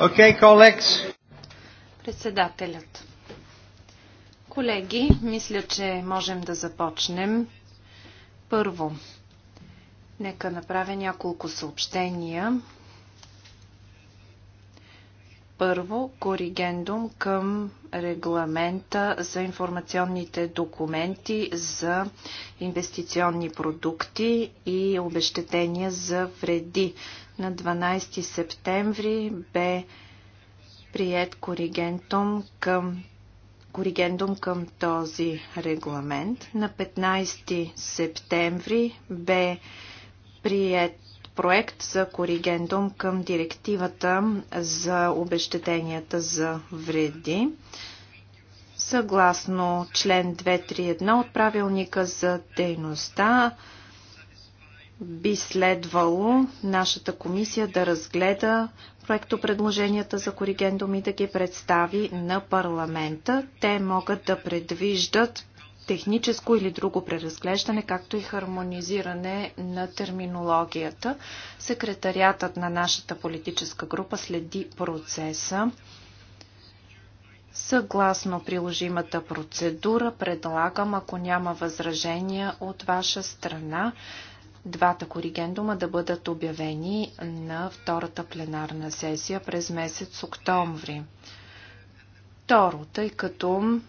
Okay, colleagues. Председателят. Колеги, мисля, че можем да започнем. Първо, нека направя няколко съобщения. Първо, коригендум към регламента за информационните документи за инвестиционни продукти и обещетения за вреди. На 12 септември бе прият коригентум към, коригендум към този регламент. На 15 септември бе прият проект за коригендум към директивата за обещетенията за вреди. Съгласно член 231 от правилника за дейността, би следвало нашата комисия да разгледа проектопредложенията за коригендум и да ги представи на парламента. Те могат да предвиждат техническо или друго преразглеждане, както и хармонизиране на терминологията. Секретариатът на нашата политическа група следи процеса. Съгласно приложимата процедура, предлагам, ако няма възражения от ваша страна, двата коригендума да бъдат обявени на втората пленарна сесия през месец октомври. Второ, тъй като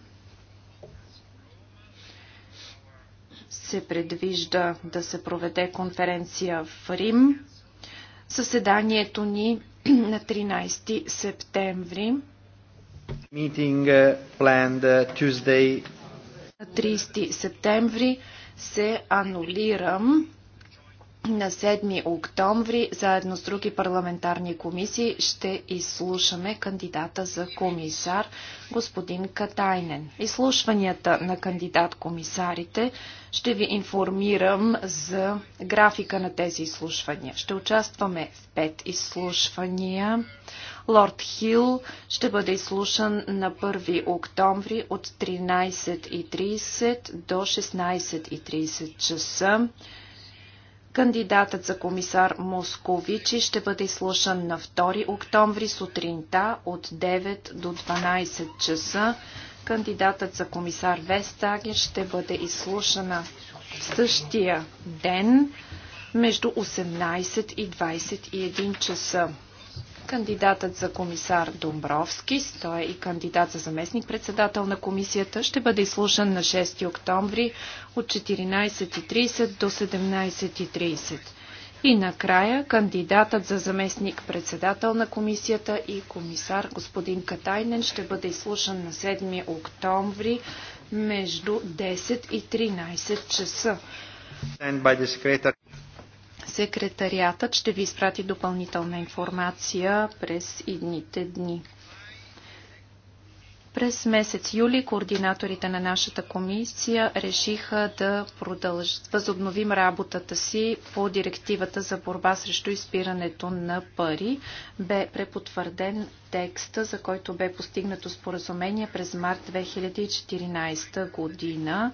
се предвижда да се проведе конференция в Рим, съседанието ни на 13 септември. Meeting uh, planned uh, Tuesday. На 30 септември се анулирам на 7 октомври, заедно с други парламентарни комисии, ще изслушаме кандидата за комисар, господин Катайнен. Изслушванията на кандидат-комисарите ще ви информирам за графика на тези изслушвания. Ще участваме в 5 изслушвания. Лорд Хил ще бъде изслушан на 1 октомври от 13.30 до 16.30 часа. Кандидатът за комисар Московичи ще бъде изслушан на 2 октомври сутринта от 9 до 12 часа. Кандидатът за комисар Вестагер ще бъде изслушана в същия ден между 18 и 21 часа. Кандидатът за комисар Домбровски, той е и кандидат за заместник председател на комисията, ще бъде изслушан на 6 октомври от 14.30 до 17.30. И накрая кандидатът за заместник председател на комисията и комисар господин Катайнен ще бъде изслушан на 7 октомври между 10 и 13 часа. Секретариатът ще ви изпрати допълнителна информация през идните дни. През месец юли координаторите на нашата комисия решиха да продължат, възобновим работата си по директивата за борба срещу изпирането на пари. Бе препотвърден текста, за който бе постигнато споразумение през март 2014 година.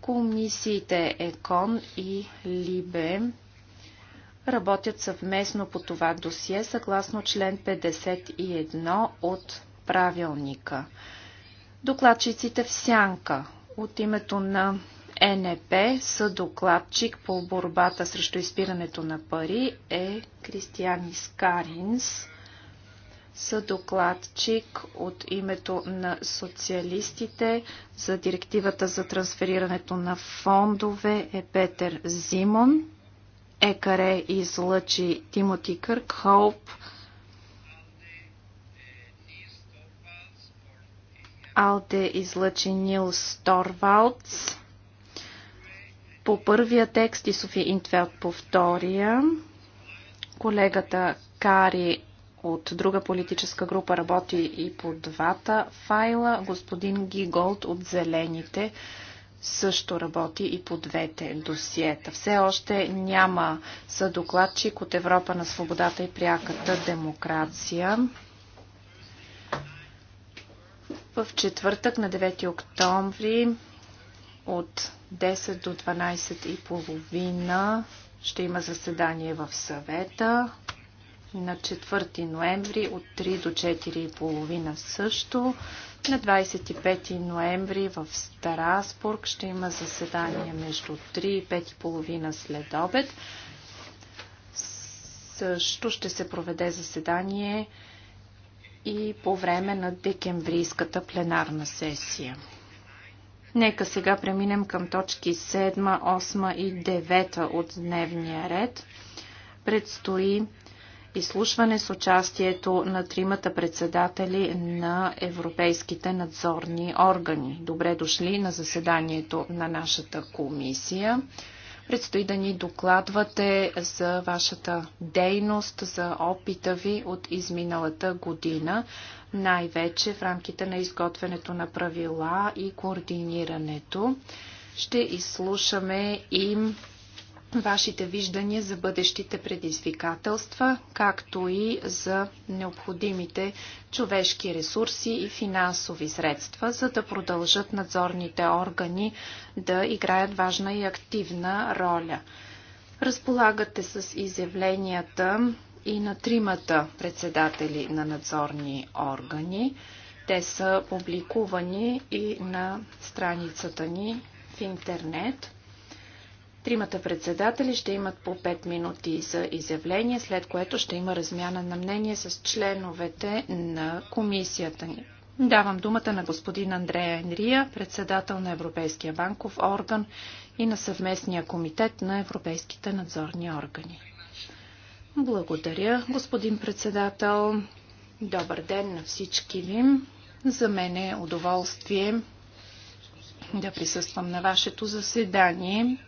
Комисиите ЕКОН и ЛИБЕ работят съвместно по това досие, съгласно член 51 от правилника. Докладчиците в сянка от името на ЕНП са докладчик по борбата срещу изпирането на пари е Кристиан Искаринс. Съдокладчик от името на социалистите за директивата за трансферирането на фондове е Петър Зимон. Екаре излъчи Тимоти Кърк Хоуп Алте излъчи Нилс Торвалдс по първия текст и Софи Интвелт по втория. Колегата Кари от друга политическа група работи и по двата файла. Господин Гиголд от Зелените също работи и по двете досиета. Все още няма съдокладчик от Европа на свободата и пряката демокрация. В четвъртък на 9 октомври от 10 до половина ще има заседание в съвета. На 4 ноември от 3 до половина също. На 25 ноември в Старасбург ще има заседание между 3 и половина след обед. Също ще се проведе заседание и по време на декемврийската пленарна сесия. Нека сега преминем към точки 7, 8 и 9 от дневния ред. Предстои изслушване с участието на тримата председатели на европейските надзорни органи. Добре дошли на заседанието на нашата комисия. Предстои да ни докладвате за вашата дейност, за опита ви от изминалата година, най-вече в рамките на изготвянето на правила и координирането. Ще изслушаме им вашите виждания за бъдещите предизвикателства, както и за необходимите човешки ресурси и финансови средства, за да продължат надзорните органи да играят важна и активна роля. Разполагате с изявленията и на тримата председатели на надзорни органи. Те са публикувани и на страницата ни в интернет – Тримата председатели ще имат по 5 минути за изявление, след което ще има размяна на мнение с членовете на комисията ни. Давам думата на господин Андрея Енрия, председател на Европейския банков орган и на съвместния комитет на европейските надзорни органи. Благодаря, господин председател. Добър ден на всички ви. За мен е удоволствие да присъствам на вашето заседание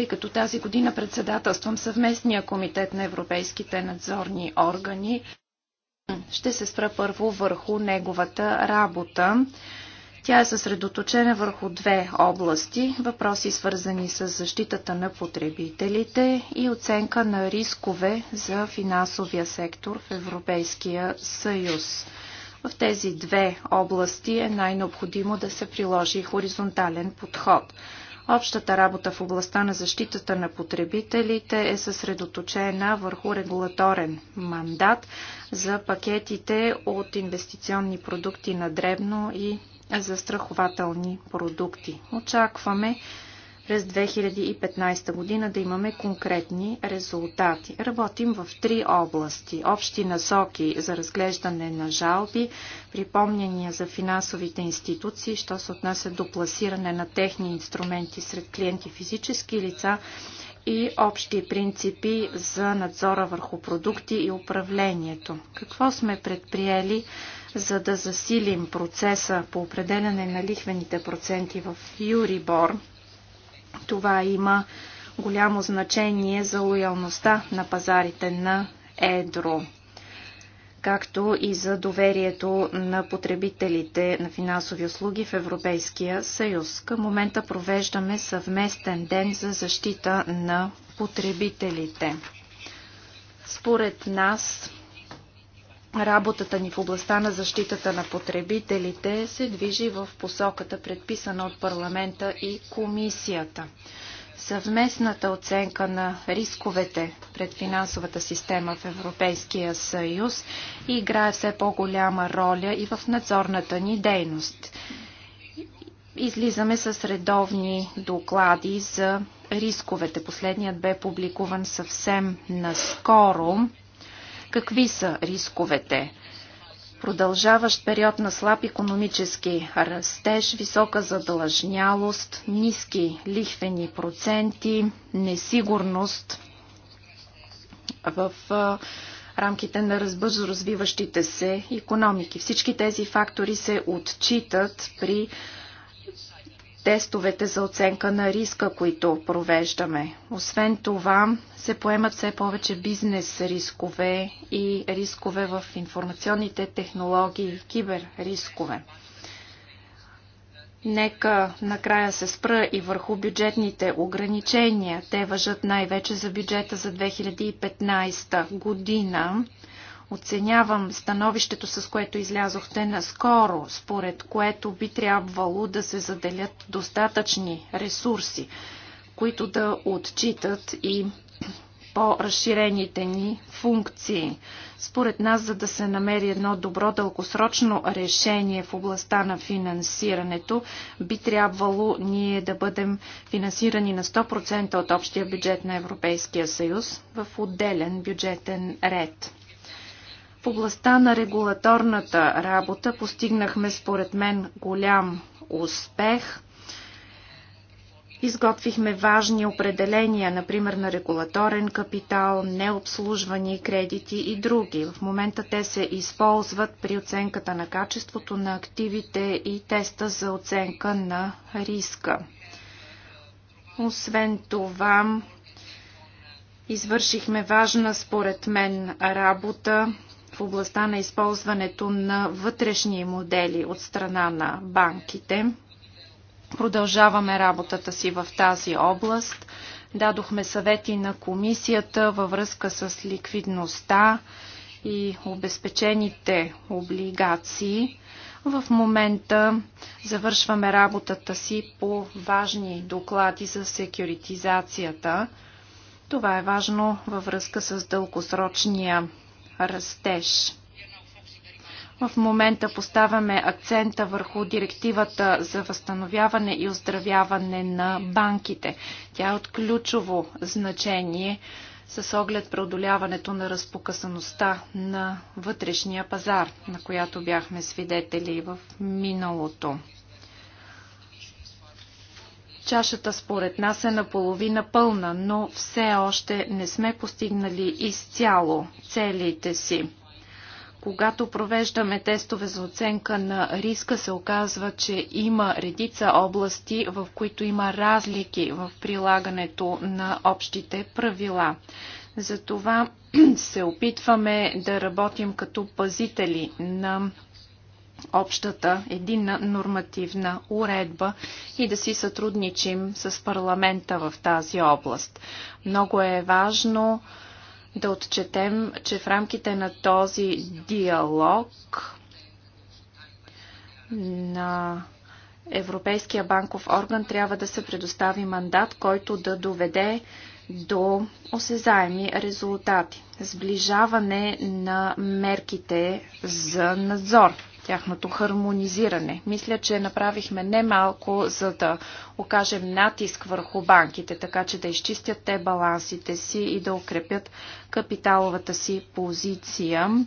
тъй като тази година председателствам съвместния комитет на европейските надзорни органи. Ще се спра първо върху неговата работа. Тя е съсредоточена върху две области – въпроси свързани с защитата на потребителите и оценка на рискове за финансовия сектор в Европейския съюз. В тези две области е най-необходимо да се приложи хоризонтален подход – Общата работа в областта на защитата на потребителите е съсредоточена върху регулаторен мандат за пакетите от инвестиционни продукти на дребно и застрахователни продукти. Очакваме през 2015 година да имаме конкретни резултати. Работим в три области. Общи насоки за разглеждане на жалби, припомняния за финансовите институции, що се отнася до пласиране на техни инструменти сред клиенти физически лица и общи принципи за надзора върху продукти и управлението. Какво сме предприели, за да засилим процеса по определяне на лихвените проценти в Юрибор, това има голямо значение за лоялността на пазарите на едро, както и за доверието на потребителите на финансови услуги в Европейския съюз. Към момента провеждаме съвместен ден за защита на потребителите. Според нас работата ни в областта на защитата на потребителите се движи в посоката, предписана от парламента и комисията. Съвместната оценка на рисковете пред финансовата система в Европейския съюз играе все по-голяма роля и в надзорната ни дейност. Излизаме с редовни доклади за рисковете. Последният бе публикуван съвсем наскоро Какви са рисковете? Продължаващ период на слаб економически растеж, висока задлъжнялост, ниски лихвени проценти, несигурност в рамките на разбързо развиващите се економики. Всички тези фактори се отчитат при тестовете за оценка на риска, които провеждаме. Освен това, се поемат все повече бизнес рискове и рискове в информационните технологии кибер рискове. Нека накрая се спра и върху бюджетните ограничения. Те въжат най-вече за бюджета за 2015 година. Оценявам становището, с което излязохте наскоро, според което би трябвало да се заделят достатъчни ресурси, които да отчитат и по-разширените ни функции. Според нас, за да се намери едно добро дългосрочно решение в областта на финансирането, би трябвало ние да бъдем финансирани на 100% от общия бюджет на Европейския съюз в отделен бюджетен ред. В областта на регулаторната работа постигнахме според мен голям успех. Изготвихме важни определения, например на регулаторен капитал, необслужвани кредити и други. В момента те се използват при оценката на качеството на активите и теста за оценка на риска. Освен това, извършихме важна според мен работа областта на използването на вътрешни модели от страна на банките. Продължаваме работата си в тази област. Дадохме съвети на комисията във връзка с ликвидността и обезпечените облигации. В момента завършваме работата си по важни доклади за секюритизацията. Това е важно във връзка с дългосрочния растеж. В момента поставяме акцента върху директивата за възстановяване и оздравяване на банките. Тя е от ключово значение с оглед преодоляването на разпокъсаността на вътрешния пазар, на която бяхме свидетели в миналото. Чашата според нас е наполовина пълна, но все още не сме постигнали изцяло целите си. Когато провеждаме тестове за оценка на риска, се оказва, че има редица области, в които има разлики в прилагането на общите правила. Затова се опитваме да работим като пазители на общата единна нормативна уредба и да си сътрудничим с парламента в тази област. Много е важно да отчетем, че в рамките на този диалог на Европейския банков орган трябва да се предостави мандат, който да доведе до осезаеми резултати. Сближаване на мерките за надзор тяхното хармонизиране. Мисля, че направихме немалко, за да окажем натиск върху банките, така че да изчистят те балансите си и да укрепят капиталовата си позиция.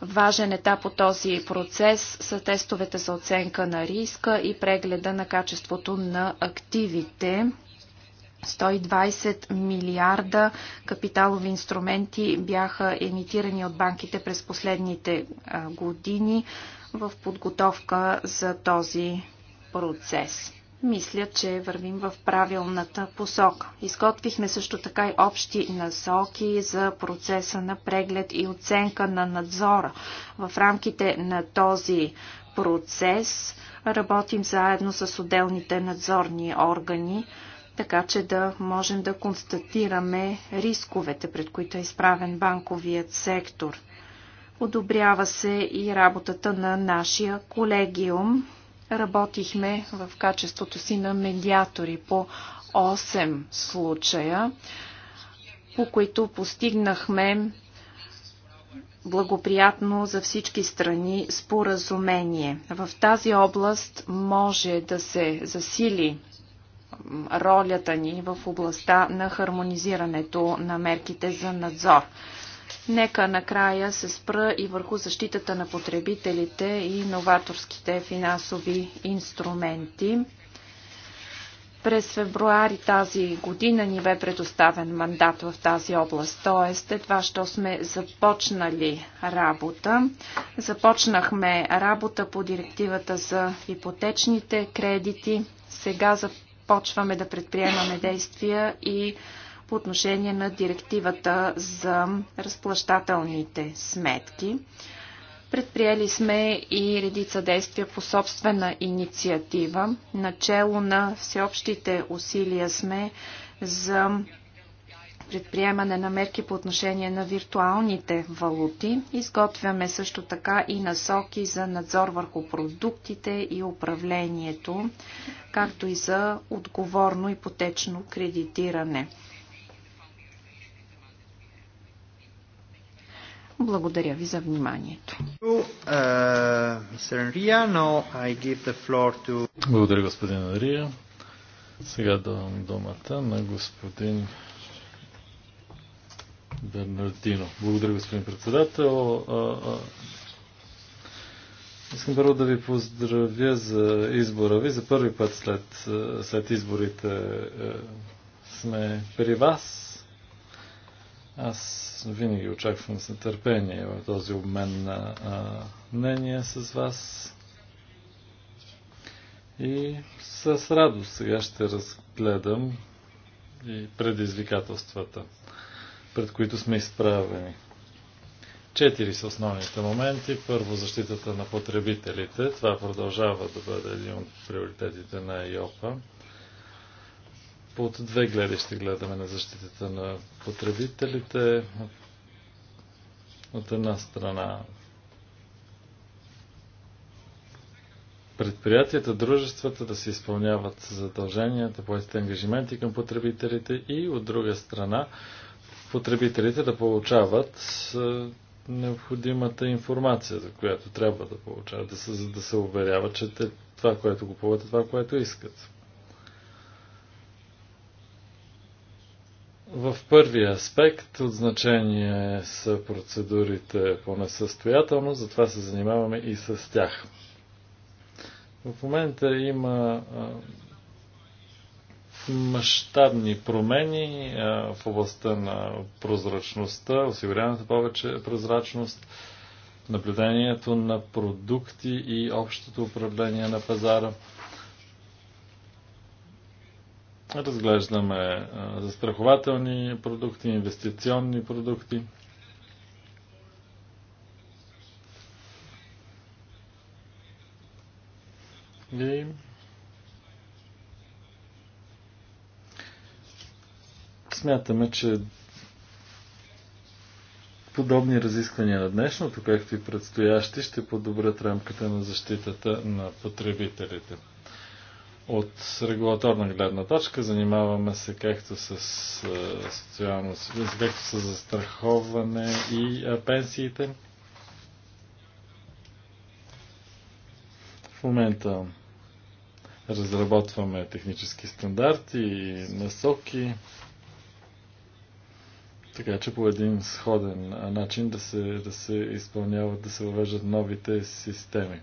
Важен етап от този процес са тестовете за оценка на риска и прегледа на качеството на активите. 120 милиарда капиталови инструменти бяха емитирани от банките през последните години в подготовка за този процес. Мисля, че вървим в правилната посока. Изготвихме също така и общи насоки за процеса на преглед и оценка на надзора. В рамките на този процес работим заедно с отделните надзорни органи така че да можем да констатираме рисковете, пред които е изправен банковият сектор. Одобрява се и работата на нашия колегиум. Работихме в качеството си на медиатори по 8 случая, по които постигнахме благоприятно за всички страни споразумение. В тази област може да се засили ролята ни в областта на хармонизирането на мерките за надзор. Нека накрая се спра и върху защитата на потребителите и новаторските финансови инструменти. През февруари тази година ни бе предоставен мандат в тази област, т.е. едва що сме започнали работа. Започнахме работа по директивата за ипотечните кредити. Сега Почваме да предприемаме действия и по отношение на директивата за разплащателните сметки. Предприели сме и редица действия по собствена инициатива. Начало на всеобщите усилия сме за предприемане на мерки по отношение на виртуалните валути. Изготвяме също така и насоки за надзор върху продуктите и управлението, както и за отговорно и потечно кредитиране. Благодаря ви за вниманието. Благодаря, господин Рия. Сега давам думата на господин Бернардино. Благодаря, господин председател. Искам първо да ви поздравя за избора ви. За първи път след, след изборите сме при вас. Аз винаги очаквам с нетърпение в този обмен на мнение с вас. И с радост сега ще разгледам и предизвикателствата пред които сме изправени. Четири са основните моменти. Първо, защитата на потребителите. Това продължава да бъде един от приоритетите на ЕОПА. Под две гледащи гледаме на защитата на потребителите. От една страна предприятията, дружествата да се изпълняват задълженията, поетите ангажименти към потребителите и от друга страна потребителите да получават е, необходимата информация, за която трябва да получават, да се, да се уверяват, че те, това, което купуват, е това, което искат. В първия аспект от значение са процедурите по несъстоятелност, затова се занимаваме и с тях. В момента има мащабни промени в областта на прозрачността, осигуряването повече прозрачност, наблюдението на продукти и общото управление на пазара. Разглеждаме застрахователни продукти, инвестиционни продукти. И Смятаме, че подобни разисквания на днешното, както и предстоящи, ще подобрят рамката на защитата на потребителите. От регулаторна гледна точка занимаваме се както с, социално, както с застраховане и пенсиите. В момента разработваме технически стандарти и насоки така че по един сходен начин да се, да се изпълняват, да се въвеждат новите системи.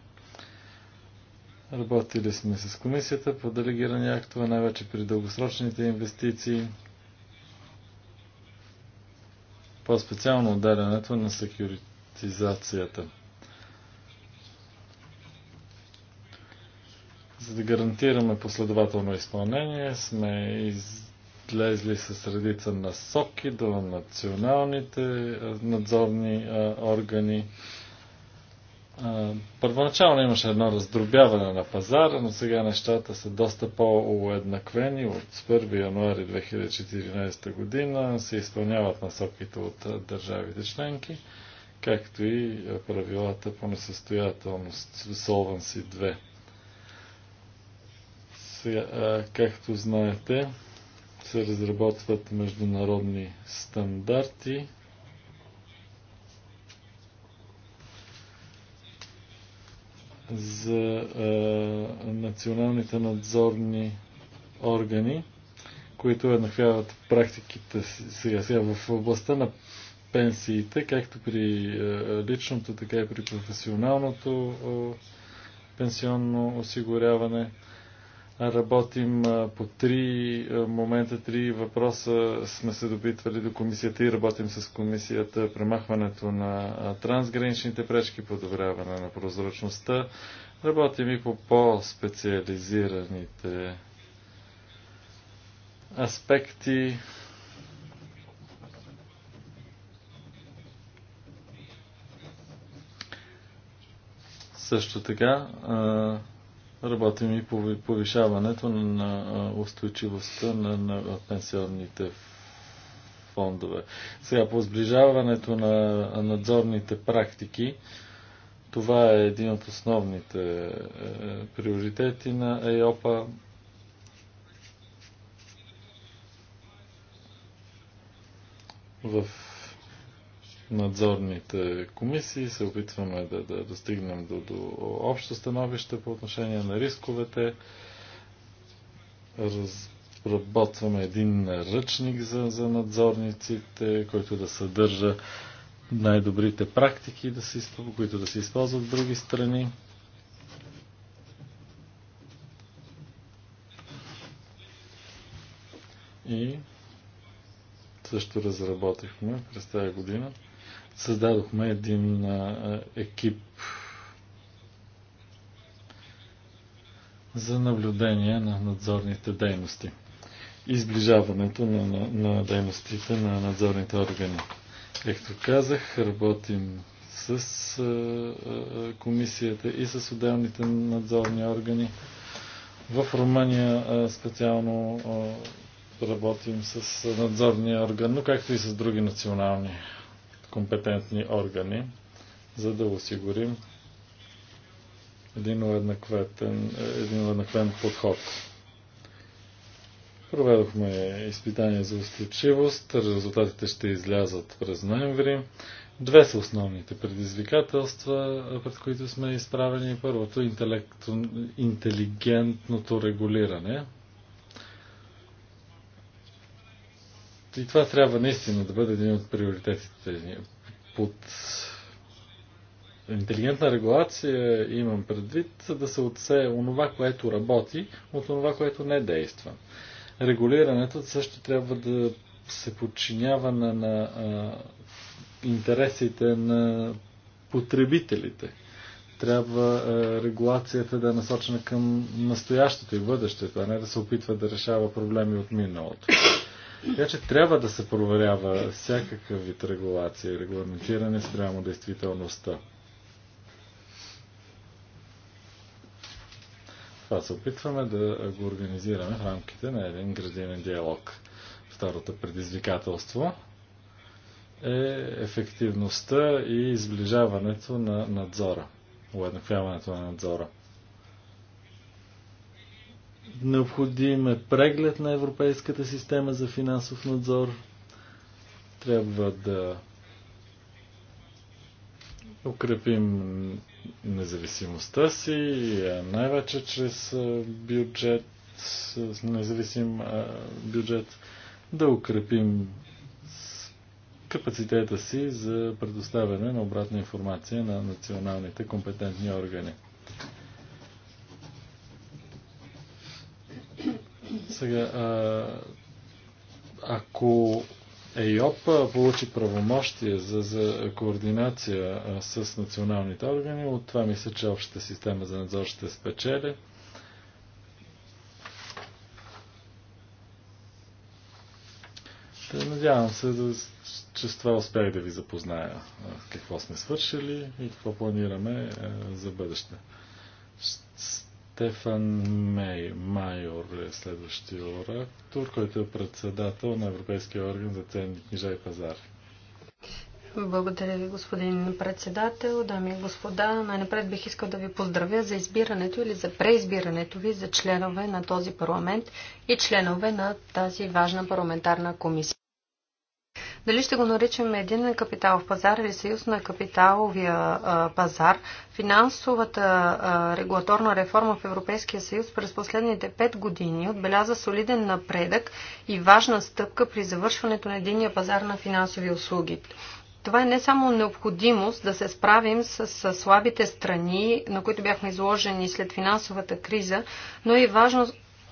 Работили сме с комисията по делегирани актове, най-вече при дългосрочните инвестиции, по-специално отделянето на секюритизацията. За да гарантираме последователно изпълнение, сме из влезли с редица насоки до националните надзорни а, органи. А, първоначално имаше едно раздробяване на пазара, но сега нещата са доста по-уеднаквени. От 1 януари 2014 година се изпълняват насоките от държавите членки, както и правилата по несъстоятелност Solvency 2. Сега, а, както знаете, се разработват международни стандарти. за е, националните надзорни органи, които еднаквяват практиките сега, сега в областта на пенсиите, както при е, личното, така и при професионалното е, пенсионно осигуряване. Работим по три момента, три въпроса сме се допитвали до комисията и работим с комисията. Премахването на трансграничните пречки, подобряване на прозрачността. Работим и по по-специализираните аспекти. Също така, Работим и по повишаването на устойчивостта на, на пенсионните фондове. Сега, по сближаването на надзорните практики, това е един от основните е, приоритети на ЕОПА. В надзорните комисии се опитваме да, да достигнем до, до общо становище по отношение на рисковете. Разработваме един ръчник за, за надзорниците, който да съдържа най-добрите практики, да се, които да се използват в други страни. И също разработихме през тази година Създадохме един екип за наблюдение на надзорните дейности изближаването на, на, на дейностите на надзорните органи. Както казах, работим с а, а, комисията и с отделните надзорни органи. В Румъния а, специално а, работим с надзорния орган, но както и с други национални компетентни органи, за да осигурим един уеднаквен, един уеднаквен подход. Проведохме изпитания за устойчивост. Резултатите ще излязат през ноември. Две са основните предизвикателства, пред които сме изправени. Първото е интелекту... интелигентното регулиране, И това трябва наистина да бъде един от приоритетите. Под интелигентна регулация имам предвид да се отсее онова, което работи, от онова, което не действа. Регулирането също трябва да се подчинява на, на а, интересите на потребителите. Трябва а, регулацията да е насочена към настоящето и бъдещето, а не да се опитва да решава проблеми от миналото. Така че трябва да се проверява всякакъв вид регулация и регламентиране спрямо действителността. Това се опитваме да го организираме в рамките на един градинен диалог. Второто предизвикателство е ефективността и изближаването на надзора, уеднаквяването на надзора – Необходим е преглед на Европейската система за финансов надзор. Трябва да укрепим независимостта си, най-вече чрез бюджет, независим бюджет, да укрепим капацитета си за предоставяне на обратна информация на националните компетентни органи. Сега, а, ако ЕЙОП получи правомощие за, за координация а, с националните органи, от това мисля, че общата система за надзор ще спечели. Те надявам се, да, че с това успях да ви запозная какво сме свършили и какво планираме а, за бъдеще. Стефан Мей, майор е следващия оратор, който е председател на Европейския орган за ценни книжа и пазари. Благодаря ви, господин председател, дами и господа. Най-напред бих искал да ви поздравя за избирането или за преизбирането ви за членове на този парламент и членове на тази важна парламентарна комисия. Дали ще го наричаме един в пазар или съюз на капиталовия пазар, финансовата регулаторна реформа в Европейския съюз през последните пет години отбеляза солиден напредък и важна стъпка при завършването на единия пазар на финансови услуги. Това е не само необходимост да се справим с, с слабите страни, на които бяхме изложени след финансовата криза, но и важно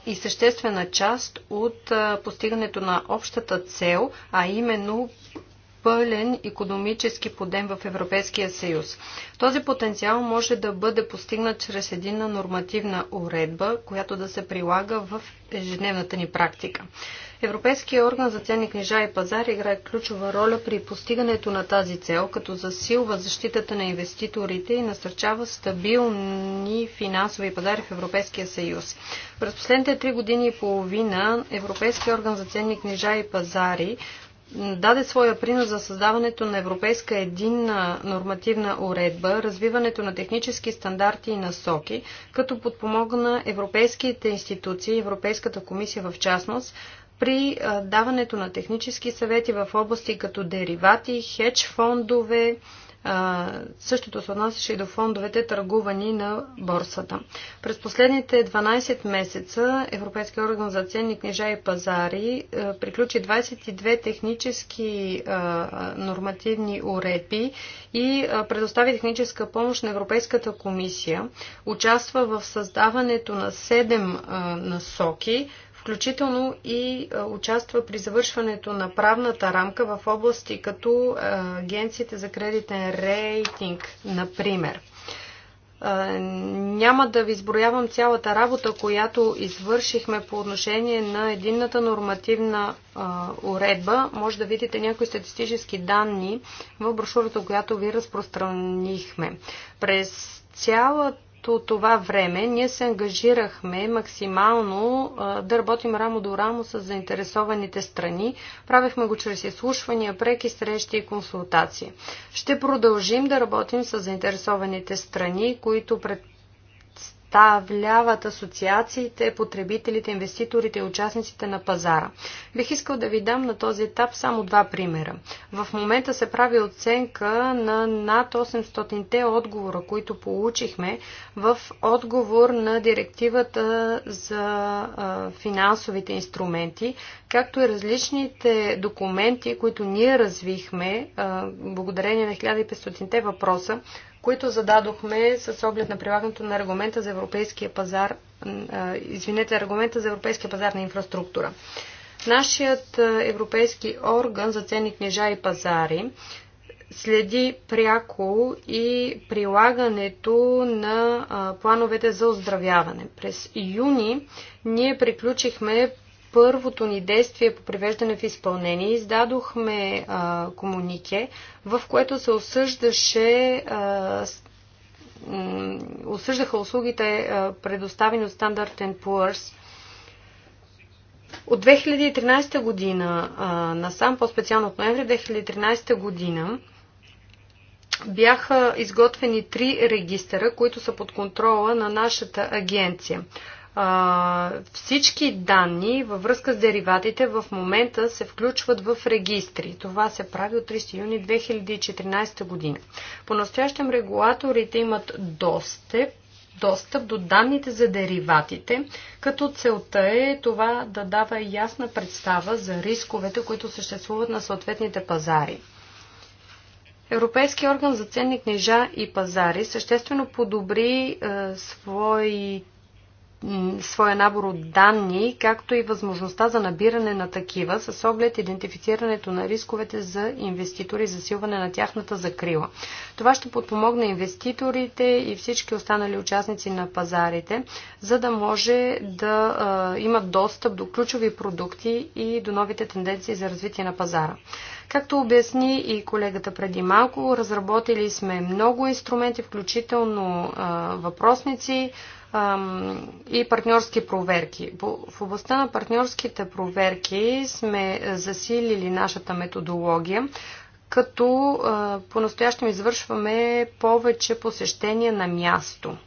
и съществена част от постигането на общата цел, а именно пълен економически подем в Европейския съюз. Този потенциал може да бъде постигнат чрез единна нормативна уредба, която да се прилага в ежедневната ни практика. Европейския орган за ценни книжа и пазар играе ключова роля при постигането на тази цел, като засилва защитата на инвеститорите и насърчава стабилни финансови пазари в Европейския съюз. През последните три години и половина Европейския орган за ценни книжа и пазари даде своя принос за създаването на европейска единна нормативна уредба, развиването на технически стандарти и насоки, като подпомогна европейските институции, Европейската комисия в частност, при даването на технически съвети в области като деривати, хедж фондове, Същото се отнасяше и до фондовете търгувани на борсата. През последните 12 месеца Европейския орган за ценни книжа и пазари приключи 22 технически нормативни уредби и предостави техническа помощ на Европейската комисия. Участва в създаването на 7 насоки, включително и е, участва при завършването на правната рамка в области като е, агенциите за кредитен рейтинг, например. Е, няма да ви изброявам цялата работа, която извършихме по отношение на единната нормативна уредба. Може да видите някои статистически данни в брошурата, която ви разпространихме. През цялата цялото това време ние се ангажирахме максимално да работим рамо до рамо с заинтересованите страни. Правихме го чрез изслушвания, преки срещи и консултации. Ще продължим да работим с заинтересованите страни, които пред представляват асоциациите, потребителите, инвеститорите и участниците на пазара. Бих искал да ви дам на този етап само два примера. В момента се прави оценка на над 800-те отговора, които получихме в отговор на директивата за финансовите инструменти, както и различните документи, които ние развихме благодарение на 1500-те въпроса, които зададохме с оглед на прилагането на регламента за европейския пазар, извинете, аргумента за европейския пазар на инфраструктура. Нашият европейски орган за ценни книжа и пазари следи пряко и прилагането на плановете за оздравяване. През юни ние приключихме първото ни действие по привеждане в изпълнение издадохме а, комунике, в което се осъждаше а, осъждаха услугите, а, предоставени от Standard Poor's. От 2013 година а, насам, по-специално от ноември 2013 година, бяха изготвени три регистъра, които са под контрола на нашата агенция а, всички данни във връзка с дериватите в момента се включват в регистри. Това се прави от 30 юни 2014 година. По-настоящем регулаторите имат достъп достъп до данните за дериватите, като целта е това да дава ясна представа за рисковете, които съществуват на съответните пазари. Европейския орган за ценни книжа и пазари съществено подобри е, своите своя набор от данни, както и възможността за набиране на такива с оглед идентифицирането на рисковете за инвеститори и засилване на тяхната закрила. Това ще подпомогне инвеститорите и всички останали участници на пазарите, за да може да а, имат достъп до ключови продукти и до новите тенденции за развитие на пазара. Както обясни и колегата преди малко, разработили сме много инструменти, включително а, въпросници, и партньорски проверки. В областта на партньорските проверки сме е, засилили нашата методология, като по-настоящем извършваме повече посещения на място.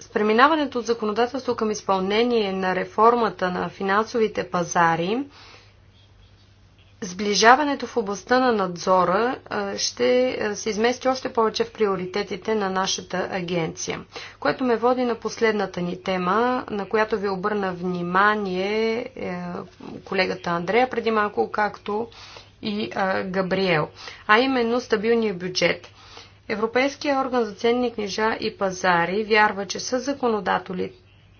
С преминаването от законодателство към изпълнение на реформата на финансовите пазари, сближаването в областта на надзора ще се измести още повече в приоритетите на нашата агенция, което ме води на последната ни тема, на която ви обърна внимание е, колегата Андрея преди малко, както и Габриел, а именно стабилния бюджет. Европейския орган за ценни книжа и пазари вярва, че с законодателите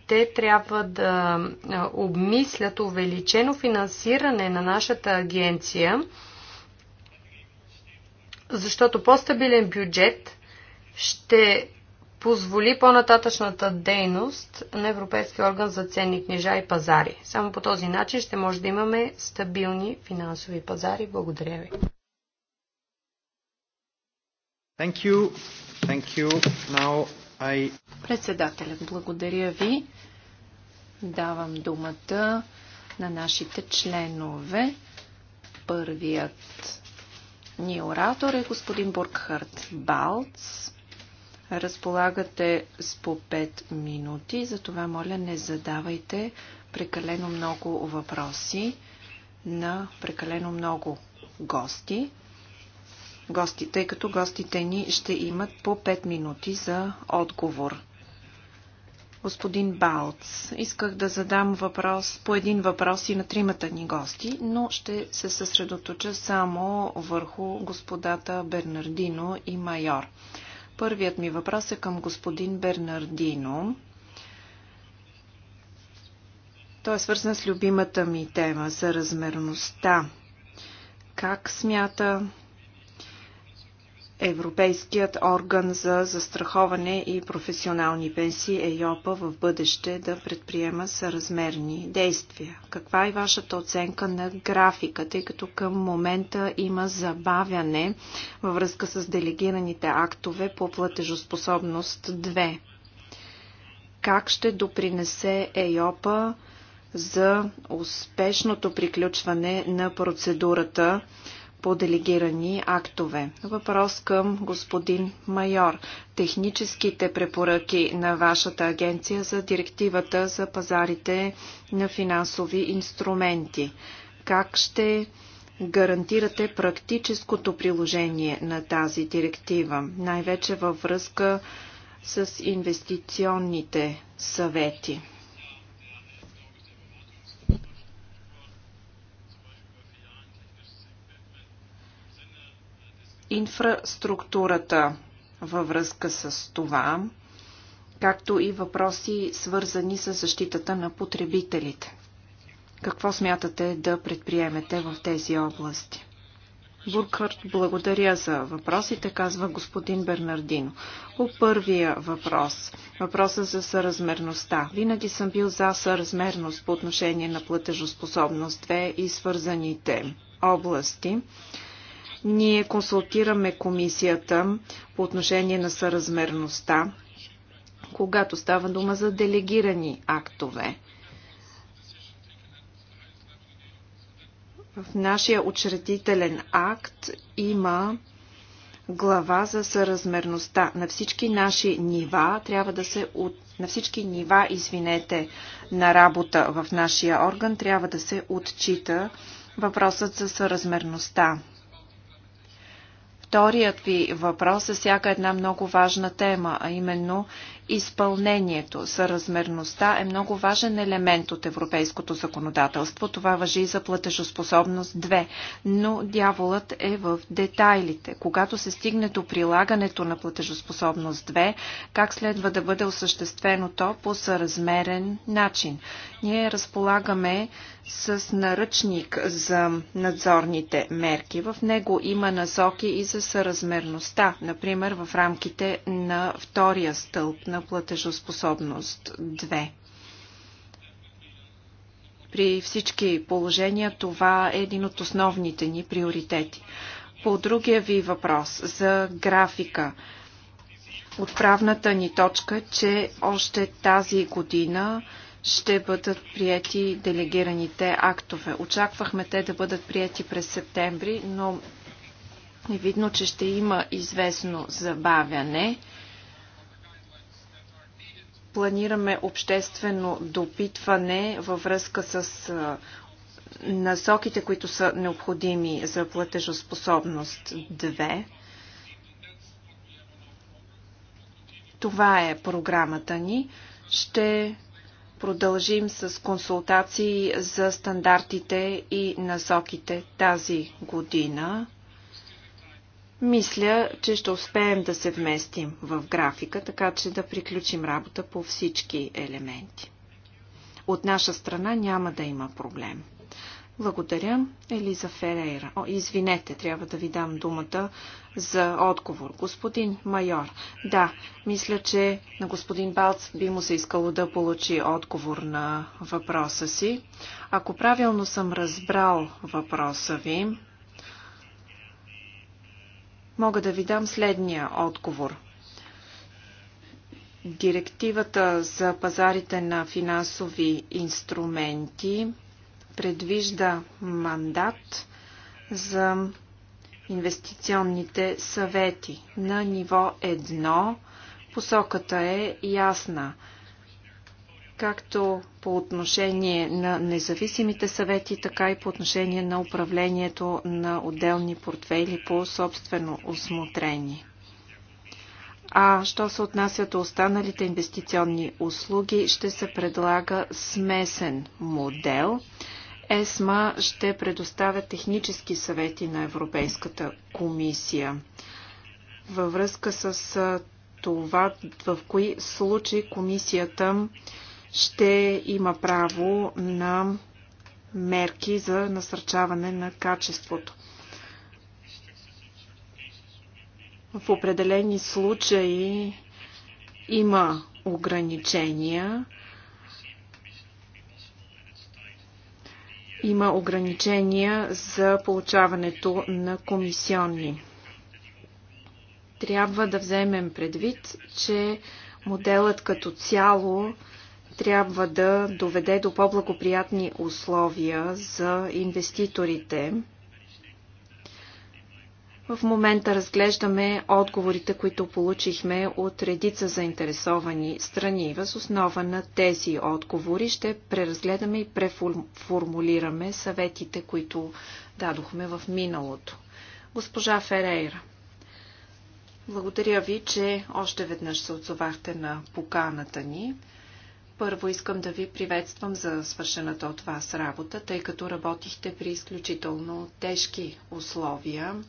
те трябва да обмислят увеличено финансиране на нашата агенция, защото по-стабилен бюджет ще позволи по-нататъчната дейност на Европейския орган за ценни книжа и пазари. Само по този начин ще може да имаме стабилни финансови пазари. Благодаря ви. Thank you. Thank you. Now I... Председателят, благодаря ви. Давам думата на нашите членове. Първият ни оратор е господин Бургхард Балц. Разполагате с по 5 минути, затова моля не задавайте прекалено много въпроси на прекалено много гости гости, тъй като гостите ни ще имат по 5 минути за отговор. Господин Балц, исках да задам въпрос, по един въпрос и на тримата ни гости, но ще се съсредоточа само върху господата Бернардино и Майор. Първият ми въпрос е към господин Бернардино. Той е свързан с любимата ми тема за размерността. Как смята Европейският орган за застраховане и професионални пенсии ЕЙОПА в бъдеще да предприема съразмерни действия. Каква е вашата оценка на графика, тъй като към момента има забавяне във връзка с делегираните актове по платежоспособност 2? Как ще допринесе ЕЙОПА за успешното приключване на процедурата по делегирани актове. Въпрос към господин майор. Техническите препоръки на вашата агенция за директивата за пазарите на финансови инструменти. Как ще гарантирате практическото приложение на тази директива, най-вече във връзка с инвестиционните съвети? инфраструктурата във връзка с това, както и въпроси свързани с защитата на потребителите. Какво смятате да предприемете в тези области? Буркхарт, благодаря за въпросите, казва господин Бернардино. По първия въпрос, въпроса за съразмерността. Винаги съм бил за съразмерност по отношение на платежоспособност 2 и свързаните области. Ние консултираме комисията по отношение на съразмерността, когато става дума за делегирани актове. В нашия учредителен акт има глава за съразмерността. На всички наши нива трябва да се от... на всички нива, извинете, на работа в нашия орган трябва да се отчита въпросът за съразмерността. Вторият ви въпрос е всяка една много важна тема, а именно изпълнението. Съразмерността е много важен елемент от европейското законодателство. Това въжи и за платежоспособност 2. Но дяволът е в детайлите. Когато се стигне до прилагането на платежоспособност 2, как следва да бъде осъществено то по съразмерен начин? Ние разполагаме с наръчник за надзорните мерки. В него има насоки и за съразмерността, например в рамките на втория стълб на на платежоспособност 2. При всички положения това е един от основните ни приоритети. По другия ви въпрос за графика. Отправната ни точка, че още тази година ще бъдат прияти делегираните актове. Очаквахме те да бъдат прияти през септември, но е видно, че ще има известно забавяне планираме обществено допитване във връзка с насоките, които са необходими за платежоспособност 2. Това е програмата ни. Ще продължим с консултации за стандартите и насоките тази година. Мисля, че ще успеем да се вместим в графика, така че да приключим работа по всички елементи. От наша страна няма да има проблем. Благодаря, Елиза Ферейра. О, извинете, трябва да ви дам думата за отговор. Господин майор, да, мисля, че на господин Балц би му се искало да получи отговор на въпроса си. Ако правилно съм разбрал въпроса ви, мога да ви дам следния отговор. Директивата за пазарите на финансови инструменти предвижда мандат за инвестиционните съвети. На ниво 1 посоката е ясна както по отношение на независимите съвети, така и по отношение на управлението на отделни портфели по собствено осмотрение. А що се отнася до останалите инвестиционни услуги, ще се предлага смесен модел. ЕСМА ще предоставя технически съвети на Европейската комисия във връзка с това в кои случаи комисията ще има право на мерки за насърчаване на качеството. В определени случаи има ограничения. Има ограничения за получаването на комисионни. Трябва да вземем предвид, че моделът като цяло трябва да доведе до по-благоприятни условия за инвеститорите. В момента разглеждаме отговорите, които получихме от редица заинтересовани страни. Въз основа на тези отговори ще преразгледаме и преформулираме съветите, които дадохме в миналото. Госпожа Ферейра, благодаря ви, че още веднъж се отзовахте на поканата ни. Първо искам да ви приветствам за свършената от вас работа, тъй като работихте при изключително тежки условия.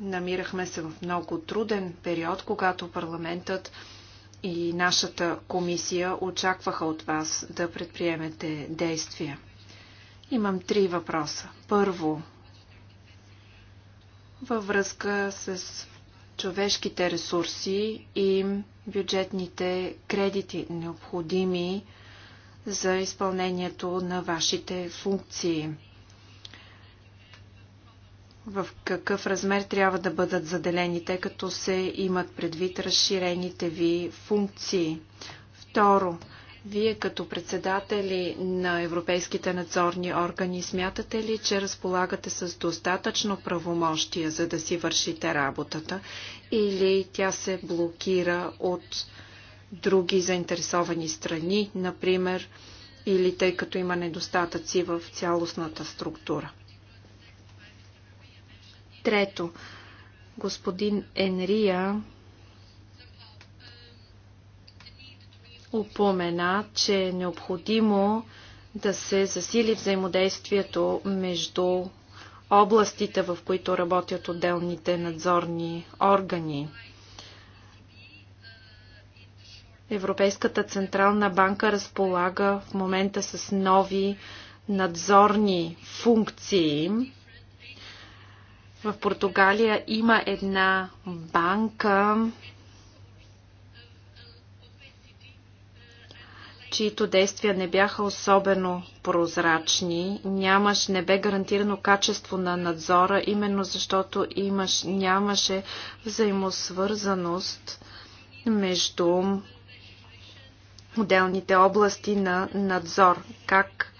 Намирахме се в много труден период, когато парламентът и нашата комисия очакваха от вас да предприемете действия. Имам три въпроса. Първо, във връзка с човешките ресурси и бюджетните кредити, необходими за изпълнението на вашите функции. В какъв размер трябва да бъдат заделени, тъй като се имат предвид разширените ви функции. Второ, вие като председатели на европейските надзорни органи смятате ли, че разполагате с достатъчно правомощия, за да си вършите работата или тя се блокира от други заинтересовани страни, например, или тъй като има недостатъци в цялостната структура? Трето, господин Енрия упомена, че е необходимо да се засили взаимодействието между областите, в които работят отделните надзорни органи. Европейската Централна банка разполага в момента с нови надзорни функции. В Португалия има една банка, чието действия не бяха особено прозрачни, нямаш, не бе гарантирано качество на надзора, именно защото имаш, нямаше взаимосвързаност между отделните области на надзор. Как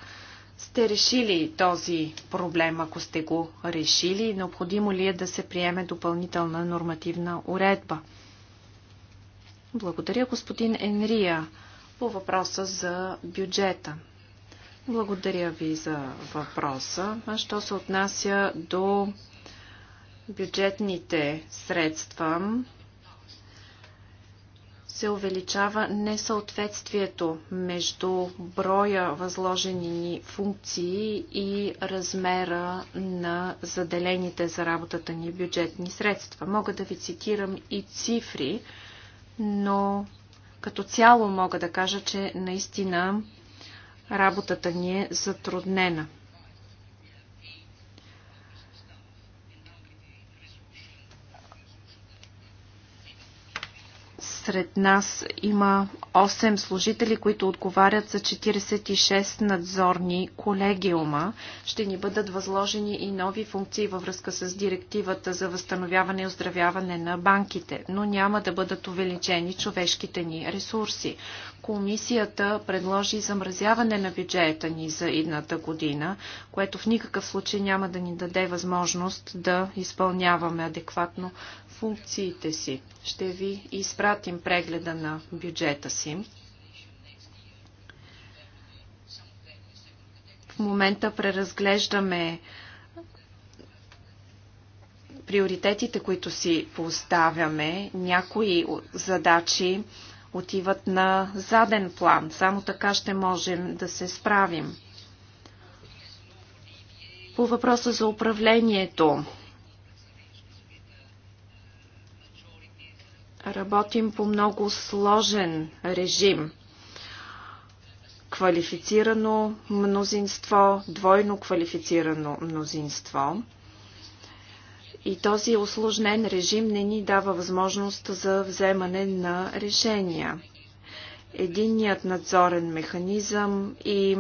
сте решили този проблем, ако сте го решили? Необходимо ли е да се приеме допълнителна нормативна уредба? Благодаря, господин Енрия по въпроса за бюджета. Благодаря ви за въпроса. А що се отнася до бюджетните средства, се увеличава несъответствието между броя възложени ни функции и размера на заделените за работата ни бюджетни средства. Мога да ви цитирам и цифри, но като цяло мога да кажа, че наистина работата ни е затруднена. Сред нас има 8 служители, които отговарят за 46 надзорни колегиума. Ще ни бъдат възложени и нови функции във връзка с директивата за възстановяване и оздравяване на банките, но няма да бъдат увеличени човешките ни ресурси. Комисията предложи замразяване на бюджета ни за идната година, което в никакъв случай няма да ни даде възможност да изпълняваме адекватно функциите си. Ще ви изпратим прегледа на бюджета си. В момента преразглеждаме приоритетите, които си поставяме. Някои задачи отиват на заден план. Само така ще можем да се справим. По въпроса за управлението Работим по много сложен режим. Квалифицирано мнозинство, двойно квалифицирано мнозинство. И този осложнен режим не ни дава възможност за вземане на решения. Единният надзорен механизъм и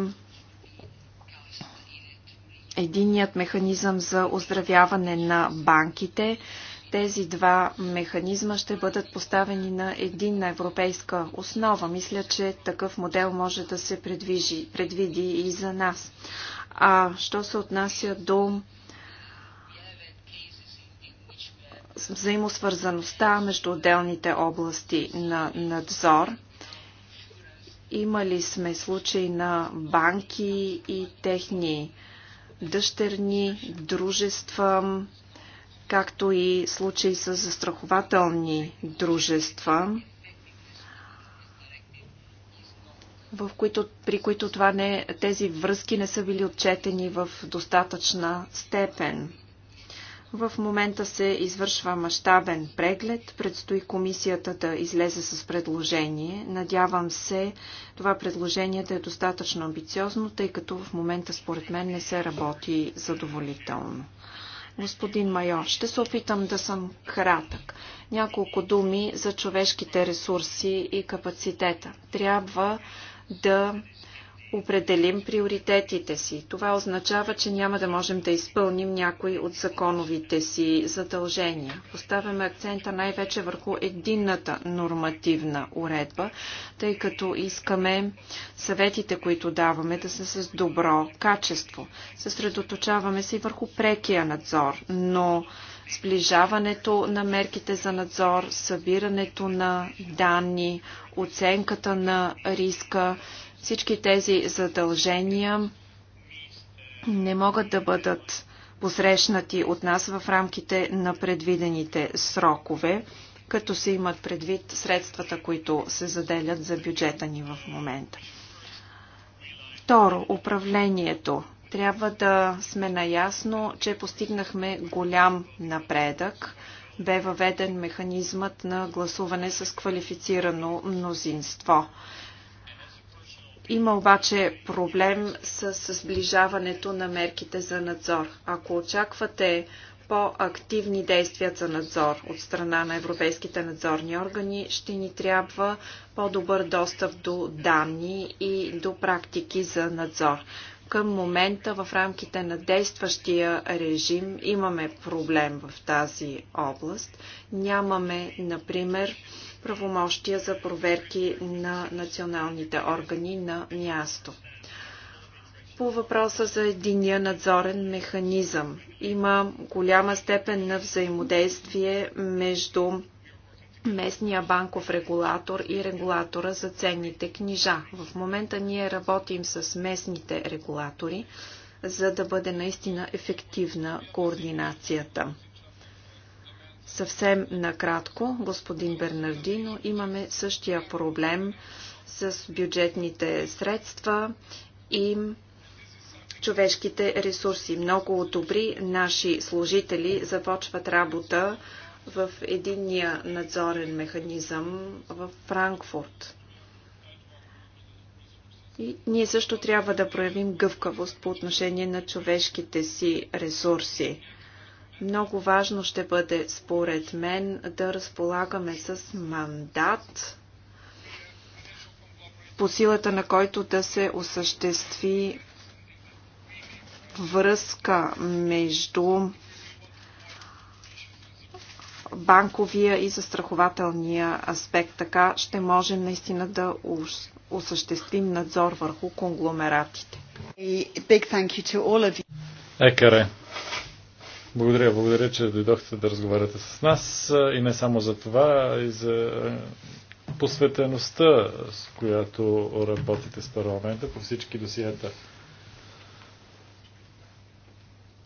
единният механизъм за оздравяване на банките – тези два механизма ще бъдат поставени на единна европейска основа. Мисля, че такъв модел може да се предвижи, предвиди и за нас. А що се отнася до взаимосвързаността между отделните области на надзор, имали сме случаи на банки и техни дъщерни дружества, както и случаи с застрахователни дружества, в които, при които това не, тези връзки не са били отчетени в достатъчна степен. В момента се извършва мащабен преглед. Предстои комисията да излезе с предложение. Надявам се това предложение да е достатъчно амбициозно, тъй като в момента според мен не се работи задоволително. Господин Майор, ще се опитам да съм кратък. Няколко думи за човешките ресурси и капацитета. Трябва да определим приоритетите си. Това означава, че няма да можем да изпълним някои от законовите си задължения. Поставяме акцента най-вече върху единната нормативна уредба, тъй като искаме съветите, които даваме, да са с добро качество. Съсредоточаваме се и върху прекия надзор, но сближаването на мерките за надзор, събирането на данни, оценката на риска, всички тези задължения не могат да бъдат посрещнати от нас в рамките на предвидените срокове, като се имат предвид средствата, които се заделят за бюджета ни в момента. Второ, управлението. Трябва да сме наясно, че постигнахме голям напредък. Бе въведен механизмът на гласуване с квалифицирано мнозинство. Има обаче проблем с сближаването на мерките за надзор. Ако очаквате по-активни действия за надзор от страна на европейските надзорни органи, ще ни трябва по-добър достъп до данни и до практики за надзор. Към момента в рамките на действащия режим имаме проблем в тази област. Нямаме, например, правомощия за проверки на националните органи на място. По въпроса за единия надзорен механизъм има голяма степен на взаимодействие между местния банков регулатор и регулатора за ценните книжа. В момента ние работим с местните регулатори, за да бъде наистина ефективна координацията. Съвсем накратко, господин Бернардино, имаме същия проблем с бюджетните средства и човешките ресурси. Много добри наши служители започват работа в единния надзорен механизъм в Франкфурт. И ние също трябва да проявим гъвкавост по отношение на човешките си ресурси. Много важно ще бъде, според мен, да разполагаме с мандат, по силата на който да се осъществи връзка между банковия и застрахователния аспект. Така ще можем наистина да осъществим надзор върху конгломератите. Екаре, благодаря, благодаря, че дойдохте да разговаряте с нас и не само за това, и за посветеността, с която работите с парламента по всички досиета.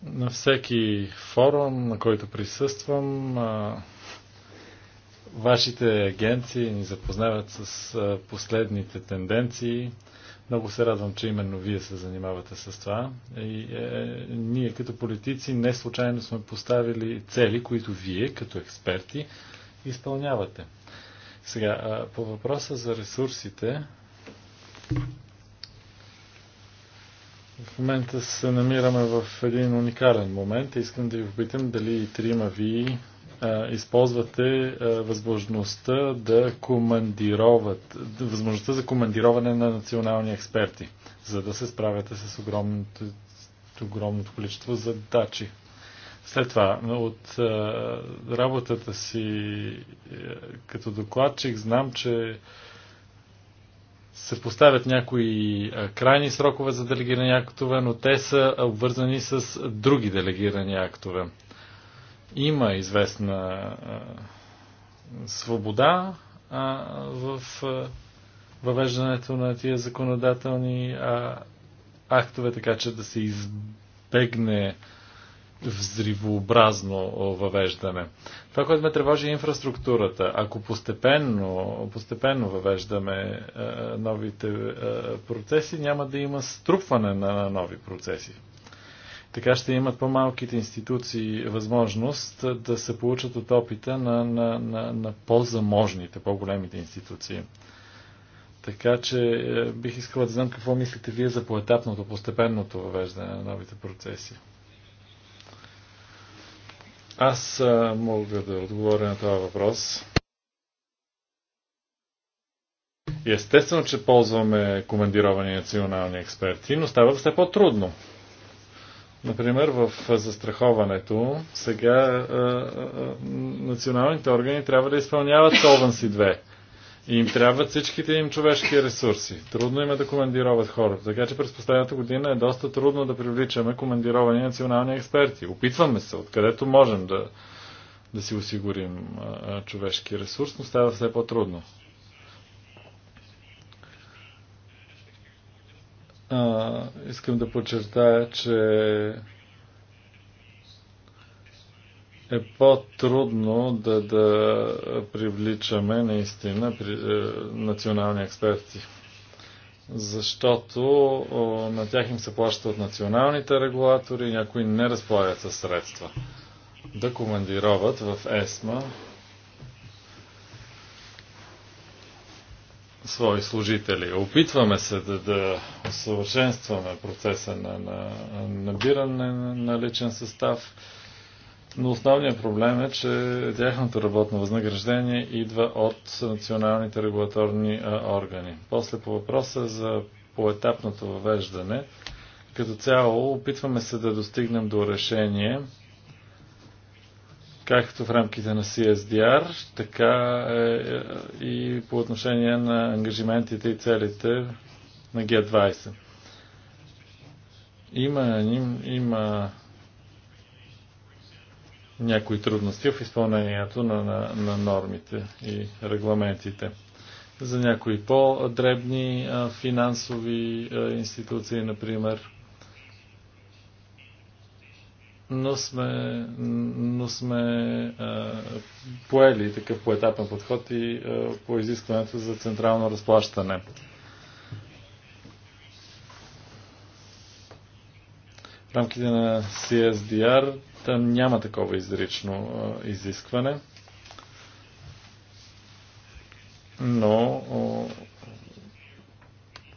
На всеки форум, на който присъствам, вашите агенции ни запознават с последните тенденции, много се радвам, че именно вие се занимавате с това. И е, е, ние като политици не случайно сме поставили цели, които вие като експерти изпълнявате. Сега, по въпроса за ресурсите. В момента се намираме в един уникален момент и искам да ви попитам дали и трима ви използвате възможността да командироват, възможността за командироване на национални експерти, за да се справяте с огромното, огромното количество задачи. След това, от работата си е, като докладчик знам, че се поставят някои крайни срокове за делегирани актове, но те са обвързани с други делегирани актове. Има известна свобода в въвеждането на тия законодателни актове, така че да се избегне взривообразно въвеждане. Това, което ме тревожи е инфраструктурата. Ако постепенно, постепенно въвеждаме е, новите е, процеси, няма да има струпване на нови процеси. Така ще имат по-малките институции възможност да се получат от опита на, на, на, на по-заможните, по-големите институции. Така че е, бих искала да знам какво мислите вие за поетапното, постепенното въвеждане на новите процеси. Аз а, мога да отговоря на това въпрос. естествено, че ползваме командировани национални експерти, но става все по-трудно. Например, в застраховането сега а, а, националните органи трябва да изпълняват Solvency 2. И им трябват всичките им човешки ресурси. Трудно им е да командироват хора. Така че през последната година е доста трудно да привличаме командировани национални експерти. Опитваме се, откъдето можем да, да си осигурим а, човешки ресурс, но става все по-трудно. А, искам да подчертая, че е по-трудно да, да привличаме наистина при, е, национални експерти. Защото о, на тях им се плаща от националните регулатори и някои не разполагат със средства да командироват в ЕСМА свои служители. Опитваме се да, да усъвършенстваме процеса на, на набиране на личен състав, но основният проблем е, че тяхното работно възнаграждение идва от националните регулаторни органи. После по въпроса за поетапното въвеждане, като цяло опитваме се да достигнем до решение – както в рамките на CSDR, така е, е, и по отношение на ангажиментите и целите на G20. Има, им, има някои трудности в изпълнението на, на, на нормите и регламентите. За някои по-дребни финансови институции, например, но сме, но сме а, поели такъв поетапен подход и а, по изискването за централно разплащане. В рамките на CSDR там няма такова изрично а, изискване, но о,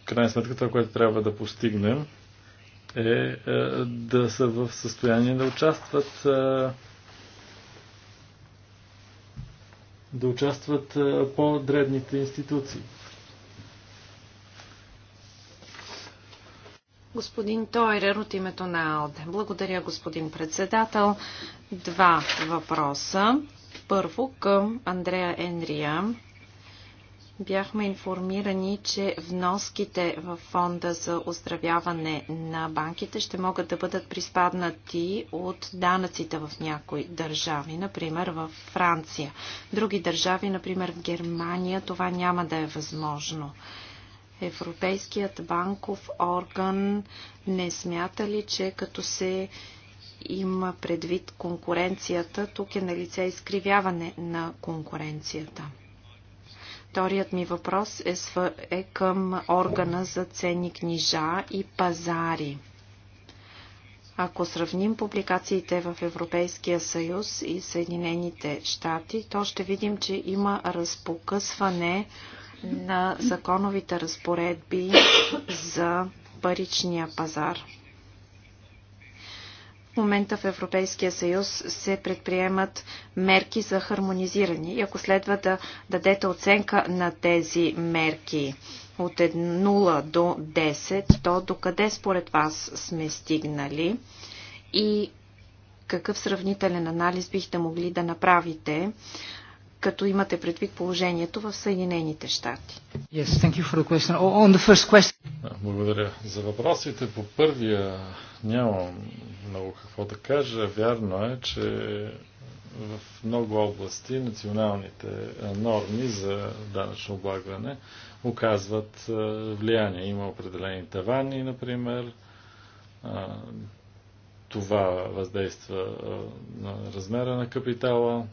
крайна сметка това, което трябва да постигнем, е, е да са в състояние да участват е, да участват е, по-дребните институции. Господин Тойрер от името на АЛДЕ. Благодаря, господин председател. Два въпроса. Първо към Андрея Енрия бяхме информирани, че вноските в фонда за оздравяване на банките ще могат да бъдат приспаднати от данъците в някои държави, например в Франция. други държави, например в Германия, това няма да е възможно. Европейският банков орган не смята ли, че като се има предвид конкуренцията, тук е на лице изкривяване на конкуренцията. Вторият ми въпрос е, е към органа за ценни книжа и пазари. Ако сравним публикациите в Европейския съюз и Съединените щати, то ще видим, че има разпокъсване на законовите разпоредби за паричния пазар. В момента в Европейския съюз се предприемат мерки за хармонизиране. И ако следва да дадете оценка на тези мерки от 0 до 10, то докъде според вас сме стигнали и какъв сравнителен анализ бихте могли да направите, като имате предвид положението в Съединените щати? Yes, thank you for the question. On the first question... Благодаря за въпросите. По първия Нямам много какво да кажа. Вярно е, че в много области националните норми за данъчно облагане оказват влияние. Има определени тавани, например. Това въздейства на размера на капитала.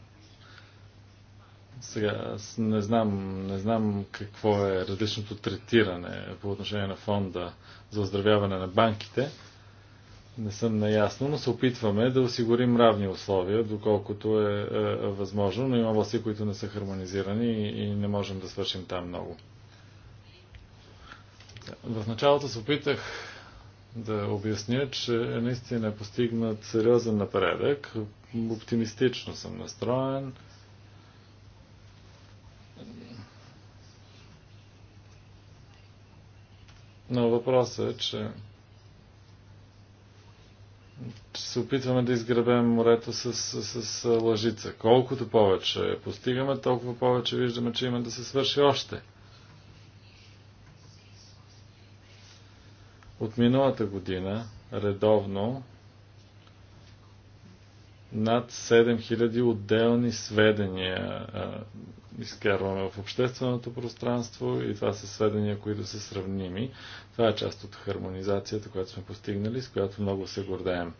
Сега, аз не знам, не знам какво е различното третиране по отношение на фонда за оздравяване на банките не съм наясно, но се опитваме да осигурим равни условия, доколкото е, е, възможно, но има области, които не са хармонизирани и, и не можем да свършим там много. В началото се опитах да обясня, че наистина е постигнат сериозен напредък. Оптимистично съм настроен. Но въпросът е, че че се опитваме да изгребем морето с, с, с лъжица. Колкото повече постигаме, толкова повече виждаме, че има да се свърши още. От миналата година редовно над 7000 отделни сведения а, изкарваме в общественото пространство и това са сведения, които са сравними. Това е част от хармонизацията, която сме постигнали, с която много се гордеем.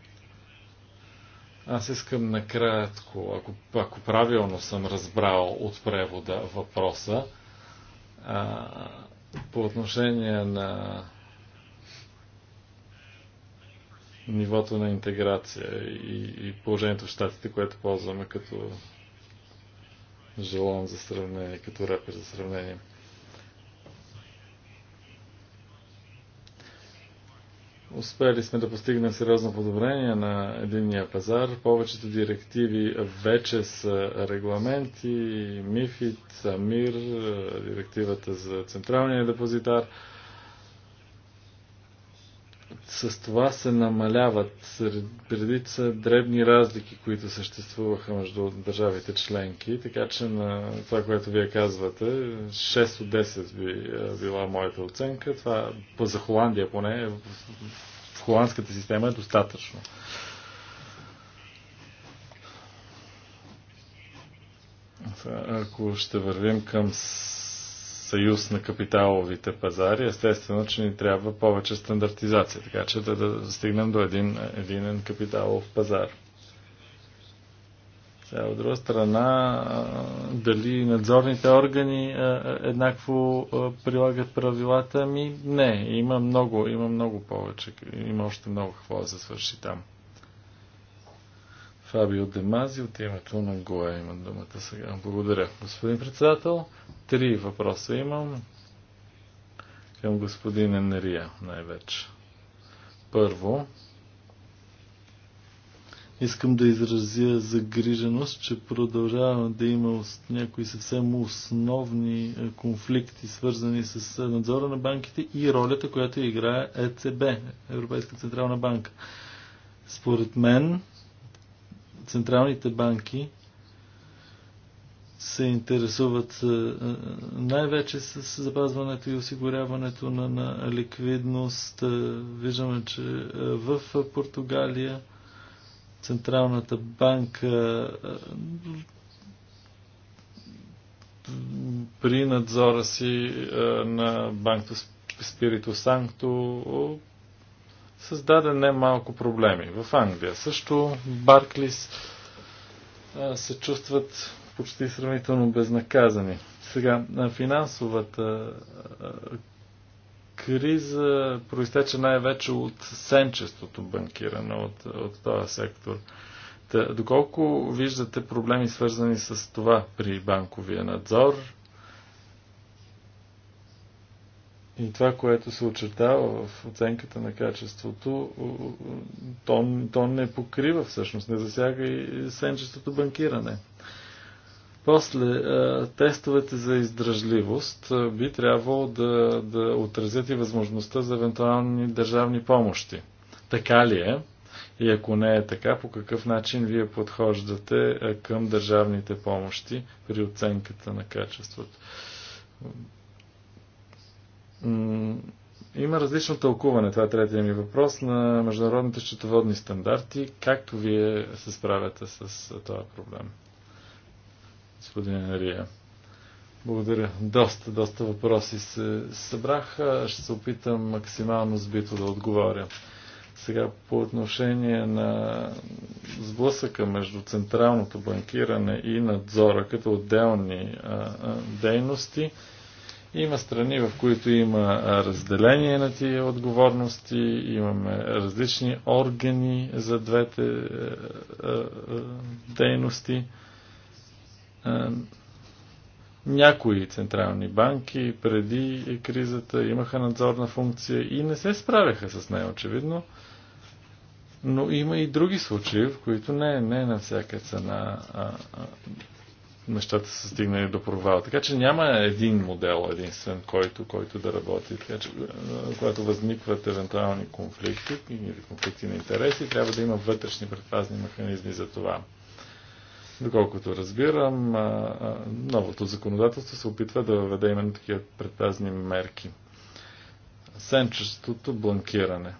Аз искам накратко, ако, ако правилно съм разбрал от превода въпроса, а, по отношение на нивото на интеграция и, и положението в щатите, което ползваме като желон за сравнение, като репер за сравнение. Успели сме да постигнем сериозно подобрение на единния пазар. Повечето директиви вече са регламенти, МИФИТ, АМИР, директивата за централния депозитар – с това се намаляват редица дребни разлики, които съществуваха между държавите членки, така че на това, което вие казвате, 6 от 10 би е, била моята оценка. Това за Холандия поне е, в холандската система е достатъчно. Ако ще вървим към съюз на капиталовите пазари, естествено, че ни трябва повече стандартизация, така че да, да стигнем до един единен капиталов пазар. Сега, от друга страна, дали надзорните органи еднакво прилагат правилата ми? Не, има много, има много повече, има още много какво да се свърши там. Фабио Демази от името на Гоя има думата сега. Благодаря, господин председател. Три въпроса имам към господин Енрия най-вече. Първо, искам да изразя загриженост, че продължавам да има някои съвсем основни е, конфликти, свързани с е, надзора на банките и ролята, която играе ЕЦБ, Европейска Централна банка. Според мен, централните банки се интересуват е, е, най-вече с запазването и осигуряването на, на ликвидност. Е, виждаме, че в Португалия Централната банка при надзора си на банкто Спирито Санкто създаде немалко проблеми. В Англия също Барклис се чувстват почти сравнително безнаказани. Сега, на финансовата криза проистече най-вече от сенчестото банкиране, от, от този сектор. Та, доколко виждате проблеми свързани с това при банковия надзор и това, което се очертава в оценката на качеството, то, то не покрива всъщност, не засяга и сенчестото банкиране. После, е, тестовете за издръжливост е, би трябвало да, да отразят и възможността за евентуални държавни помощи. Така ли е? И ако не е така, по какъв начин вие подхождате е, към държавните помощи при оценката на качеството? Има различно тълкуване, това е третия ми въпрос, на международните счетоводни стандарти. Както вие се справяте с този проблем? господин Ария. Благодаря. Доста, доста въпроси се събраха. Ще се опитам максимално сбито да отговоря. Сега по отношение на сблъсъка между централното банкиране и надзора като отделни а, а, дейности, има страни, в които има разделение на тия отговорности, имаме различни органи за двете а, е, а, е, е, дейности. Е, някои централни банки преди кризата имаха надзорна функция и не се справяха с нея, очевидно. Но има и други случаи, в които не, не на всяка цена а, а, нещата са стигнали до провал. Така че няма един модел единствен, който, който да работи. Така че, е, когато възникват евентуални конфликти или конфликти на интереси, трябва да има вътрешни предпазни механизми за това. Доколкото разбирам, новото законодателство се опитва да въведе именно такива предпазни мерки. Сенчестото бланкиране.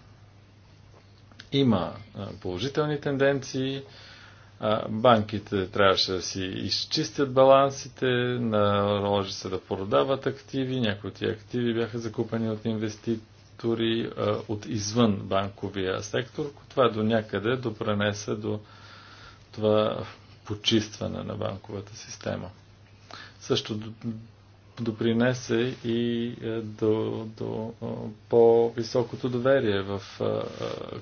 Има положителни тенденции. Банките трябваше да си изчистят балансите, наложи се да продават активи. Някои от тия активи бяха закупени от инвеститори от извън банковия сектор. Това до някъде допренесе до това почистване на банковата система. Също допринесе и е, до, до е, по-високото доверие в е,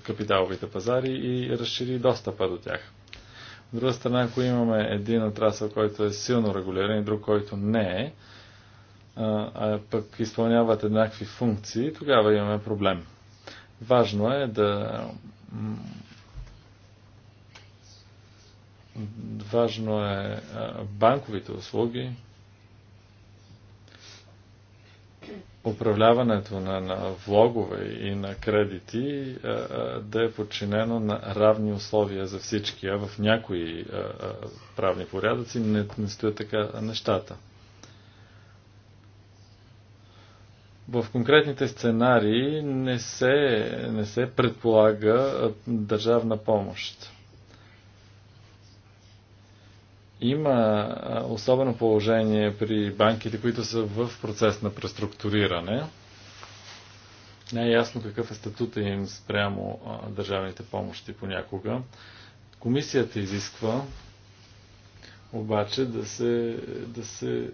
капиталовите пазари и разшири достъпа до тях. От друга страна, ако имаме един отрасъл, който е силно регулиран и друг, който не е, а пък изпълняват еднакви функции, тогава имаме проблем. Важно е да Важно е банковите услуги, управляването на, на влогове и на кредити да е подчинено на равни условия за всички, а в някои правни порядъци не, не стоят така нещата. В конкретните сценарии не се, не се предполага държавна помощ. Има особено положение при банките, които са в процес на преструктуриране. Не е ясно какъв е статута им спрямо държавните помощи понякога. Комисията изисква обаче да се, да се е,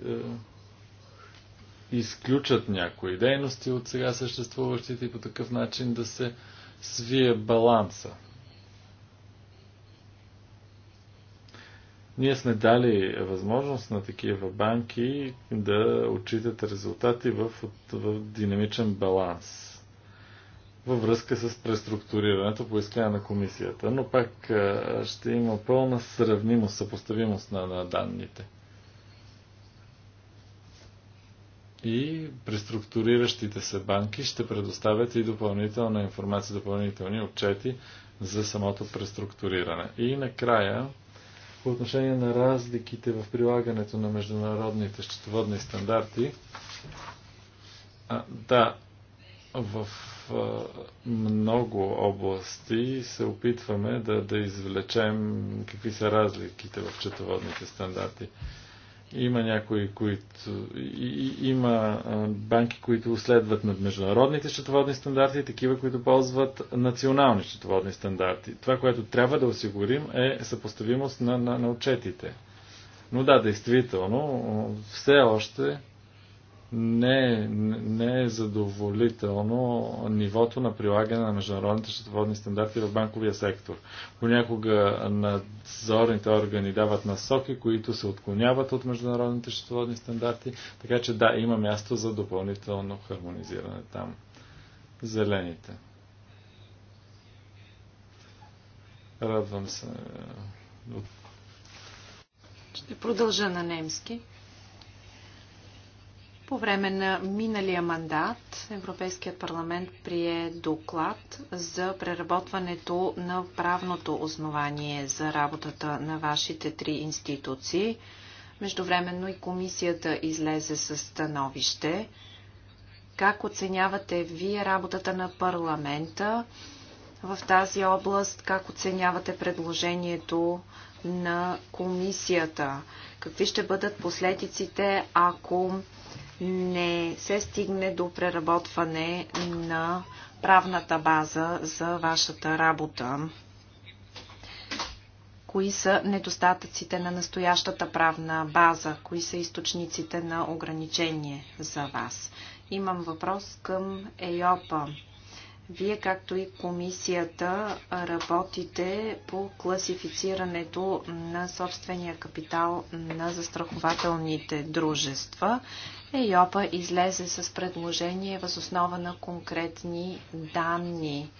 изключат някои дейности от сега съществуващите и по такъв начин да се свие баланса Ние сме дали възможност на такива банки да отчитат резултати в, в динамичен баланс във връзка с преструктурирането по искане на комисията. Но пак ще има пълна сравнимост, съпоставимост на, на данните. И преструктуриращите се банки ще предоставят и допълнителна информация, допълнителни отчети за самото преструктуриране. И накрая по отношение на разликите в прилагането на международните счетоводни стандарти. А, да, в а, много области се опитваме да, да извлечем какви са разликите в счетоводните стандарти. Има някои, които... И, има банки, които следват над международните счетоводни стандарти и такива, които ползват национални счетоводни стандарти. Това, което трябва да осигурим е съпоставимост на, на, на отчетите. Но да, действително, все още не, не е задоволително нивото на прилагане на международните счетоводни стандарти в банковия сектор. Понякога надзорните органи дават насоки, които се отклоняват от международните счетоводни стандарти, така че да, има място за допълнително хармонизиране там. Зелените. Радвам се. Ще продължа на немски. По време на миналия мандат Европейският парламент прие доклад за преработването на правното основание за работата на вашите три институции. Междувременно и комисията излезе с становище. Как оценявате вие работата на парламента в тази област? Как оценявате предложението на комисията? Какви ще бъдат последиците, ако не се стигне до преработване на правната база за вашата работа. Кои са недостатъците на настоящата правна база? Кои са източниците на ограничение за вас? Имам въпрос към ЕЙОПА. Вие, както и комисията, работите по класифицирането на собствения капитал на застрахователните дружества. ЕОПа излезе с предложение въз основа на конкретни данни.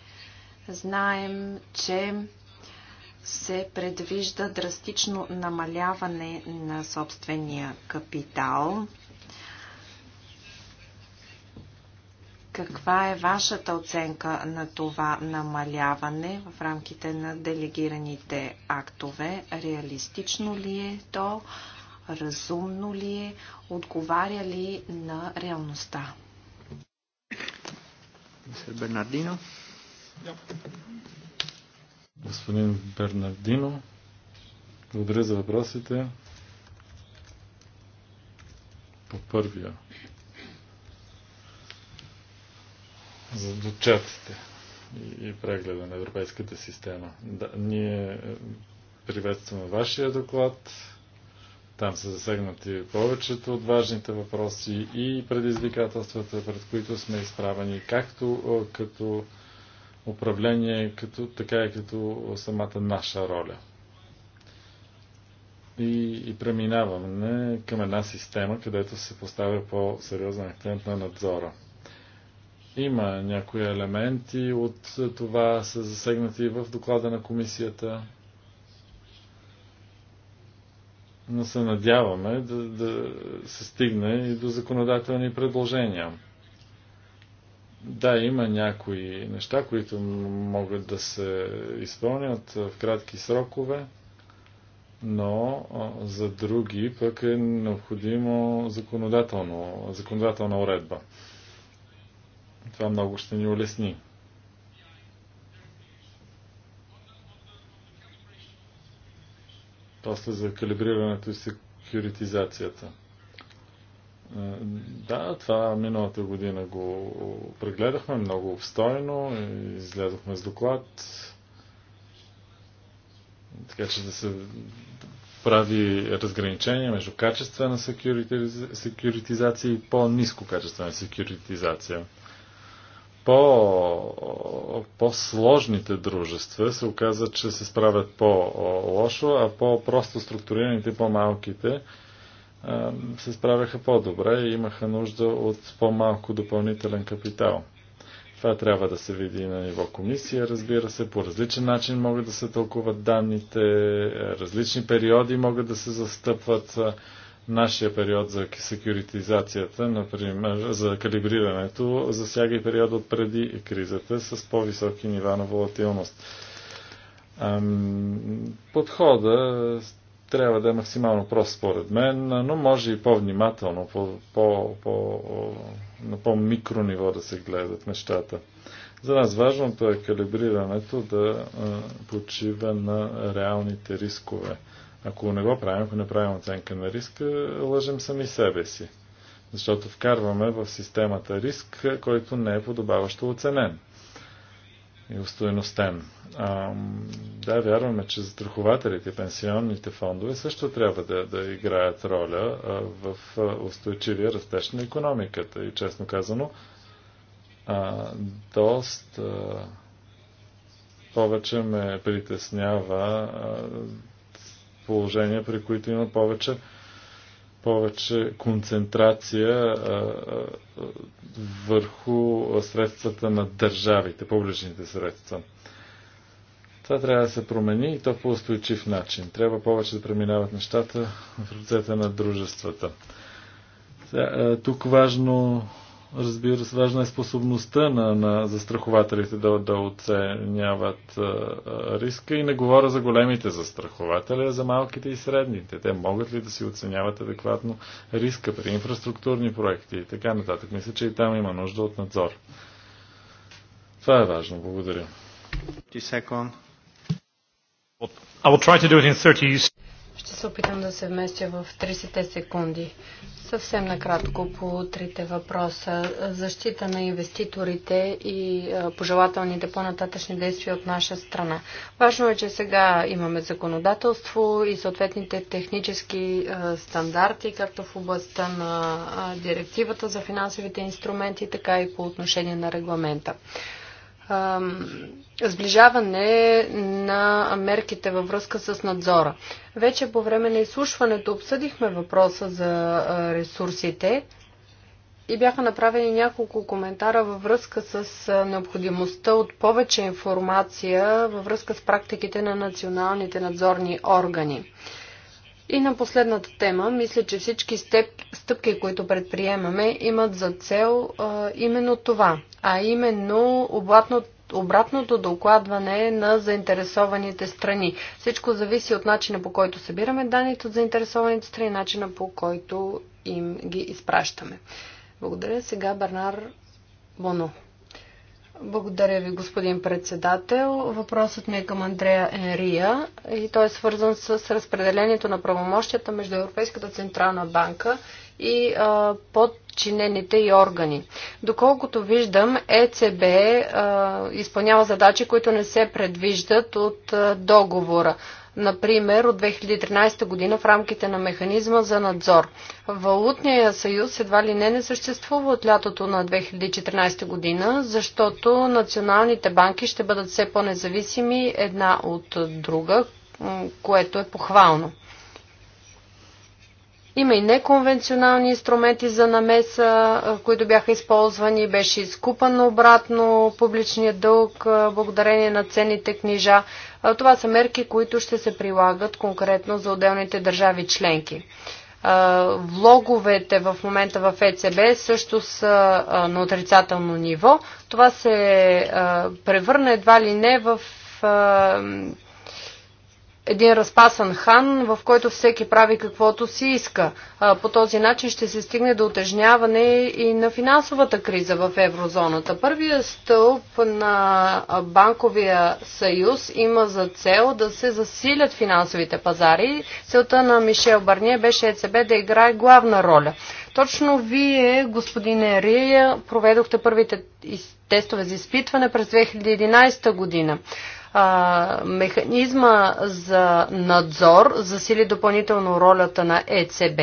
Знаем, че се предвижда драстично намаляване на собствения капитал. Каква е вашата оценка на това намаляване в рамките на делегираните актове? Реалистично ли е то? разумно ли е, отговаря ли на реалността. Мистер Бернардино. Господин Бернардино, благодаря за въпросите. По първия. За дочатите и прегледа на европейската система. Да, ние е, приветстваме вашия доклад. Там са засегнати повечето от важните въпроси и предизвикателствата, пред които сме изправени, както като управление, като, така и като самата наша роля. И, и преминаваме към една система, където се поставя по-сериозен акцент на надзора. Има някои елементи от това са засегнати в доклада на комисията но се надяваме да, да се стигне и до законодателни предложения. Да, има някои неща, които могат да се изпълнят в кратки срокове, но за други пък е необходимо законодателно, законодателна уредба. Това много ще ни улесни. После за калибрирането и секюритизацията. Е, да, това миналата година го прегледахме много обстойно, излязохме с доклад, така че да се прави разграничение между качествена секюритизация и по-низко качествена секюритизация по, по-сложните дружества се оказа, че се справят по-лошо, а по-просто структурираните, по-малките се справяха по-добре и имаха нужда от по-малко допълнителен капитал. Това трябва да се види на ниво комисия, разбира се. По различен начин могат да се тълкуват данните, различни периоди могат да се застъпват. Нашия период за секюритизацията, например, за калибрирането, засяга и период от преди кризата с по-високи нива на волатилност. Подхода трябва да е максимално прост според мен, но може и по-внимателно, по, по, по, на по-микро ниво да се гледат нещата. За нас важното е калибрирането да почива на реалните рискове. Ако не го правим, ако не правим оценка на риска, лъжим сами себе си. Защото вкарваме в системата риск, който не е подобаващо оценен и устойностен. А, да, вярваме, че застрахователите, пенсионните фондове също трябва да, да играят роля а, в устойчивия растеж на економиката. И честно казано, а, доста повече ме притеснява а, положения, при които има повече, повече концентрация а, а, върху средствата на държавите, публичните средства. Това трябва да се промени и то по устойчив начин. Трябва повече да преминават нещата в ръцете на дружествата. Тук важно Разбира се, важна е способността на, на застрахователите да, да оценяват а, риска и не говоря за големите застрахователи, а за малките и средните. Те могат ли да си оценяват адекватно риска при инфраструктурни проекти и така нататък. Мисля, че и там има нужда от надзор. Това е важно. Благодаря. I will try to do it in 30 се опитам да се вместя в 30 секунди. Съвсем накратко по трите въпроса. Защита на инвеститорите и пожелателните по-нататъчни действия от наша страна. Важно е, че сега имаме законодателство и съответните технически стандарти, както в областта на директивата за финансовите инструменти, така и по отношение на регламента сближаване на мерките във връзка с надзора. Вече по време на изслушването обсъдихме въпроса за ресурсите и бяха направени няколко коментара във връзка с необходимостта от повече информация във връзка с практиките на националните надзорни органи. И на последната тема, мисля, че всички степ, стъпки, които предприемаме, имат за цел а, именно това, а именно обратно, обратното докладване на заинтересованите страни. Всичко зависи от начина по който събираме данните от заинтересованите страни, начина по който им ги изпращаме. Благодаря. Сега Бернар Боно. Благодаря ви, господин председател. Въпросът ми е към Андрея Енрия и той е свързан с разпределението на правомощията между Европейската централна банка и а, подчинените и органи. Доколкото виждам, ЕЦБ а, изпълнява задачи, които не се предвиждат от а, договора. Например, от 2013 година в рамките на механизма за надзор. Валутния съюз едва ли не не съществува от лятото на 2014 година, защото националните банки ще бъдат все по-независими една от друга, което е похвално. Има и неконвенционални инструменти за намеса, които бяха използвани. Беше изкупан обратно публичният дълг благодарение на ценните книжа. Това са мерки, които ще се прилагат конкретно за отделните държави членки. Влоговете в момента в ЕЦБ също са на отрицателно ниво. Това се превърна едва ли не в един разпасан хан, в който всеки прави каквото си иска. По този начин ще се стигне до отежняване и на финансовата криза в еврозоната. Първият стълб на Банковия съюз има за цел да се засилят финансовите пазари. Целта на Мишел Барние беше ЕЦБ да играе главна роля. Точно вие, господин Рия, проведохте първите тестове за изпитване през 2011 година а, механизма за надзор засили допълнително ролята на ЕЦБ.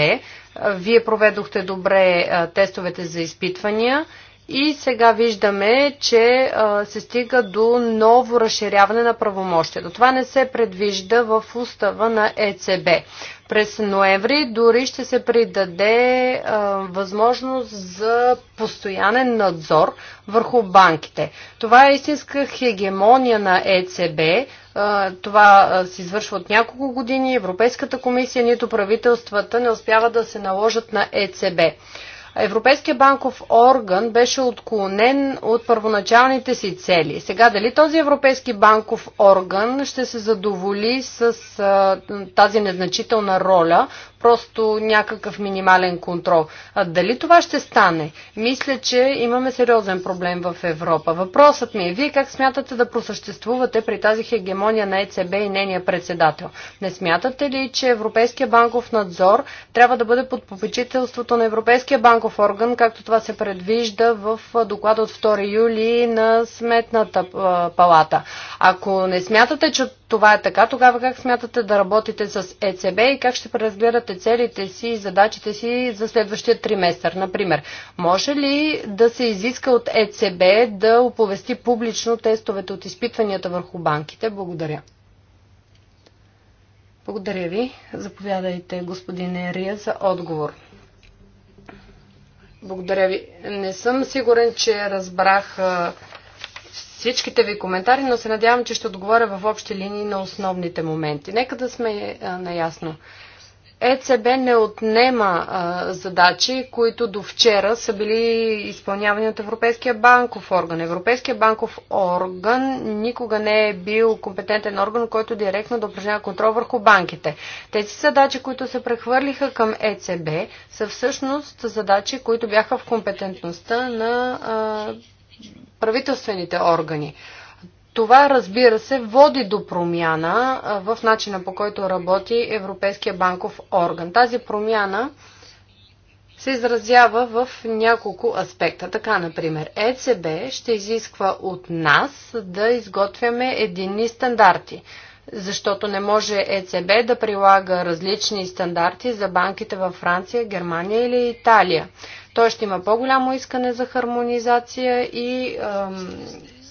Вие проведохте добре а, тестовете за изпитвания и сега виждаме, че а, се стига до ново разширяване на правомощията. Това не се предвижда в устава на ЕЦБ. През ноември дори ще се придаде а, възможност за постоянен надзор върху банките. Това е истинска хегемония на ЕЦБ. А, това се извършва от няколко години. Европейската комисия, нито правителствата не успяват да се наложат на ЕЦБ. Европейския банков орган беше отклонен от първоначалните си цели. Сега дали този Европейски банков орган ще се задоволи с а, тази незначителна роля, просто някакъв минимален контрол. А дали това ще стане? Мисля, че имаме сериозен проблем в Европа. Въпросът ми е, вие как смятате да просъществувате при тази хегемония на ЕЦБ и нейния председател? Не смятате ли, че Европейския банков надзор трябва да бъде под попечителството на Европейския банков орган, както това се предвижда в доклада от 2 юли на Сметната палата? Ако не смятате, че това е така, тогава как смятате да работите с ЕЦБ и как ще преразгледате целите си и задачите си за следващия триместър? Например, може ли да се изиска от ЕЦБ да оповести публично тестовете от изпитванията върху банките? Благодаря. Благодаря ви. Заповядайте, господин Ерия, за отговор. Благодаря ви. Не съм сигурен, че разбрах всичките ви коментари, но се надявам, че ще отговоря в общи линии на основните моменти. Нека да сме наясно. ЕЦБ не отнема а, задачи, които до вчера са били изпълнявани от Европейския банков орган. Европейския банков орган никога не е бил компетентен орган, който директно да упражнява контрол върху банките. Тези задачи, които се прехвърлиха към ЕЦБ, са всъщност задачи, които бяха в компетентността на а, правителствените органи. Това, разбира се, води до промяна в начина по който работи Европейския банков орган. Тази промяна се изразява в няколко аспекта. Така, например, ЕЦБ ще изисква от нас да изготвяме единни стандарти защото не може ЕЦБ да прилага различни стандарти за банките във Франция, Германия или Италия. Той ще има по-голямо искане за хармонизация и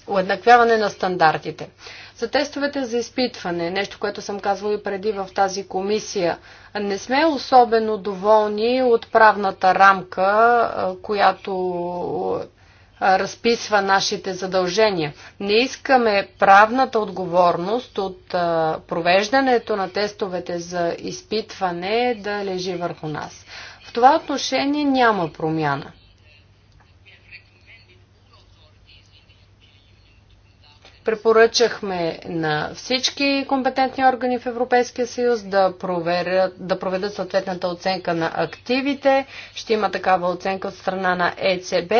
уеднаквяване на стандартите. За тестовете за изпитване, нещо, което съм казвала и преди в тази комисия, не сме особено доволни от правната рамка, която разписва нашите задължения. Не искаме правната отговорност от провеждането на тестовете за изпитване да лежи върху нас. В това отношение няма промяна. Препоръчахме на всички компетентни органи в Европейския съюз да, проверят, да проведат съответната оценка на активите. Ще има такава оценка от страна на ЕЦБ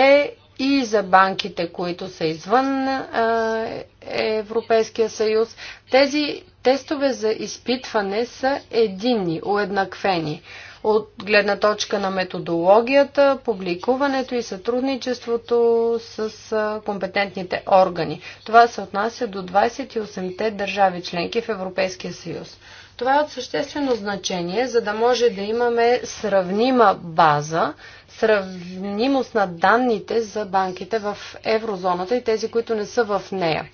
и за банките, които са извън е, Европейския съюз. Тези тестове за изпитване са единни, уеднаквени. От гледна точка на методологията, публикуването и сътрудничеството с компетентните органи. Това се отнася до 28-те държави членки в Европейския съюз. Това е от съществено значение, за да може да имаме сравнима база, сравнимост на данните за банките в еврозоната и тези, които не са в нея.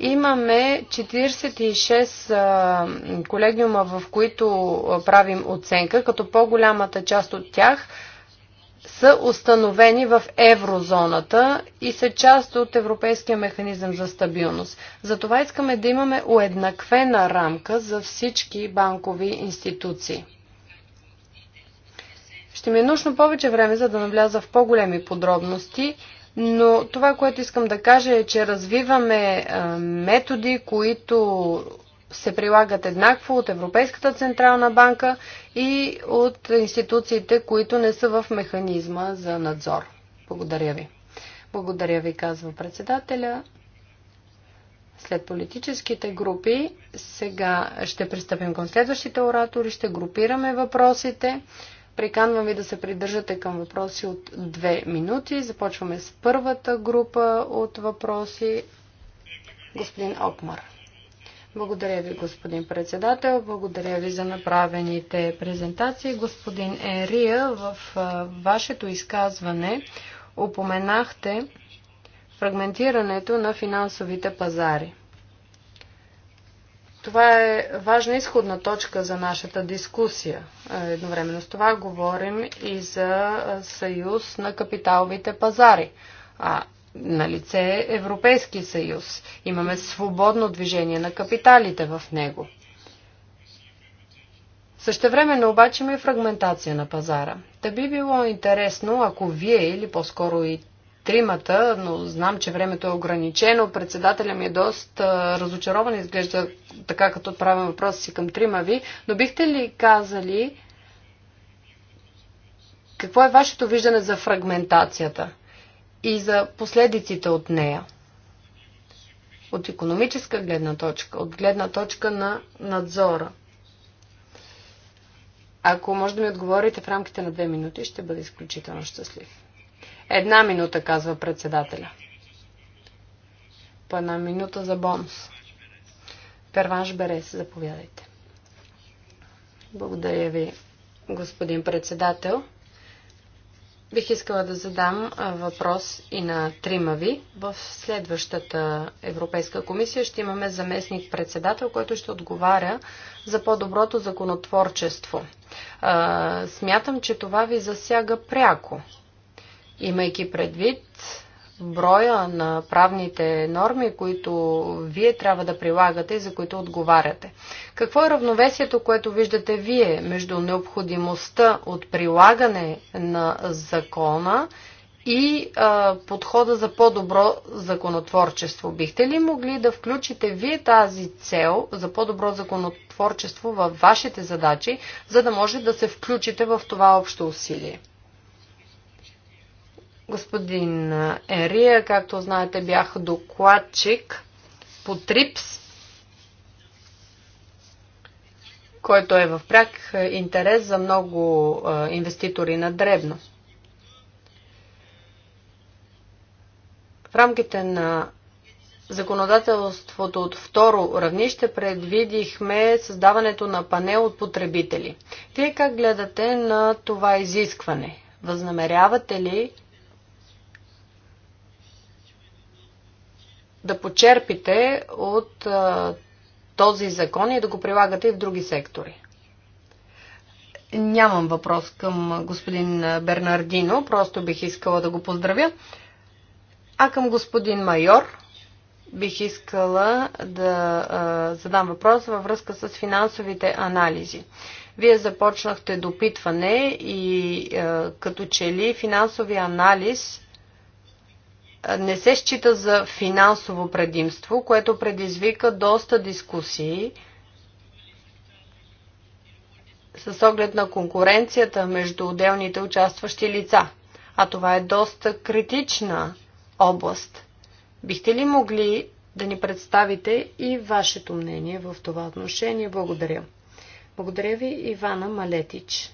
Имаме 46 колегиума, в които правим оценка, като по-голямата част от тях са установени в еврозоната и са част от Европейския механизъм за стабилност. Затова искаме да имаме уеднаквена рамка за всички банкови институции. Ще ми е нужно повече време, за да навляза в по-големи подробности, но това, което искам да кажа е, че развиваме методи, които се прилагат еднакво от Европейската централна банка и от институциите, които не са в механизма за надзор. Благодаря ви. Благодаря ви, казва председателя. След политическите групи, сега ще пристъпим към следващите оратори, ще групираме въпросите. Приканвам ви да се придържате към въпроси от две минути. Започваме с първата група от въпроси. Господин Окмар. Благодаря ви, господин председател. Благодаря ви за направените презентации. Господин Ерия, в вашето изказване упоменахте фрагментирането на финансовите пазари. Това е важна изходна точка за нашата дискусия. Едновременно с това говорим и за съюз на капиталовите пазари. А на лице е Европейски съюз. Имаме свободно движение на капиталите в него. Същевременно обаче има и фрагментация на пазара. Та би било интересно, ако вие или по-скоро и тримата, но знам, че времето е ограничено, председателя ми е доста разочарован, изглежда така като отправям въпроса си към трима ви, но бихте ли казали какво е вашето виждане за фрагментацията? и за последиците от нея. От економическа гледна точка, от гледна точка на надзора. Ако може да ми отговорите в рамките на две минути, ще бъда изключително щастлив. Една минута, казва председателя. По една минута за бонус. Перванш Берес, заповядайте. Благодаря ви, господин председател. Бих искала да задам въпрос и на трима ви. В следващата Европейска комисия ще имаме заместник председател, който ще отговаря за по-доброто законотворчество. Смятам, че това ви засяга пряко, имайки предвид броя на правните норми, които вие трябва да прилагате и за които отговаряте. Какво е равновесието, което виждате вие между необходимостта от прилагане на закона и а, подхода за по-добро законотворчество? Бихте ли могли да включите вие тази цел за по-добро законотворчество във вашите задачи, за да може да се включите в това общо усилие? Господин Ерия, както знаете, бях докладчик по ТРИПС, който е в пряк интерес за много инвеститори на дребно. В рамките на законодателството от второ равнище предвидихме създаването на панел от потребители. Вие как гледате на това изискване? Възнамерявате ли да почерпите от а, този закон и да го прилагате и в други сектори. Нямам въпрос към господин Бернардино, просто бих искала да го поздравя. А към господин майор бих искала да а, задам въпрос във връзка с финансовите анализи. Вие започнахте допитване и а, като че ли финансовия анализ не се счита за финансово предимство, което предизвика доста дискусии с оглед на конкуренцията между отделните участващи лица. А това е доста критична област. Бихте ли могли да ни представите и вашето мнение в това отношение? Благодаря. Благодаря ви, Ивана Малетич.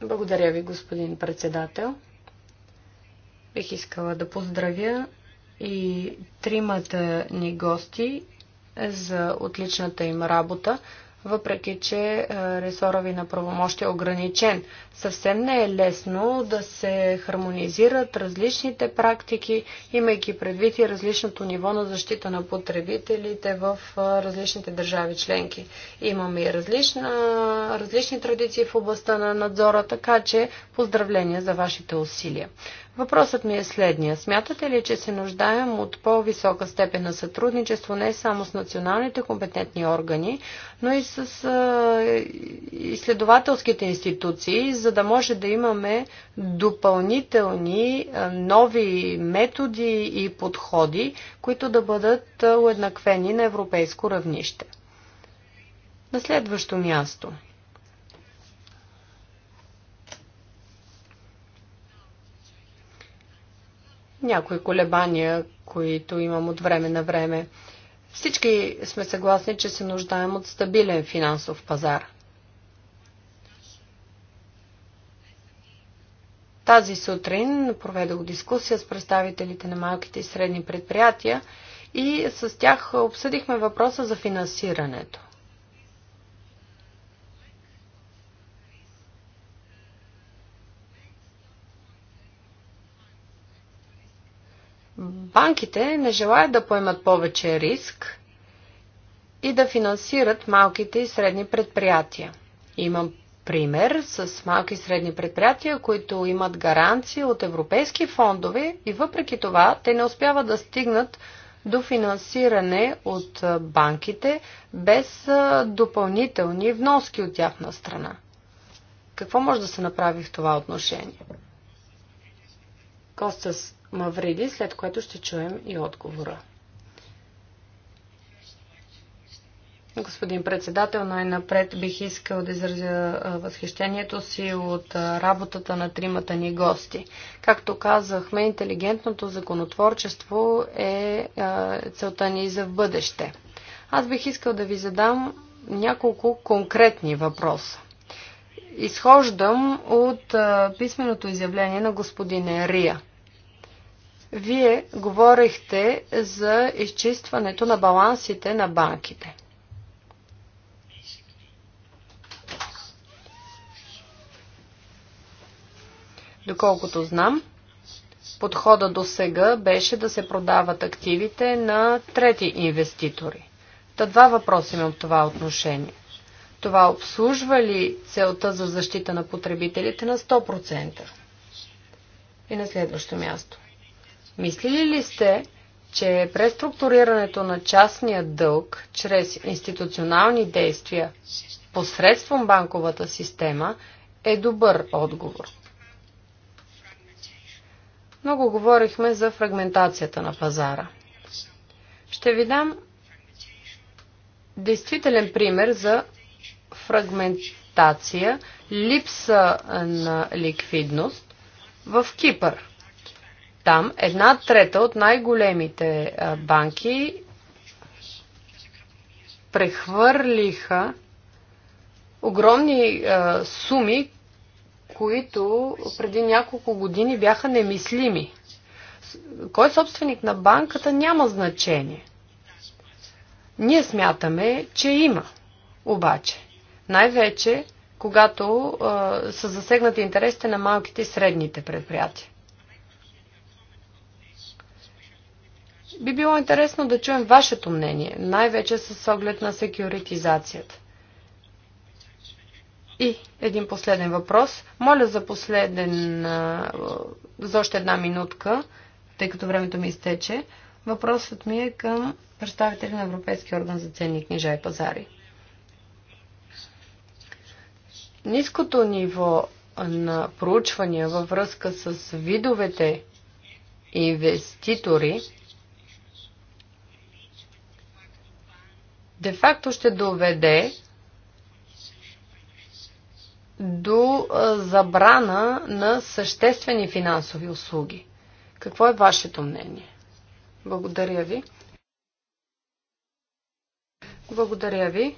Благодаря ви, господин председател. Бих искала да поздравя и тримата ни гости за отличната им работа въпреки че е, ресора ви на правомощ е ограничен. Съвсем не е лесно да се хармонизират различните практики, имайки предвид и различното ниво на защита на потребителите в е, различните държави членки. Имаме и различна, различни традиции в областта на надзора, така че поздравления за вашите усилия. Въпросът ми е следния. Смятате ли, че се нуждаем от по-висока степен на сътрудничество не само с националните компетентни органи, но и с а, изследователските институции, за да може да имаме допълнителни а, нови методи и подходи, които да бъдат а, уеднаквени на европейско равнище. На следващо място. Някои колебания, които имам от време на време. Всички сме съгласни, че се нуждаем от стабилен финансов пазар. Тази сутрин проведох дискусия с представителите на малките и средни предприятия и с тях обсъдихме въпроса за финансирането. банките не желаят да поемат повече риск и да финансират малките и средни предприятия. Имам пример с малки и средни предприятия, които имат гаранции от европейски фондове и въпреки това те не успяват да стигнат до финансиране от банките без допълнителни вноски от тяхна страна. Какво може да се направи в това отношение? Костас Мавриди, след което ще чуем и отговора. Господин председател, най-напред бих искал да изразя възхищението си от работата на тримата ни гости. Както казахме, интелигентното законотворчество е целта ни за бъдеще. Аз бих искал да ви задам няколко конкретни въпроса. Изхождам от писменото изявление на господин Рия. Вие говорихте за изчистването на балансите на банките. Доколкото знам, подхода до сега беше да се продават активите на трети инвеститори. Та два въпроса имам в това отношение. Това обслужва ли целта за защита на потребителите на 100%? И на следващо място. Мислили ли сте, че преструктурирането на частния дълг чрез институционални действия посредством банковата система е добър отговор? Много говорихме за фрагментацията на пазара. Ще ви дам действителен пример за фрагментация, липса на ликвидност в Кипър. Там една трета от най-големите банки прехвърлиха огромни суми, които преди няколко години бяха немислими. Кой е собственик на банката няма значение. Ние смятаме, че има. Обаче, най-вече, когато са засегнати интересите на малките и средните предприятия. Би било интересно да чуем вашето мнение, най-вече с оглед на секюритизацията. И един последен въпрос. Моля за последен, за още една минутка, тъй като времето ми изтече. Въпросът ми е към представители на Европейски орган за ценни книжа и пазари. Ниското ниво на проучвания във връзка с видовете инвеститори де-факто ще доведе до забрана на съществени финансови услуги. Какво е вашето мнение? Благодаря ви. Благодаря ви.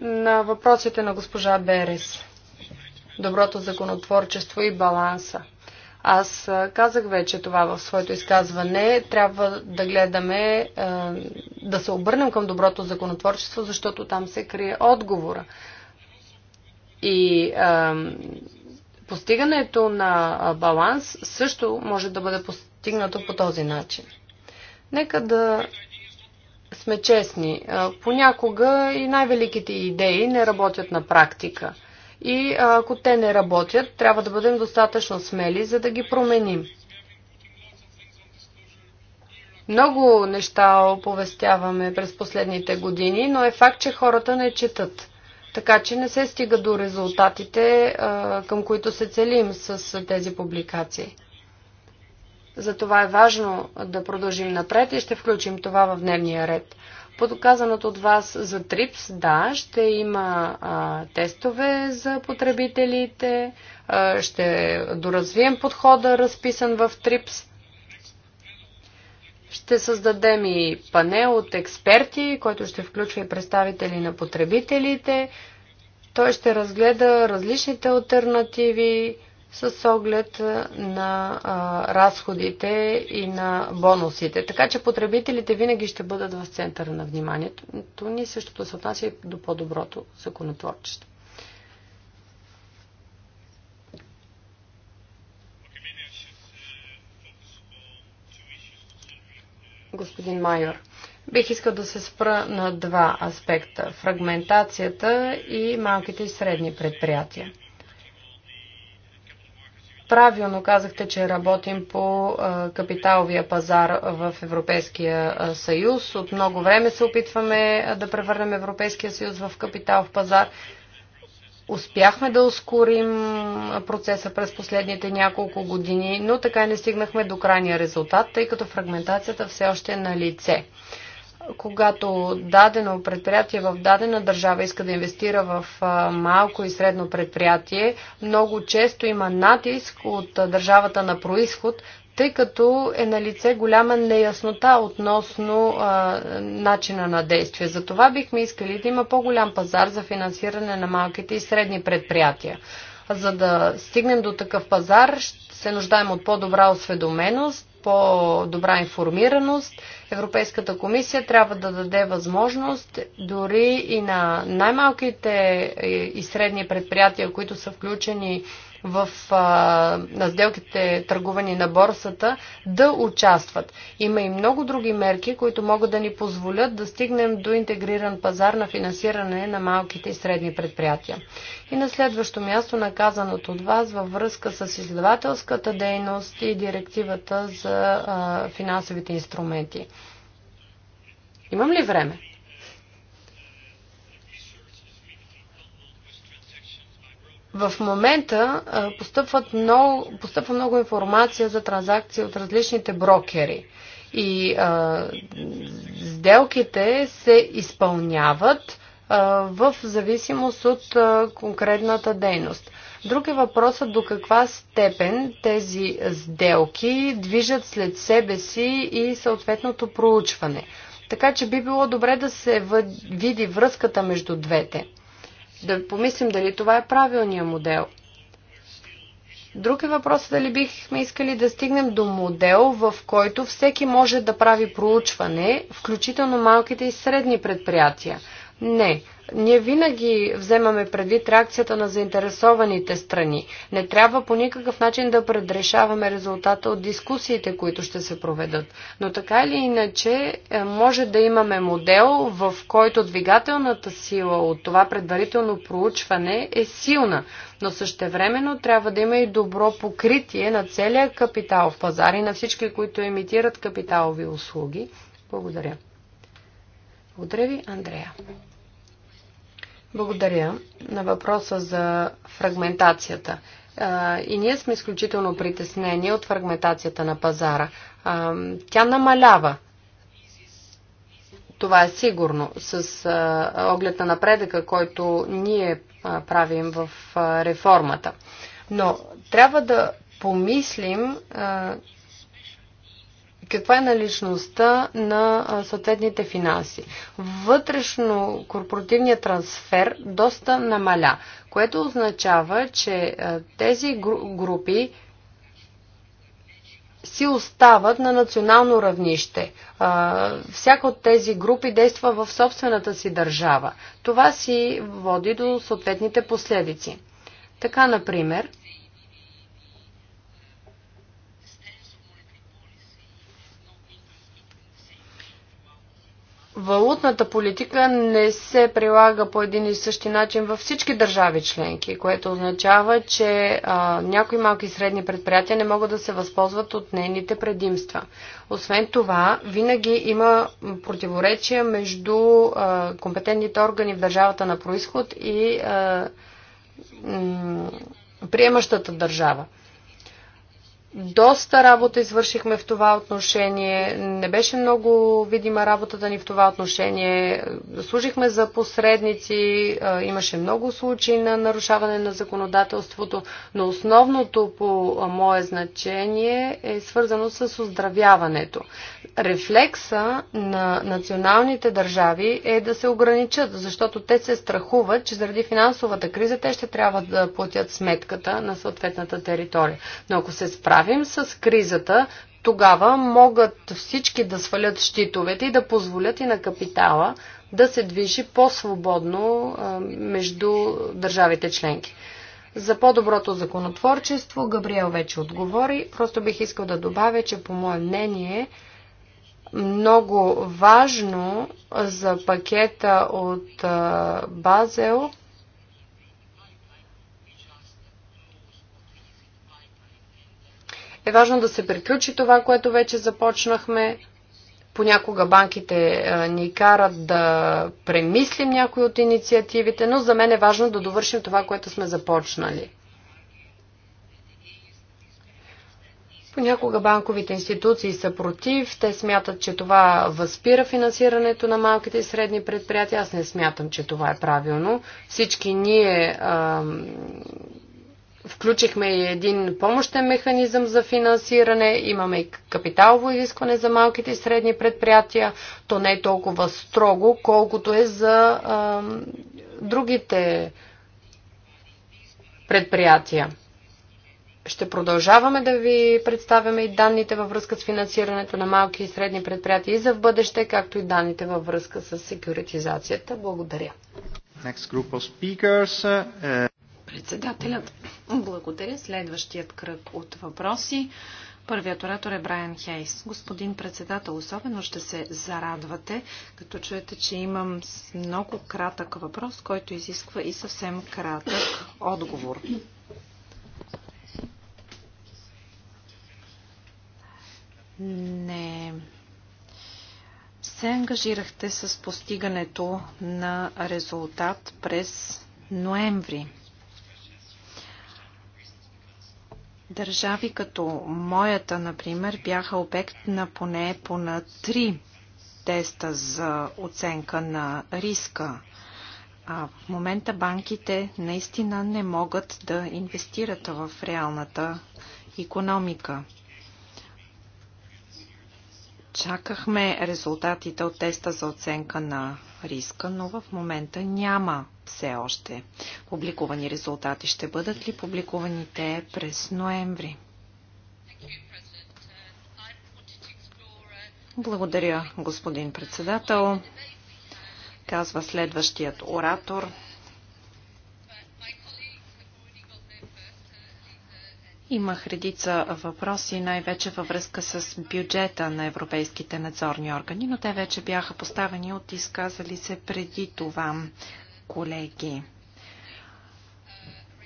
На въпросите на госпожа Берес. Доброто законотворчество и баланса. Аз казах вече това в своето изказване. Трябва да гледаме, да се обърнем към доброто законотворчество, защото там се крие отговора. И постигането на баланс също може да бъде постигнато по този начин. Нека да сме честни. Понякога и най-великите идеи не работят на практика – и ако те не работят, трябва да бъдем достатъчно смели, за да ги променим. Много неща оповестяваме през последните години, но е факт, че хората не четат. Така че не се стига до резултатите, към които се целим с тези публикации. Затова е важно да продължим напред и ще включим това в дневния ред. Подоказаното от вас за ТРИПС, да, ще има а, тестове за потребителите, а, ще доразвием подхода, разписан в ТРИПС. Ще създадем и панел от експерти, който ще включва и представители на потребителите. Той ще разгледа различните альтернативи, с оглед на а, разходите и на бонусите. Така че потребителите винаги ще бъдат в центъра на вниманието То ни, същото се отнася и до по-доброто законотворчество. Господин Майор, бих искал да се спра на два аспекта фрагментацията и малките и средни предприятия. Правилно казахте, че работим по капиталовия пазар в Европейския съюз. От много време се опитваме да превърнем Европейския съюз в капиталов пазар. Успяхме да ускорим процеса през последните няколко години, но така не стигнахме до крайния резултат, тъй като фрагментацията все още е на лице когато дадено предприятие в дадена държава иска да инвестира в малко и средно предприятие, много често има натиск от държавата на происход, тъй като е на лице голяма неяснота относно а, начина на действие. Затова бихме искали да има по-голям пазар за финансиране на малките и средни предприятия. За да стигнем до такъв пазар, се нуждаем от по-добра осведоменост, по-добра информираност, Европейската комисия трябва да даде възможност дори и на най-малките и средни предприятия, които са включени в а, на сделките търгувани на борсата да участват. Има и много други мерки, които могат да ни позволят да стигнем до интегриран пазар на финансиране на малките и средни предприятия. И на следващо място наказаното от вас във връзка с изследователската дейност и директивата за а, финансовите инструменти. Имам ли време? В момента постъпват много, постъпва много информация за транзакции от различните брокери. И а, сделките се изпълняват в зависимост от а, конкретната дейност. Друг е въпросът до каква степен тези сделки движат след себе си и съответното проучване. Така че би било добре да се види връзката между двете да помислим дали това е правилният модел. Друг е въпрос дали бихме искали да стигнем до модел, в който всеки може да прави проучване, включително малките и средни предприятия – не. Ние винаги вземаме предвид реакцията на заинтересованите страни. Не трябва по никакъв начин да предрешаваме резултата от дискусиите, които ще се проведат. Но така или иначе, е, може да имаме модел, в който двигателната сила от това предварително проучване е силна, но същевременно трябва да има и добро покритие на целия капитал в пазари, на всички, които емитират капиталови услуги. Благодаря. Благодаря ви, Андрея. Благодаря. На въпроса за фрагментацията. И ние сме изключително притеснени от фрагментацията на пазара. Тя намалява. Това е сигурно. С оглед на напредъка, който ние правим в реформата. Но трябва да помислим каква е наличността на съответните финанси. Вътрешно корпоративният трансфер доста намаля, което означава, че тези групи си остават на национално равнище. Всяка от тези групи действа в собствената си държава. Това си води до съответните последици. Така, например, валутната политика не се прилага по един и същи начин във всички държави членки, което означава, че а, някои малки и средни предприятия не могат да се възползват от нейните предимства. Освен това, винаги има противоречия между а, компетентните органи в държавата на происход и а, приемащата държава. Доста работа извършихме в това отношение. Не беше много видима работата ни в това отношение. Служихме за посредници. Имаше много случаи на нарушаване на законодателството, но основното по мое значение е свързано с оздравяването. Рефлекса на националните държави е да се ограничат, защото те се страхуват, че заради финансовата криза те ще трябва да платят сметката на съответната територия. Но ако се справят, справим с кризата, тогава могат всички да свалят щитовете и да позволят и на капитала да се движи по-свободно между държавите членки. За по-доброто законотворчество Габриел вече отговори. Просто бих искал да добавя, че по мое мнение много важно за пакета от Базел – е важно да се приключи това, което вече започнахме. Понякога банките ни карат да премислим някои от инициативите, но за мен е важно да довършим това, което сме започнали. Понякога банковите институции са против, те смятат, че това възпира финансирането на малките и средни предприятия. Аз не смятам, че това е правилно. Всички ние Включихме и един помощен механизъм за финансиране, имаме и капиталово изискване за малките и средни предприятия. То не е толкова строго, колкото е за а, другите предприятия. Ще продължаваме да ви представяме и данните във връзка с финансирането на малки и средни предприятия и за в бъдеще, както и данните във връзка с секюритизацията. Благодаря. Next group of speakers, uh... Председателят, благодаря. Следващият кръг от въпроси. Първият оратор е Брайан Хейс. Господин председател, особено ще се зарадвате, като чуете, че имам много кратък въпрос, който изисква и съвсем кратък отговор. Не се ангажирахте с постигането на резултат през ноември. Държави като моята, например, бяха обект на поне по на три теста за оценка на риска. А в момента банките наистина не могат да инвестират в реалната економика. Чакахме резултатите от теста за оценка на риска, но в момента няма все още публикувани резултати. Ще бъдат ли публикуваните през ноември? Благодаря, господин председател. Казва следващият оратор. Имах редица въпроси, най-вече във връзка с бюджета на европейските надзорни органи, но те вече бяха поставени от изказали се преди това колеги.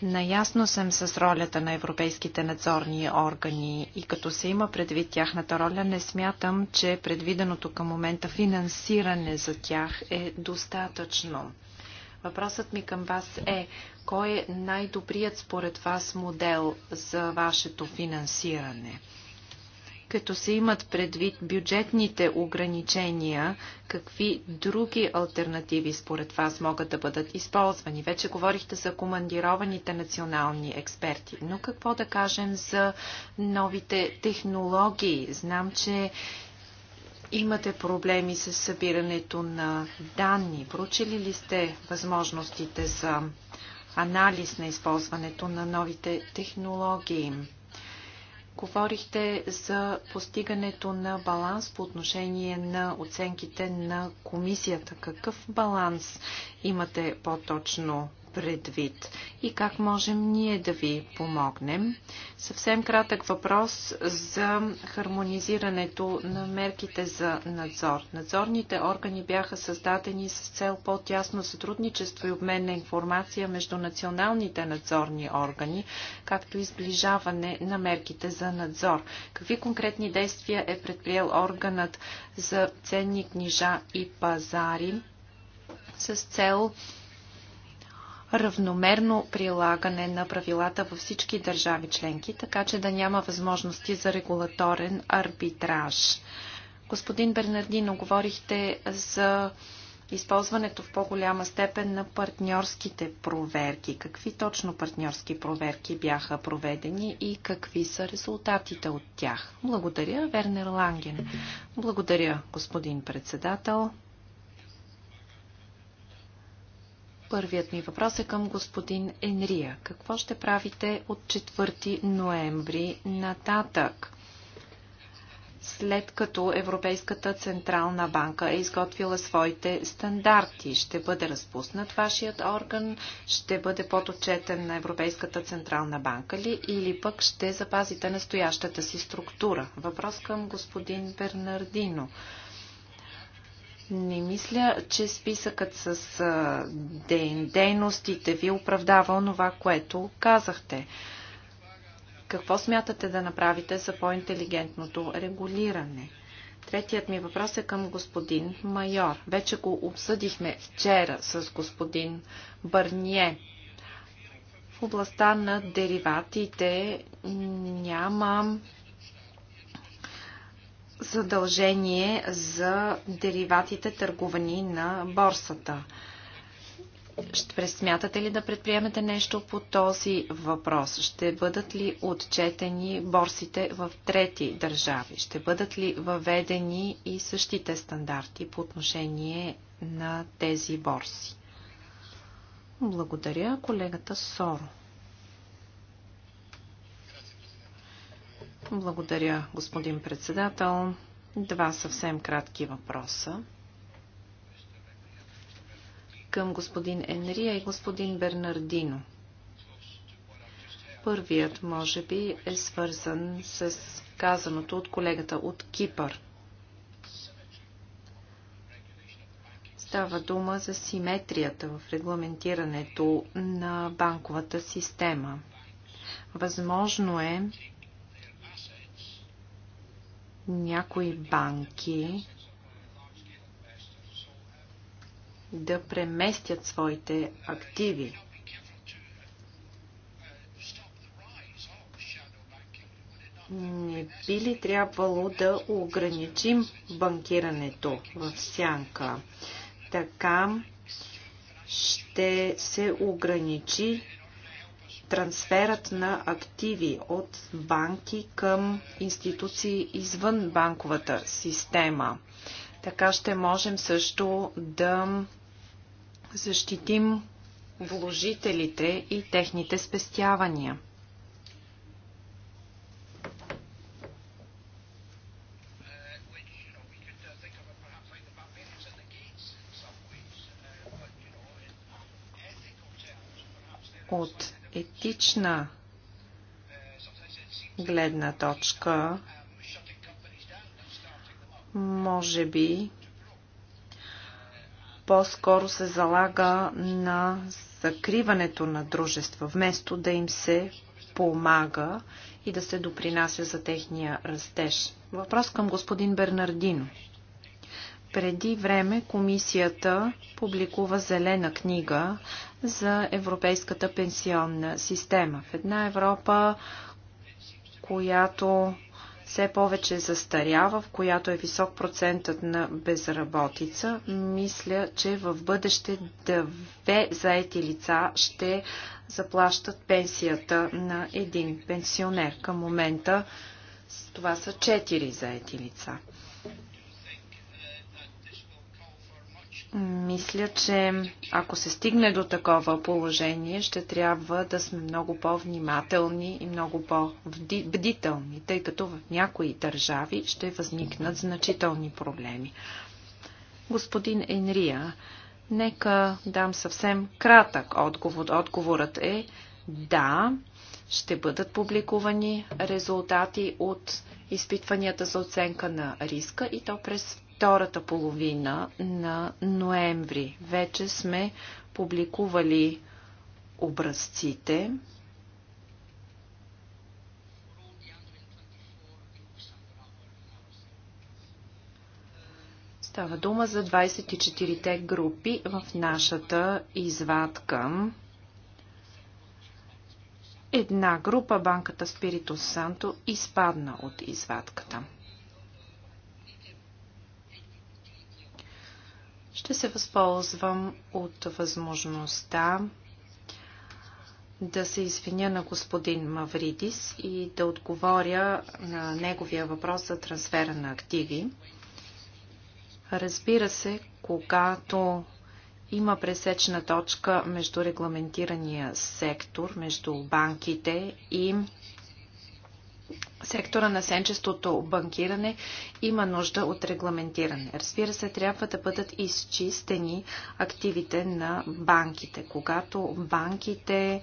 Наясно съм с ролята на европейските надзорни органи и като се има предвид тяхната роля, не смятам, че предвиденото към момента финансиране за тях е достатъчно. Въпросът ми към вас е кой е най-добрият според вас модел за вашето финансиране? Като се имат предвид бюджетните ограничения, какви други альтернативи според вас могат да бъдат използвани? Вече говорихте за командированите национални експерти, но какво да кажем за новите технологии? Знам, че имате проблеми с събирането на данни. Проучили ли сте възможностите за анализ на използването на новите технологии. Говорихте за постигането на баланс по отношение на оценките на комисията. Какъв баланс имате по-точно предвид и как можем ние да ви помогнем? Съвсем кратък въпрос за хармонизирането на мерките за надзор. Надзорните органи бяха създадени с цел по-тясно сътрудничество и обмен на информация между националните надзорни органи, както и сближаване на мерките за надзор. Какви конкретни действия е предприел органът за ценни книжа и пазари с цел равномерно прилагане на правилата във всички държави членки, така че да няма възможности за регулаторен арбитраж. Господин Бернардино, говорихте за използването в по-голяма степен на партньорските проверки. Какви точно партньорски проверки бяха проведени и какви са резултатите от тях? Благодаря, Вернер Ланген. Благодаря, господин председател. Първият ми въпрос е към господин Енрия. Какво ще правите от 4 ноември нататък? След като Европейската Централна банка е изготвила своите стандарти, ще бъде разпуснат вашият орган, ще бъде отчетен на Европейската Централна банка ли или пък ще запазите настоящата си структура? Въпрос към господин Бернардино. Не мисля, че списъкът с ден дейностите ви оправдава това, което казахте. Какво смятате да направите за по-интелигентното регулиране? Третият ми въпрос е към господин майор. Вече го обсъдихме вчера с господин Бърние. В областта на дериватите няма задължение за дериватите търговани на борсата. Ще пресмятате ли да предприемете нещо по този въпрос? Ще бъдат ли отчетени борсите в трети държави? Ще бъдат ли въведени и същите стандарти по отношение на тези борси? Благодаря, колегата Соро. Благодаря, господин председател. Два съвсем кратки въпроса към господин Енрия и господин Бернардино. Първият, може би, е свързан с казаното от колегата от Кипър. Става дума за симетрията в регламентирането на банковата система. Възможно е някои банки да преместят своите активи. Не би ли трябвало да ограничим банкирането в сянка? Така ще се ограничи трансферът на активи от банки към институции извън банковата система. Така ще можем също да защитим вложителите и техните спестявания. От етична гледна точка, може би по-скоро се залага на закриването на дружества, вместо да им се помага и да се допринася за техния растеж. Въпрос към господин Бернардино. Преди време комисията публикува зелена книга за европейската пенсионна система. В една Европа, която все повече застарява, в която е висок процентът на безработица, мисля, че в бъдеще две заети лица ще заплащат пенсията на един пенсионер. Към момента това са четири заети лица. Мисля, че ако се стигне до такова положение, ще трябва да сме много по-внимателни и много по-бдителни, тъй като в някои държави ще възникнат значителни проблеми. Господин Енрия, нека дам съвсем кратък отговор. Отговорът е да, ще бъдат публикувани резултати от изпитванията за оценка на риска и то през втората половина на ноември. Вече сме публикували образците. Става дума за 24-те групи в нашата извадка. Една група, банката Спирито Санто, изпадна от извадката. Ще се възползвам от възможността да се извиня на господин Мавридис и да отговоря на неговия въпрос за трансфера на активи. Разбира се, когато има пресечна точка между регламентирания сектор, между банките и Сектора на сенчестото банкиране има нужда от регламентиране. Разбира се, трябва да бъдат изчистени активите на банките. Когато банките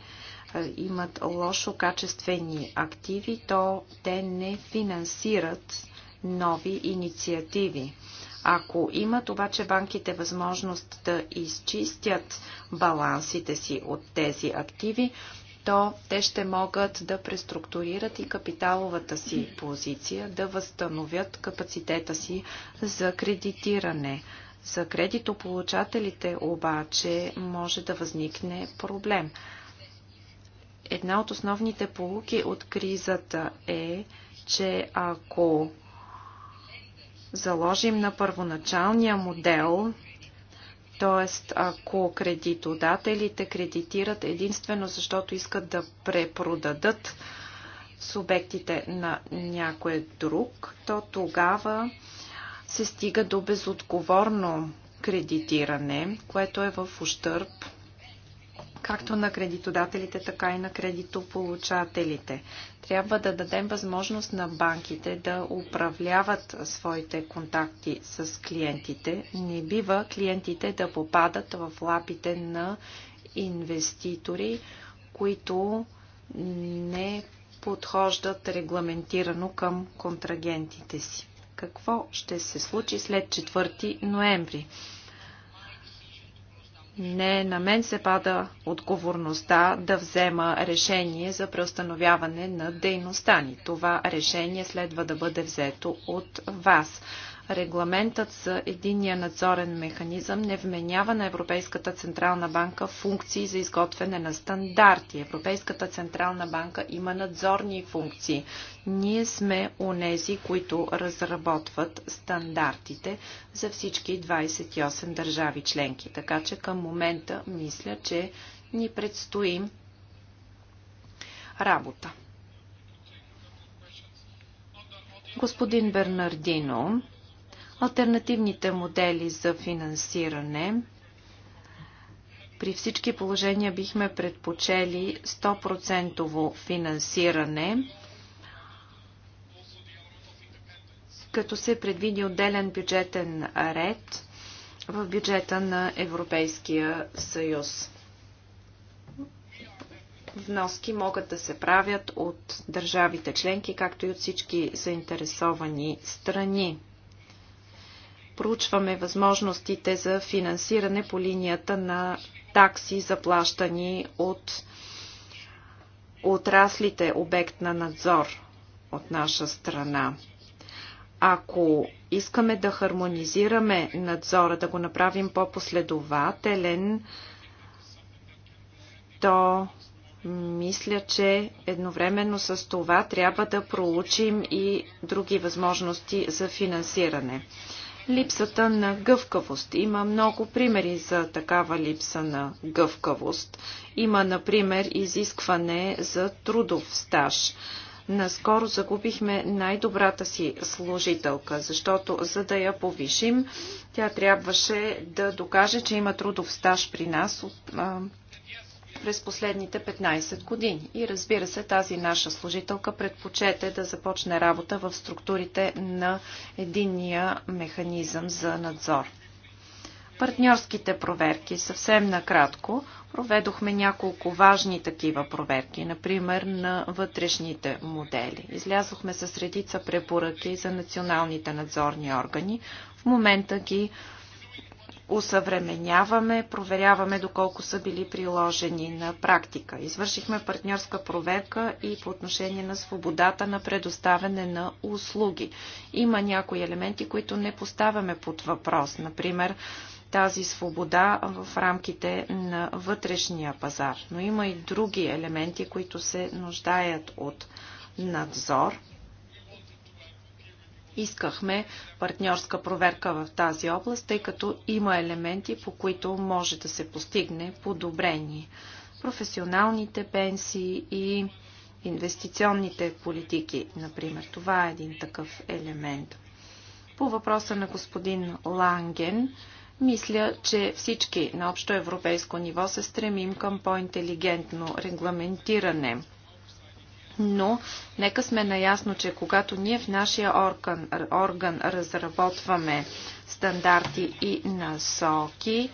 имат лошо качествени активи, то те не финансират нови инициативи. Ако имат обаче банките възможност да изчистят балансите си от тези активи, то те ще могат да преструктурират и капиталовата си позиция, да възстановят капацитета си за кредитиране. За кредитополучателите обаче може да възникне проблем. Една от основните полуки от кризата е, че ако заложим на първоначалния модел Тоест, ако кредитодателите кредитират единствено защото искат да препродадат субектите на някой друг, то тогава се стига до безотговорно кредитиране, което е в ущърп както на кредитодателите, така и на кредитополучателите. Трябва да дадем възможност на банките да управляват своите контакти с клиентите. Не бива клиентите да попадат в лапите на инвеститори, които не подхождат регламентирано към контрагентите си. Какво ще се случи след 4 ноември? не на мен се пада отговорността да взема решение за преустановяване на дейността ни. Това решение следва да бъде взето от вас регламентът за единния надзорен механизъм не вменява на Европейската Централна банка функции за изготвяне на стандарти. Европейската Централна банка има надзорни функции. Ние сме унези, които разработват стандартите за всички 28 държави членки. Така че към момента мисля, че ни предстои работа. Господин Бернардино, Альтернативните модели за финансиране при всички положения бихме предпочели 100% финансиране, като се предвиди отделен бюджетен ред в бюджета на Европейския съюз. Вноски могат да се правят от държавите членки, както и от всички заинтересовани страни проучваме възможностите за финансиране по линията на такси, заплащани от отраслите обект на надзор от наша страна. Ако искаме да хармонизираме надзора, да го направим по-последователен, то мисля, че едновременно с това трябва да проучим и други възможности за финансиране липсата на гъвкавост. Има много примери за такава липса на гъвкавост. Има, например, изискване за трудов стаж. Наскоро загубихме най-добрата си служителка, защото за да я повишим, тя трябваше да докаже, че има трудов стаж при нас от през последните 15 години. И разбира се, тази наша служителка предпочете да започне работа в структурите на единния механизъм за надзор. Партньорските проверки, съвсем накратко, проведохме няколко важни такива проверки, например на вътрешните модели. Излязохме с редица препоръки за националните надзорни органи. В момента ги усъвременяваме, проверяваме доколко са били приложени на практика. Извършихме партньорска проверка и по отношение на свободата на предоставяне на услуги. Има някои елементи, които не поставяме под въпрос. Например, тази свобода в рамките на вътрешния пазар. Но има и други елементи, които се нуждаят от надзор. Искахме партньорска проверка в тази област, тъй като има елементи, по които може да се постигне подобрение. Професионалните пенсии и инвестиционните политики, например. Това е един такъв елемент. По въпроса на господин Ланген, мисля, че всички на общо европейско ниво се стремим към по-интелигентно регламентиране но нека сме наясно, че когато ние в нашия орган, орган разработваме стандарти и насоки,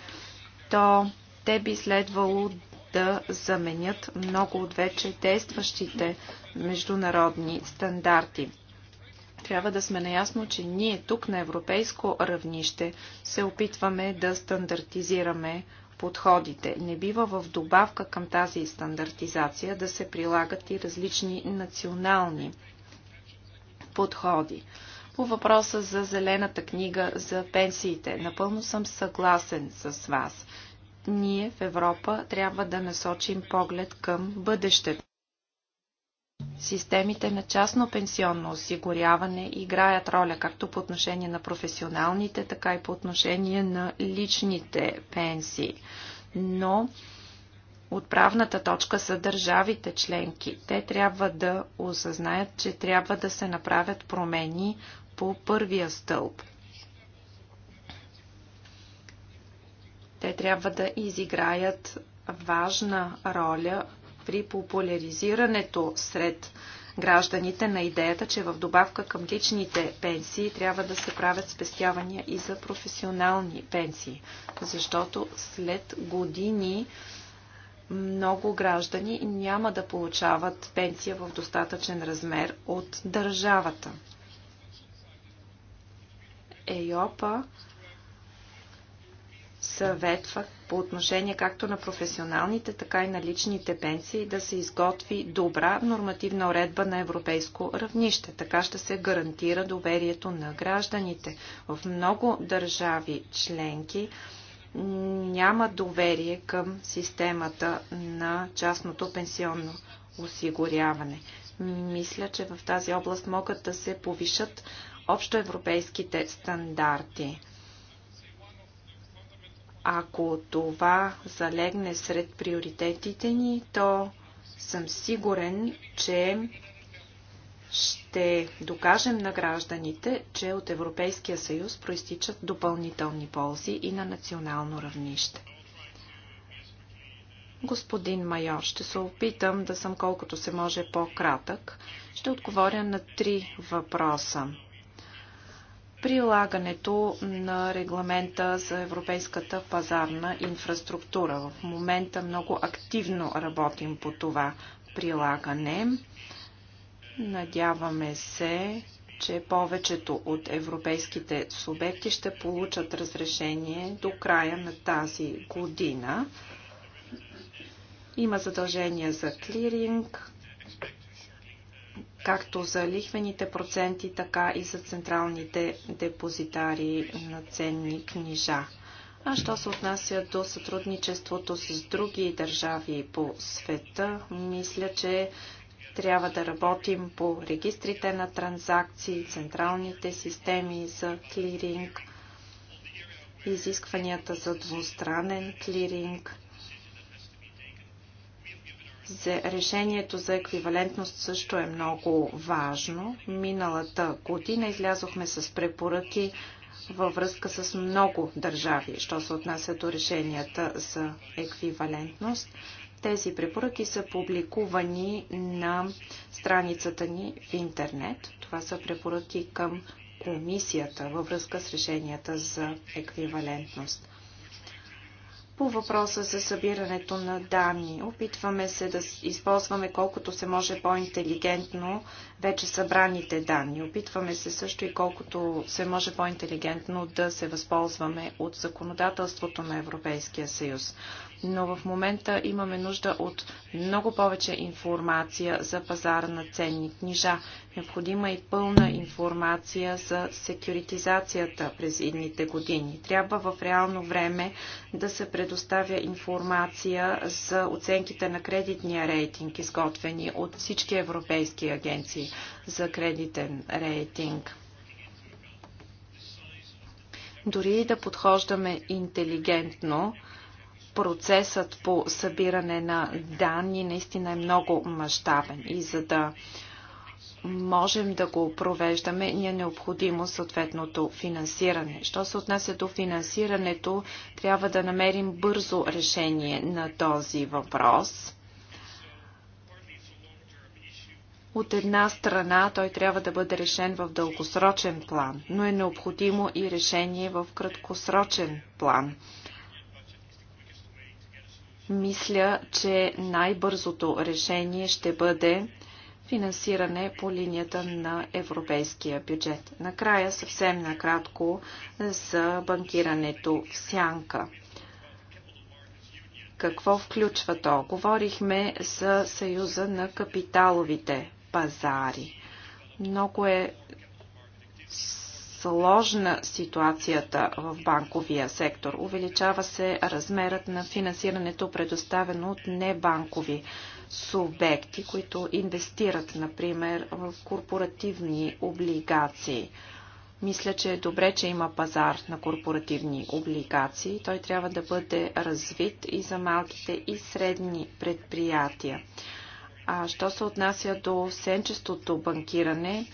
то те би следвало да заменят много от вече действащите международни стандарти. Трябва да сме наясно, че ние тук на европейско равнище се опитваме да стандартизираме подходите. Не бива в добавка към тази стандартизация да се прилагат и различни национални подходи. По въпроса за зелената книга за пенсиите, напълно съм съгласен с вас. Ние в Европа трябва да насочим поглед към бъдещето. Системите на частно пенсионно осигуряване играят роля както по отношение на професионалните, така и по отношение на личните пенсии. Но отправната точка са държавите членки. Те трябва да осъзнаят, че трябва да се направят промени по първия стълб. Те трябва да изиграят важна роля при популяризирането сред гражданите на идеята, че в добавка към личните пенсии трябва да се правят спестявания и за професионални пенсии. Защото след години много граждани няма да получават пенсия в достатъчен размер от държавата. ЕЙОПА съветва по отношение както на професионалните, така и на личните пенсии да се изготви добра нормативна уредба на европейско равнище. Така ще се гарантира доверието на гражданите. В много държави членки няма доверие към системата на частното пенсионно осигуряване. Мисля, че в тази област могат да се повишат общоевропейските стандарти. Ако това залегне сред приоритетите ни, то съм сигурен, че ще докажем на гражданите, че от Европейския съюз проистичат допълнителни ползи и на национално равнище. Господин майор, ще се опитам да съм колкото се може по-кратък. Ще отговоря на три въпроса прилагането на регламента за европейската пазарна инфраструктура. В момента много активно работим по това прилагане. Надяваме се, че повечето от европейските субекти ще получат разрешение до края на тази година. Има задължения за клиринг, както за лихвените проценти, така и за централните депозитари на ценни книжа. А що се отнася до сътрудничеството с други държави по света, мисля, че трябва да работим по регистрите на транзакции, централните системи за клиринг, изискванията за двустранен клиринг – Решението за еквивалентност също е много важно. Миналата година излязохме с препоръки във връзка с много държави, що се отнася до решенията за еквивалентност. Тези препоръки са публикувани на страницата ни в интернет. Това са препоръки към комисията във връзка с решенията за еквивалентност. По въпроса за събирането на данни, опитваме се да използваме колкото се може по-интелигентно вече събраните данни. Опитваме се също и колкото се може по-интелигентно да се възползваме от законодателството на Европейския съюз но в момента имаме нужда от много повече информация за пазара на ценни книжа. Необходима е и пълна информация за секюритизацията през идните години. Трябва в реално време да се предоставя информация за оценките на кредитния рейтинг, изготвени от всички европейски агенции за кредитен рейтинг дори и да подхождаме интелигентно, процесът по събиране на данни наистина е много мащабен и за да можем да го провеждаме, ни е необходимо съответното финансиране. Що се отнася до финансирането, трябва да намерим бързо решение на този въпрос. От една страна той трябва да бъде решен в дългосрочен план, но е необходимо и решение в краткосрочен план. Мисля, че най-бързото решение ще бъде финансиране по линията на европейския бюджет. Накрая съвсем накратко за банкирането в сянка. Какво включва то? Говорихме за съюза на капиталовите пазари. Много е сложна ситуацията в банковия сектор. Увеличава се размерът на финансирането, предоставено от небанкови субекти, които инвестират, например, в корпоративни облигации. Мисля, че е добре, че има пазар на корпоративни облигации. Той трябва да бъде развит и за малките и средни предприятия. А що се отнася до сенчестото банкиране,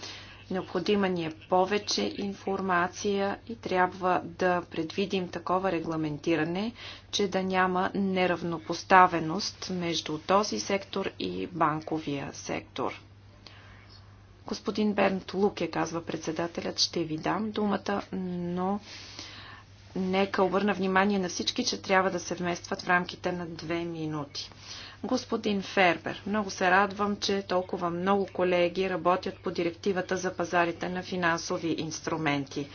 Необходима ни е повече информация и трябва да предвидим такова регламентиране, че да няма неравнопоставеност между този сектор и банковия сектор. Господин Бернт Луке, казва председателят, ще ви дам думата, но нека обърна внимание на всички, че трябва да се вместват в рамките на две минути. Господин Фербер, много се радвам, че толкова много колеги работят по директивата за пазарите на финансови инструменти.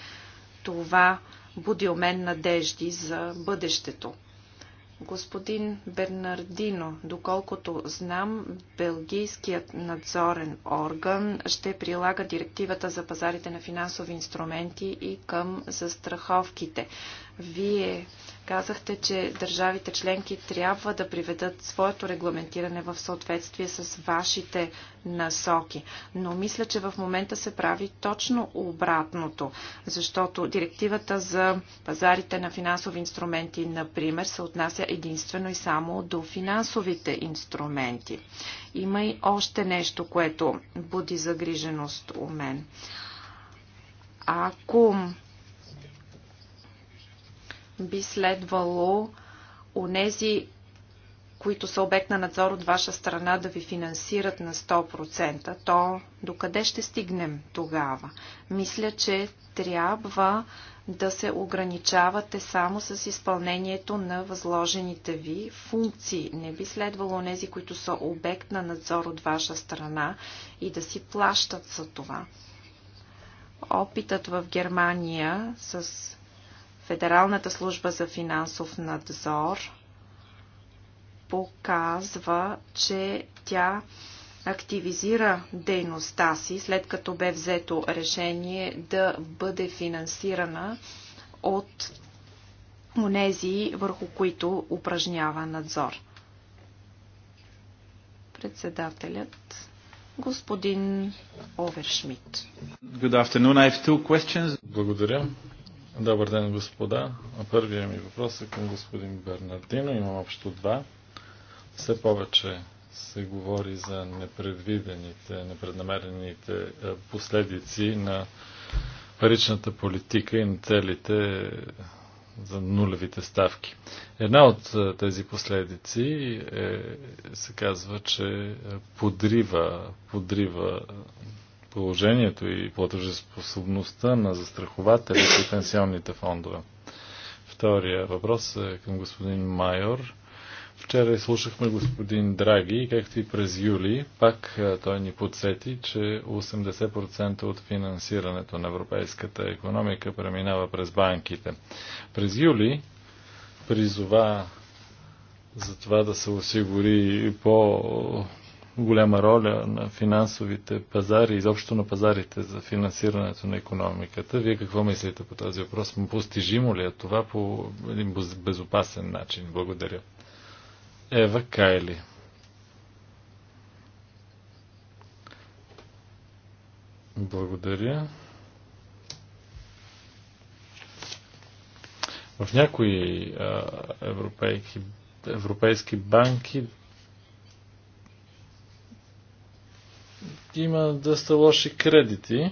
Това буди у мен надежди за бъдещето. Господин Бернардино, доколкото знам, Белгийският надзорен орган ще прилага директивата за пазарите на финансови инструменти и към застраховките. Вие казахте, че държавите членки трябва да приведат своето регламентиране в съответствие с вашите насоки. Но мисля, че в момента се прави точно обратното, защото директивата за пазарите на финансови инструменти, например, се отнася единствено и само до финансовите инструменти. Има и още нещо, което буди загриженост у мен. Ако би следвало онези, които са обект на надзор от ваша страна, да ви финансират на 100%, то докъде ще стигнем тогава? Мисля, че трябва да се ограничавате само с изпълнението на възложените ви функции. Не би следвало нези, които са обект на надзор от ваша страна и да си плащат за това. Опитът в Германия с Федералната служба за финансов надзор показва, че тя активизира дейността си, след като бе взето решение да бъде финансирана от онези, върху които упражнява надзор. Председателят господин Овершмит. Благодаря. Добър ден, господа. Първият ми въпрос е към господин Бернардино. Имам общо два. Все повече се говори за непредвидените, непреднамерените е, последици на паричната политика и на целите за нулевите ставки. Една от е, тези последици е, се казва, че е, подрива, подрива положението и платежеспособността на застрахователите и пенсионните фондове. Втория въпрос е към господин Майор. Вчера изслушахме господин Драги както и през юли, пак е, той ни подсети, че 80% от финансирането на европейската економика преминава през банките. През юли призова за това да се осигури по голяма роля на финансовите пазари, изобщо на пазарите за финансирането на економиката. Вие какво мислите по този въпрос? Постижимо ли е това по един безопасен начин? Благодаря. Ева Кайли. Благодаря. В някои а, европейки, европейски банки има доста лоши кредити,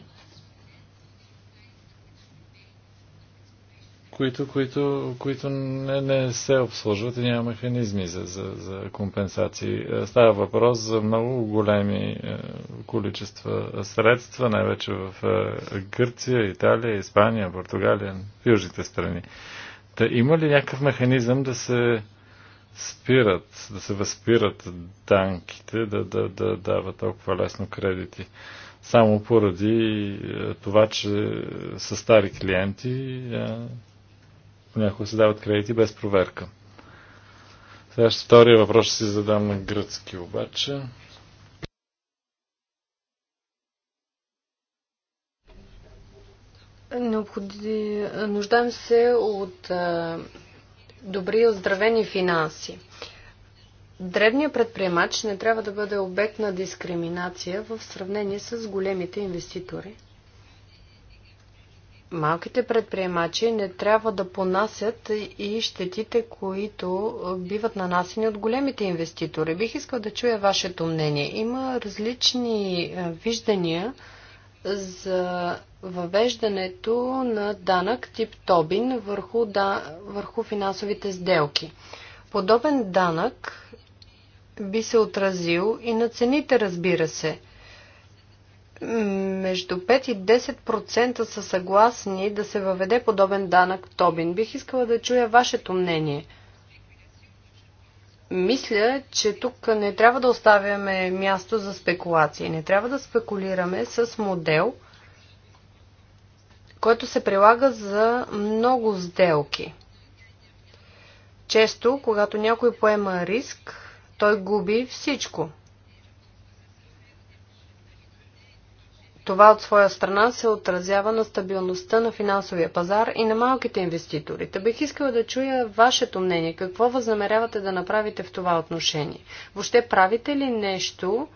които, които, които не, не се обслужват и няма механизми за, за, за компенсации. Е, става въпрос за много големи е, количества средства, най-вече в е, Гърция, Италия, Испания, Португалия, в южните страни. Та има ли някакъв механизъм да се спират, да се възпират данките да, да, да дават толкова лесно кредити. Само поради е, това, че са стари клиенти, е, понякога се дават кредити без проверка. Сега ще втория въпрос ще си задам на гръцки обаче. Необходи... Нуждаем се от е, добри и оздравени финанси. Древният предприемач не трябва да бъде обект на дискриминация в сравнение с големите инвеститори. Малките предприемачи не трябва да понасят и щетите, които биват нанасени от големите инвеститори. Бих искал да чуя вашето мнение. Има различни виждания за въвеждането на данък тип Тобин върху, да, върху финансовите сделки. Подобен данък би се отразил и на цените, разбира се. Между 5 и 10% са съгласни да се въведе подобен данък Тобин. Бих искала да чуя вашето мнение – мисля, че тук не трябва да оставяме място за спекулации. Не трябва да спекулираме с модел, който се прилага за много сделки. Често, когато някой поема риск, той губи всичко. Това от своя страна се отразява на стабилността на финансовия пазар и на малките инвеститори. Та бих искала да чуя вашето мнение. Какво възнамерявате да направите в това отношение? Въобще правите ли нещо,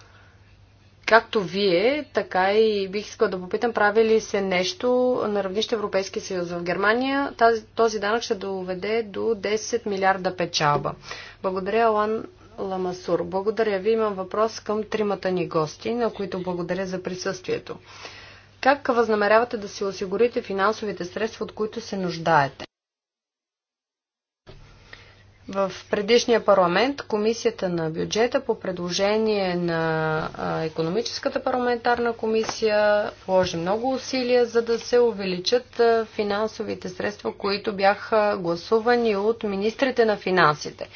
както вие, така и бих искала да попитам, прави ли се нещо на равнище Европейски съюз в Германия? Тази, този данък ще доведе до 10 милиарда печалба. Благодаря, Алан Ламасур. Благодаря ви. Имам въпрос към тримата ни гости, на които благодаря за присъствието. Как възнамерявате да си осигурите финансовите средства, от които се нуждаете? В предишния парламент комисията на бюджета по предложение на економическата парламентарна комисия положи много усилия за да се увеличат финансовите средства, които бяха гласувани от министрите на финансите.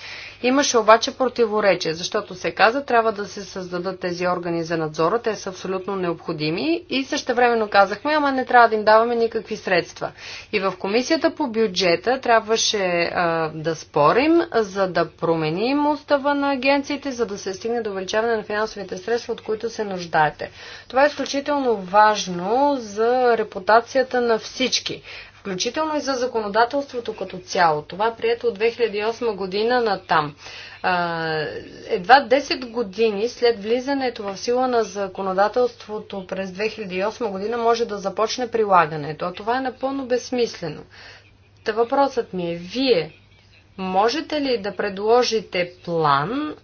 Имаше обаче противоречие, защото се каза, трябва да се създадат тези органи за надзора, те са абсолютно необходими и също времено казахме, ама не трябва да им даваме никакви средства. И в комисията по бюджета трябваше а, да спорим, за да променим устава на агенциите, за да се стигне до увеличаване на финансовите средства, от които се нуждаете. Това е изключително важно за репутацията на всички включително и за законодателството като цяло. Това е прието от 2008 година на там. Едва 10 години след влизането в сила на законодателството през 2008 година може да започне прилагането, а това е напълно безсмислено. Та въпросът ми е, вие Можете ли да предложите план,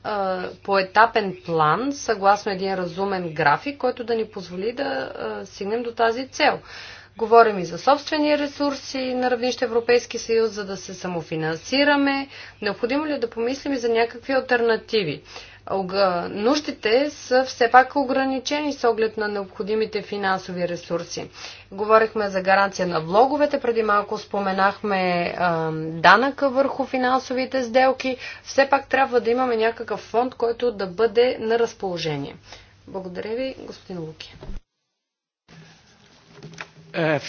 поетапен план, съгласно един разумен график, който да ни позволи да стигнем до тази цел? Говорим и за собствени ресурси на равнище Европейски съюз, за да се самофинансираме. Необходимо ли е да помислим и за някакви альтернативи? нуждите са все пак ограничени с оглед на необходимите финансови ресурси. Говорихме за гаранция на влоговете, преди малко споменахме а, данъка върху финансовите сделки. Все пак трябва да имаме някакъв фонд, който да бъде на разположение. Благодаря ви, господин Луки. Äh,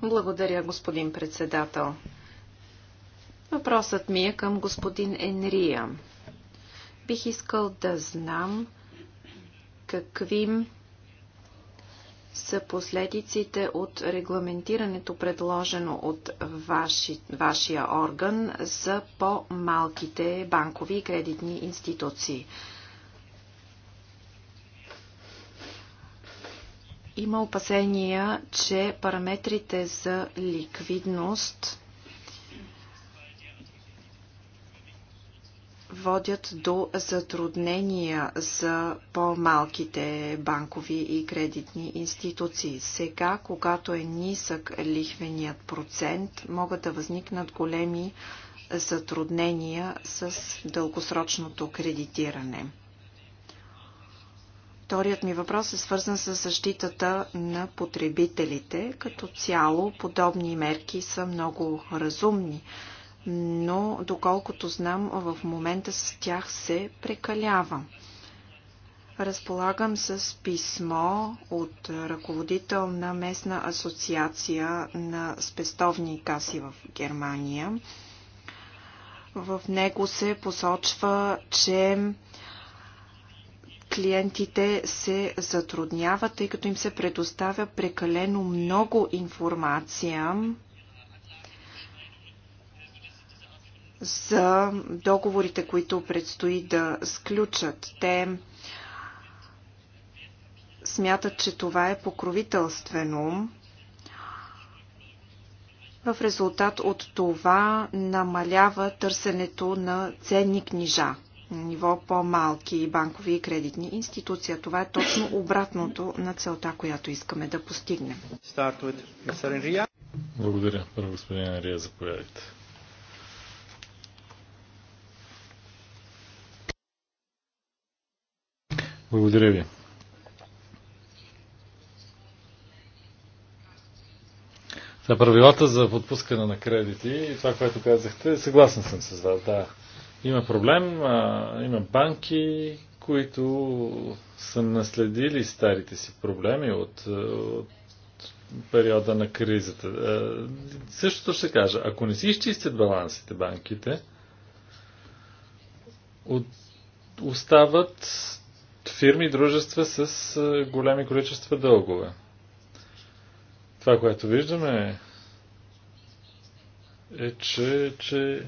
Благодаря, господин председател. Въпросът ми е към господин Енрия. Бих искал да знам какви са последиците от регламентирането, предложено от ваши, вашия орган за по-малките банкови и кредитни институции. Има опасения, че параметрите за ликвидност водят до затруднения за по-малките банкови и кредитни институции. Сега, когато е нисък лихвеният процент, могат да възникнат големи затруднения с дългосрочното кредитиране. Вторият ми въпрос е свързан с защитата на потребителите. Като цяло, подобни мерки са много разумни, но доколкото знам, в момента с тях се прекалява. Разполагам с писмо от ръководител на местна асоциация на спестовни каси в Германия. В него се посочва, че клиентите се затрудняват, тъй като им се предоставя прекалено много информация за договорите, които предстои да сключат. Те смятат, че това е покровителствено. В резултат от това намалява търсенето на ценни книжа ниво по-малки банкови и кредитни институции. Това е точно обратното на целта, която искаме да постигнем. Благодаря. Първо господин Ария, заповядайте. Благодаря ви. За е правилата за отпускане на кредити и това, което казахте, съгласен съм с вас, да. Има проблем, а, има банки, които са наследили старите си проблеми от, от периода на кризата. Същото ще кажа, ако не си изчистят балансите банките, от, остават фирми и дружества с големи количества дългове. Това, което виждаме е, че, че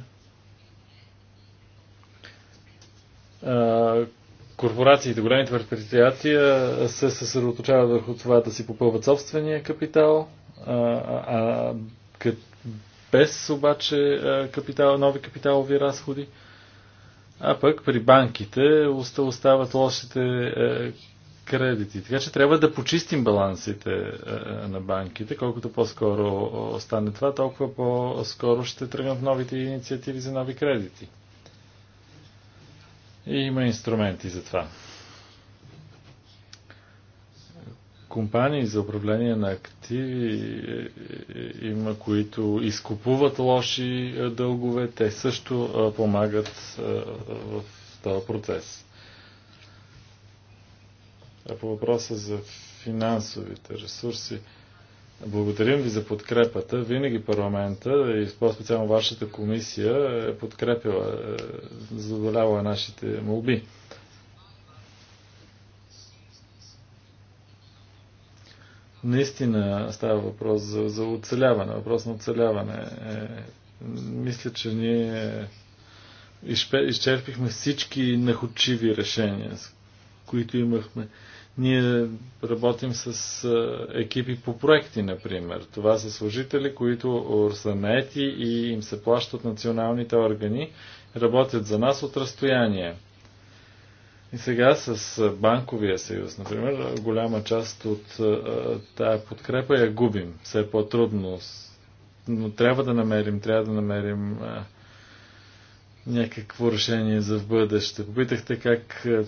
корпорациите, големите предприятия се съсредоточават върху това да си попълват собствения капитал, а, а а без обаче капитал, нови капиталови разходи. А пък при банките остават лошите кредити. Така че трябва да почистим балансите на банките. Колкото по-скоро стане това, толкова по-скоро ще тръгнат новите инициативи за нови кредити. И има инструменти за това. компании за управление на активи е, е, е, има, които изкупуват лоши дългове, те също помагат в този процес. А по въпроса за финансовите ресурси, Благодарим ви за подкрепата. Винаги парламента и по-специално вашата комисия е подкрепила, е нашите молби. Наистина става въпрос за, за оцеляване, въпрос на оцеляване. Е, мисля, че ние изчерпихме всички нахочиви решения, с които имахме ние работим с екипи по проекти, например. Това са служители, които са наети и им се плащат националните органи, работят за нас от разстояние. И сега с банковия съюз, например, голяма част от тая подкрепа я губим. Все по-трудно. Но трябва да намерим, трябва да намерим а, някакво решение за в бъдеще. Попитахте как е,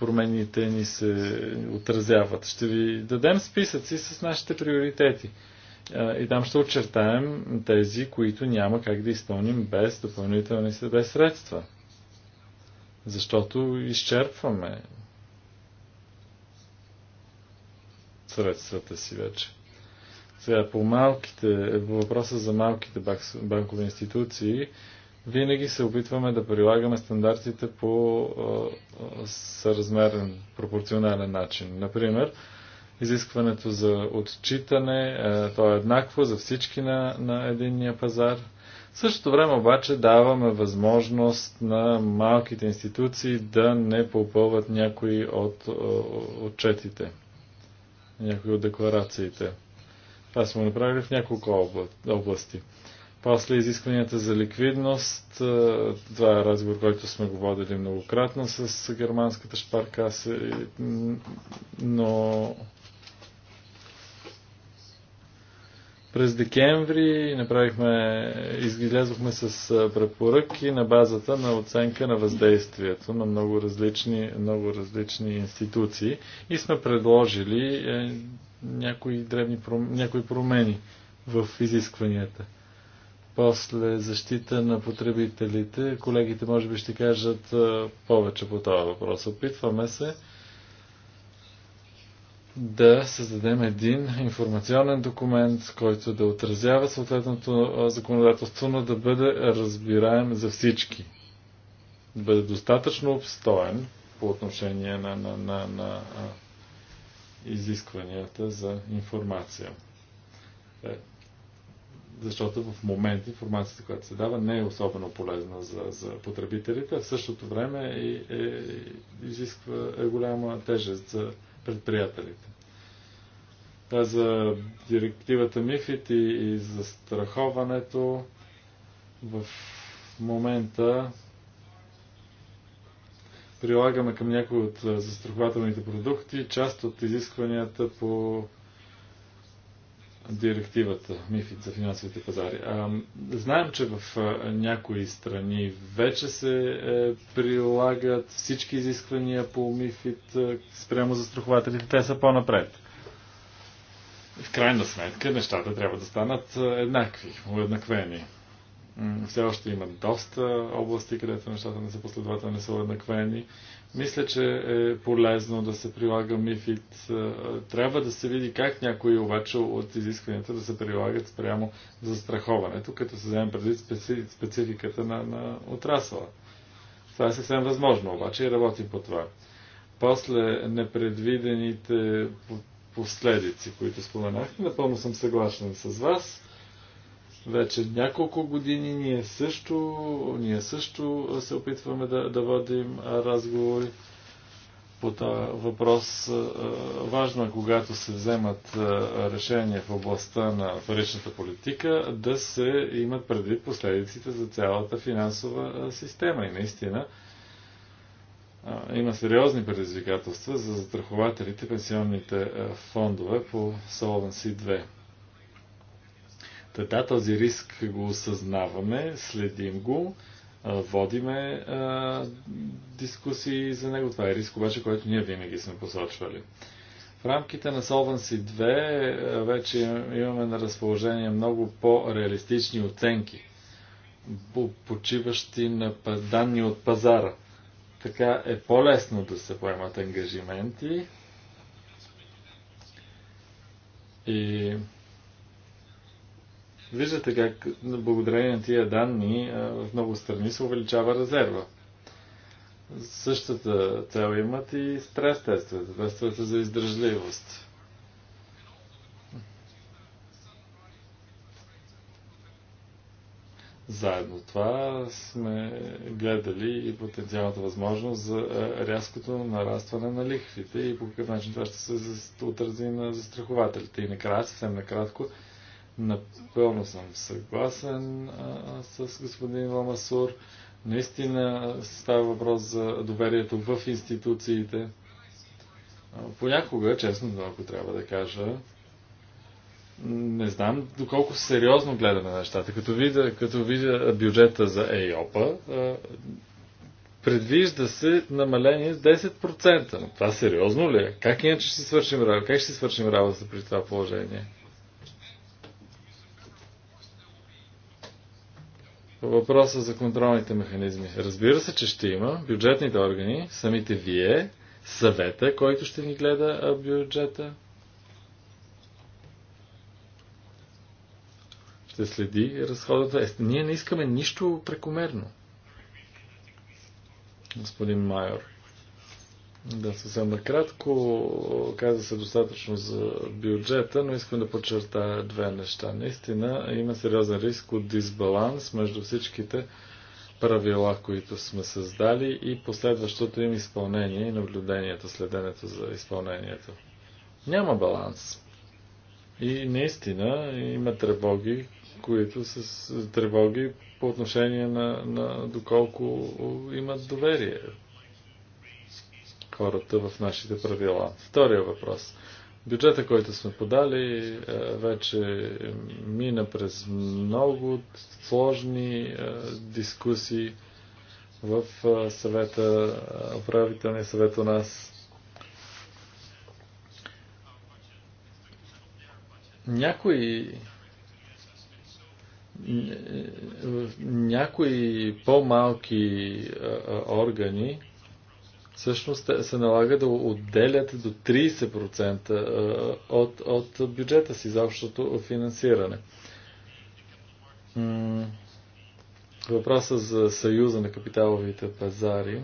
промените ни се отразяват. Ще ви дадем списъци с нашите приоритети. Е, и там ще очертаем тези, които няма как да изпълним без допълнителни без средства. Защото изчерпваме средствата си вече. Сега по малките, въпроса за малките банкови институции, винаги се опитваме да прилагаме стандартите по съразмерен, пропорционален начин. Например, изискването за отчитане, то е еднакво за всички на, на единния пазар. В същото време обаче даваме възможност на малките институции да не попълват някои от отчетите, някои от декларациите. Това сме направили в няколко области. После изискванията за ликвидност, е, това е разговор, който сме го водили многократно с германската шпаркаса, но през декември направихме, изглезохме с е, препоръки на базата на оценка на въздействието на много различни, много различни институции и сме предложили е, някои, древни, някои промени в изискванията. После защита на потребителите. Колегите може би ще кажат повече по това въпрос. Опитваме се да създадем един информационен документ, който да отразява съответното законодателство, но да бъде разбираем за всички. Да бъде достатъчно обстоен по отношение на, на, на, на изискванията за информация. Е, защото в момента информацията, която се дава, не е особено полезна за, за потребителите, а в същото време и, е, изисква е голяма тежест за предприятелите. Та за директивата МИФИТ и, и за страховането в момента прилагаме към някои от застрахователните продукти част от изискванията по директивата МИФИД за финансовите пазари. знаем, че в някои страни вече се е, прилагат всички изисквания по МИФИД спрямо застрахователите. Те са по-напред. В крайна сметка нещата трябва да станат еднакви, уеднаквени. Все още има доста области, където нещата не са последователни, не са уеднаквени. Мисля, че е полезно да се прилага МИФИД. Е, трябва да се види как някои обаче от изискванията да се прилагат спрямо застраховането, като се вземе предвид спецификата на, на отрасъла. Това е съвсем възможно, обаче и работи по това. После непредвидените последици, които споменахте, напълно съм съгласен с вас вече няколко години ние също, ние също се опитваме да, да водим разговори по този въпрос. Важно е, когато се вземат решения в областта на паричната политика, да се имат предвид последиците за цялата финансова система. И наистина има сериозни предизвикателства за застрахователите, пенсионните фондове по Solvency 2. Та този риск го осъзнаваме, следим го, водиме а, дискусии за него. Това е риск, обаче, който ние винаги сме посочвали. В рамките на Solvency 2 вече имаме на разположение много по-реалистични оценки, почиващи на данни от пазара. Така е по-лесно да се поемат ангажименти и Виждате как благодарение на тия данни в много страни се увеличава резерва. Същата цел имат и стрес тестовете, тестовете за издържливост. Заедно това сме гледали и потенциалната възможност за рязкото нарастване на лихвите и по какъв начин това ще се отрази на застрахователите. И накрая, съвсем накратко, Напълно съм съгласен а, с господин Ламасур. Наистина става въпрос за доверието в институциите. Понякога, честно, ако трябва да кажа, не знам доколко сериозно гледаме нещата. Като видя, като видя бюджета за ЕИОПа, предвижда се намаление с 10%. Но това сериозно ли е? Как иначе ще си свършим работа? Как ще си свършим работа при това положение? По въпроса за контролните механизми. Разбира се, че ще има бюджетните органи, самите вие, съвета, който ще ни гледа бюджета. Ще следи разходата. Е, ние не искаме нищо прекомерно. Господин Майор. Да, съвсем накратко. Каза се достатъчно за бюджета, но искам да подчертая две неща. Наистина има сериозен риск от дисбаланс между всичките правила, които сме създали и последващото им изпълнение и наблюдението, следенето за изпълнението. Няма баланс. И наистина има тревоги, които са тревоги по отношение на, на доколко имат доверие хората в нашите правила. Втория въпрос. Бюджета, който сме подали, е, вече мина през много сложни е, дискусии в е, съвета, управителния съвет у нас. Някои някои по-малки органи всъщност се налага да отделят до 30% от, от бюджета си за общото финансиране. Въпроса за съюза на капиталовите пазари,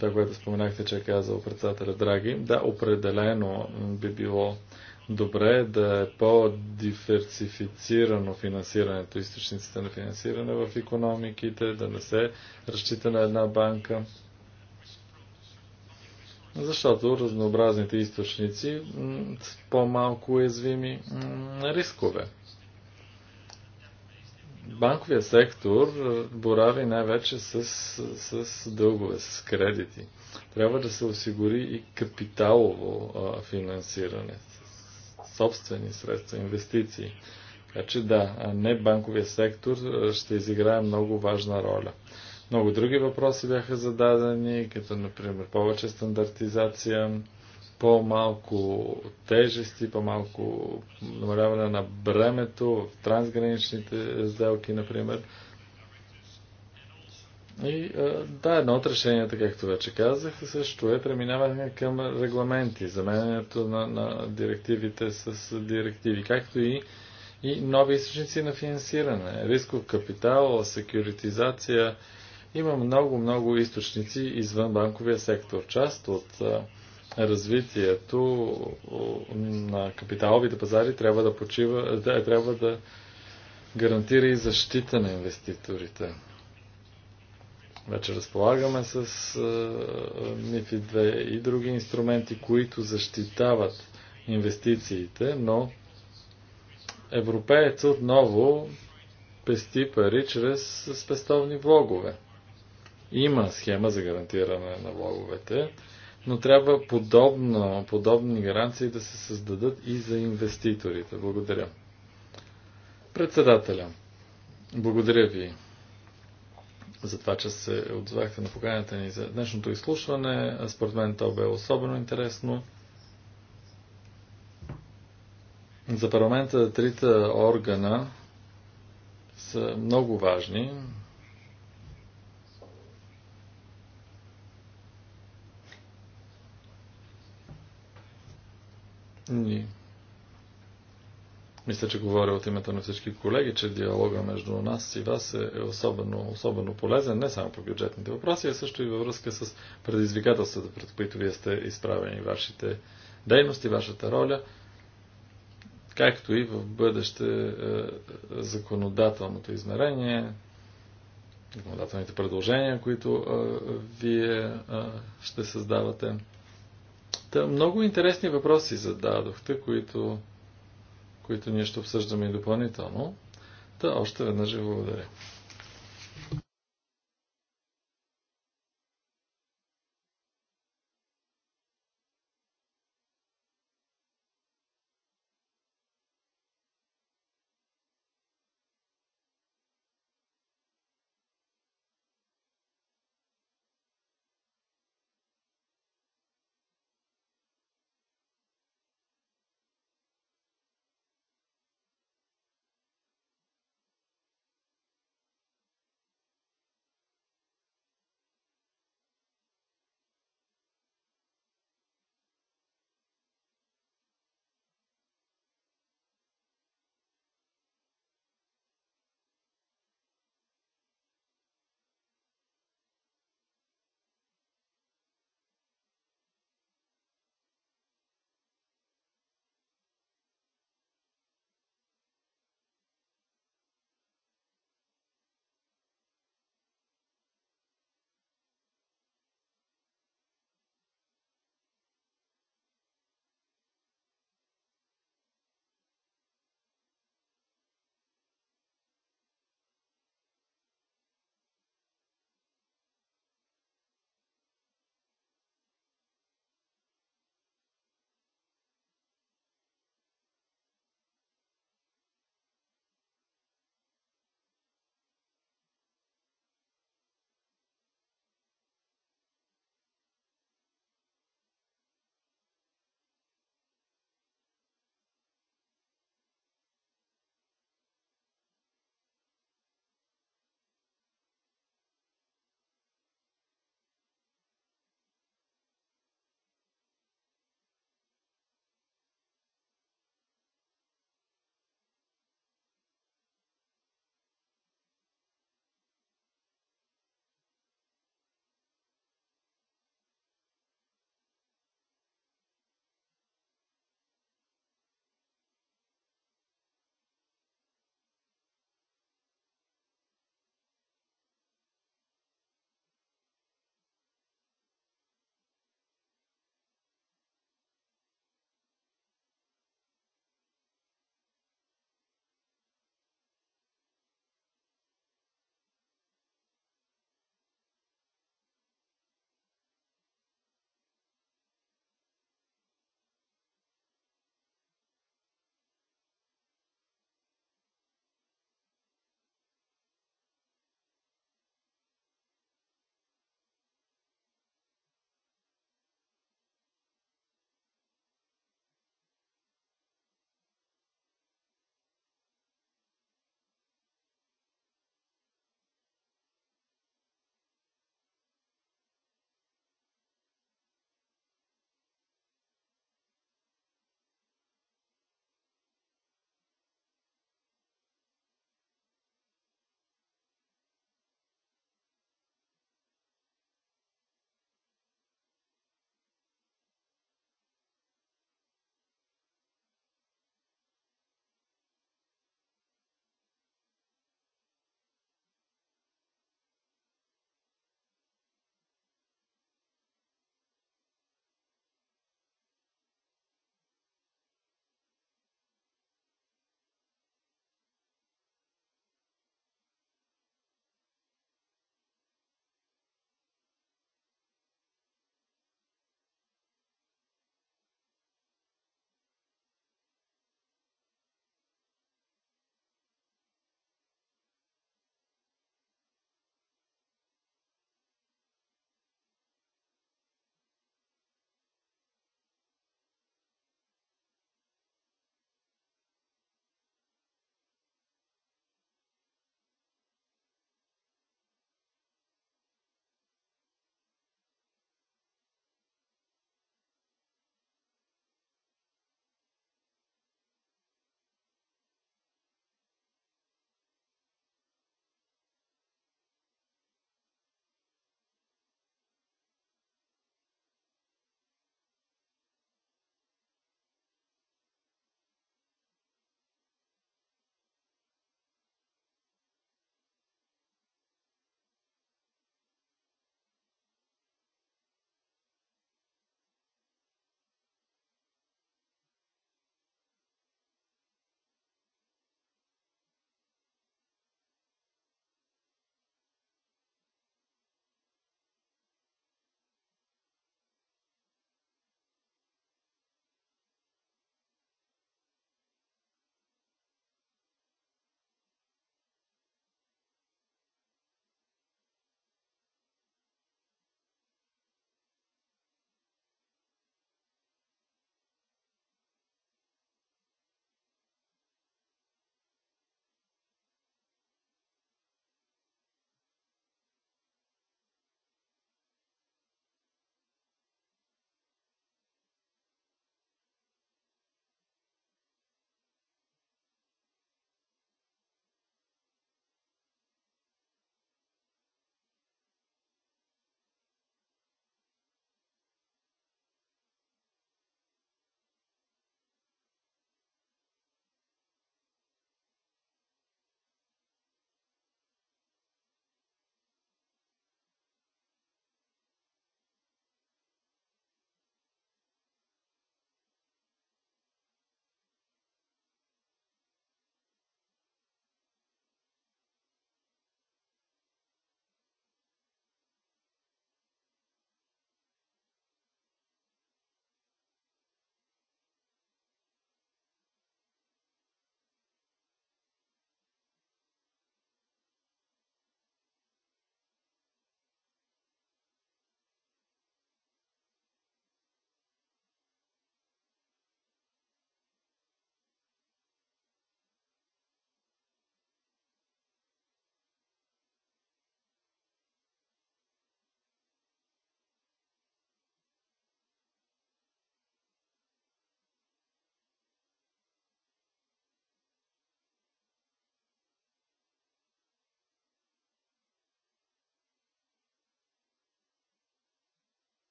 това, което споменахте, че е казал председателя Драги, да, определено би било добре да е по-диверсифицирано финансирането, източниците на финансиране в економиките, да не се разчита на една банка защото разнообразните източници с по-малко уязвими рискове. Банковия сектор е, борави най-вече с, с дългове, с кредити. Трябва да се осигури и капиталово финансиране, собствени средства, инвестиции. Така че да, не банковия сектор ще изиграе много важна роля. Много други въпроси бяха зададени, като например повече стандартизация, по-малко тежести, по-малко намаляване на бремето в трансграничните сделки, например. И да, едно от решенията, както вече казах, също е преминаване към регламенти, заменянето на, на директивите с директиви, както и, и нови източници на финансиране, рисков капитал, секюритизация, има много, много източници извън банковия сектор. Част от развитието на капиталовите пазари трябва да почива, да, трябва да гарантира и защита на инвеститорите. Вече разполагаме с МИФИ 2 и други инструменти, които защитават инвестициите, но европеец отново пести пари чрез спестовни влогове. Има схема за гарантиране на влоговете, но трябва подобно, подобни гаранции да се създадат и за инвеститорите. Благодаря. Председателя, благодаря ви за това, че се отзвахте на поканата ни за днешното изслушване. Според мен то бе особено интересно. За парламента трите органа са много важни. Ни. Мисля, че говоря от името на всички колеги, че диалога между нас и вас е особено, особено полезен, не само по бюджетните въпроси, а също и във връзка с предизвикателствата, пред които вие сте изправени, вашите дейности, вашата роля, както и в бъдеще е, законодателното измерение, законодателните предложения, които е, вие е, ще създавате. Та, много интересни въпроси зададохте, които, които ние ще обсъждаме и допълнително. Та още веднъж ви благодаря.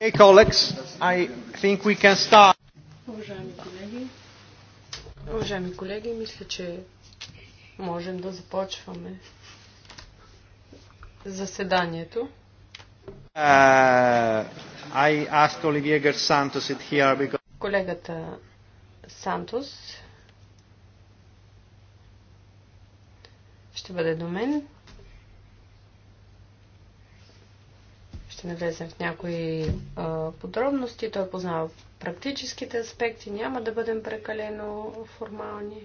Hey, colleagues, I think we can start. Уважаеми колеги, уважаеми колеги, мисля, че можем да започваме заседанието. Uh, I asked Olivier Gersan to sit here because... Колегата Сантос ще бъде до мен, ще влезем в някои а, подробности. Той познава практическите аспекти. Няма да бъдем прекалено формални.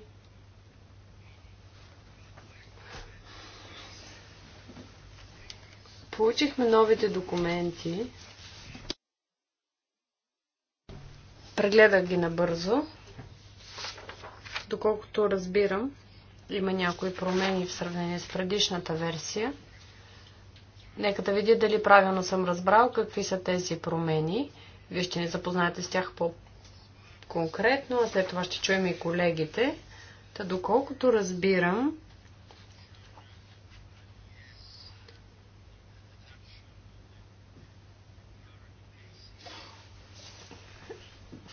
Получихме новите документи. Прегледах ги набързо. Доколкото разбирам, има някои промени в сравнение с предишната версия – Нека да видя дали правилно съм разбрал какви са тези промени. Вие ще ни запознаете с тях по-конкретно, а след това ще чуем и колегите. Та доколкото разбирам,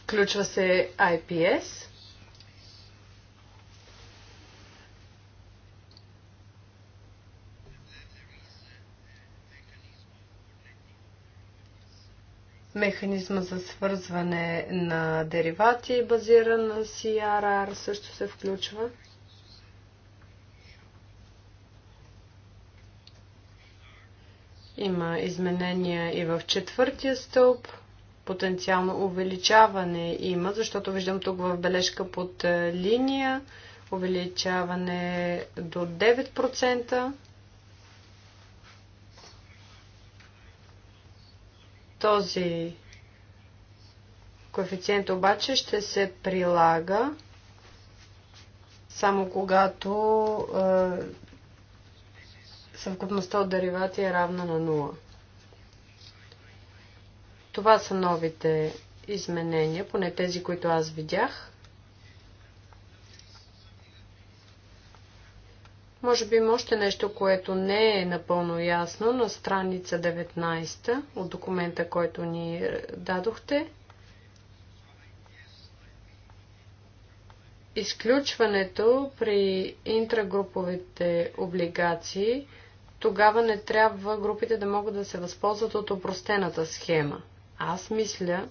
включва се IPS – Механизма за свързване на деривати, базиран на CRR, също се включва. Има изменения и в четвъртия стълб. Потенциално увеличаване има, защото виждам тук в бележка под линия увеличаване до 9%. Този коефициент обаче ще се прилага само когато е, съвкупността от деривати е равна на 0. Това са новите изменения, поне тези, които аз видях. Може би има още нещо, което не е напълно ясно на страница 19 от документа, който ни е, дадохте. Изключването при интрагруповите облигации, тогава не трябва групите да могат да се възползват от опростената схема. Аз мисля,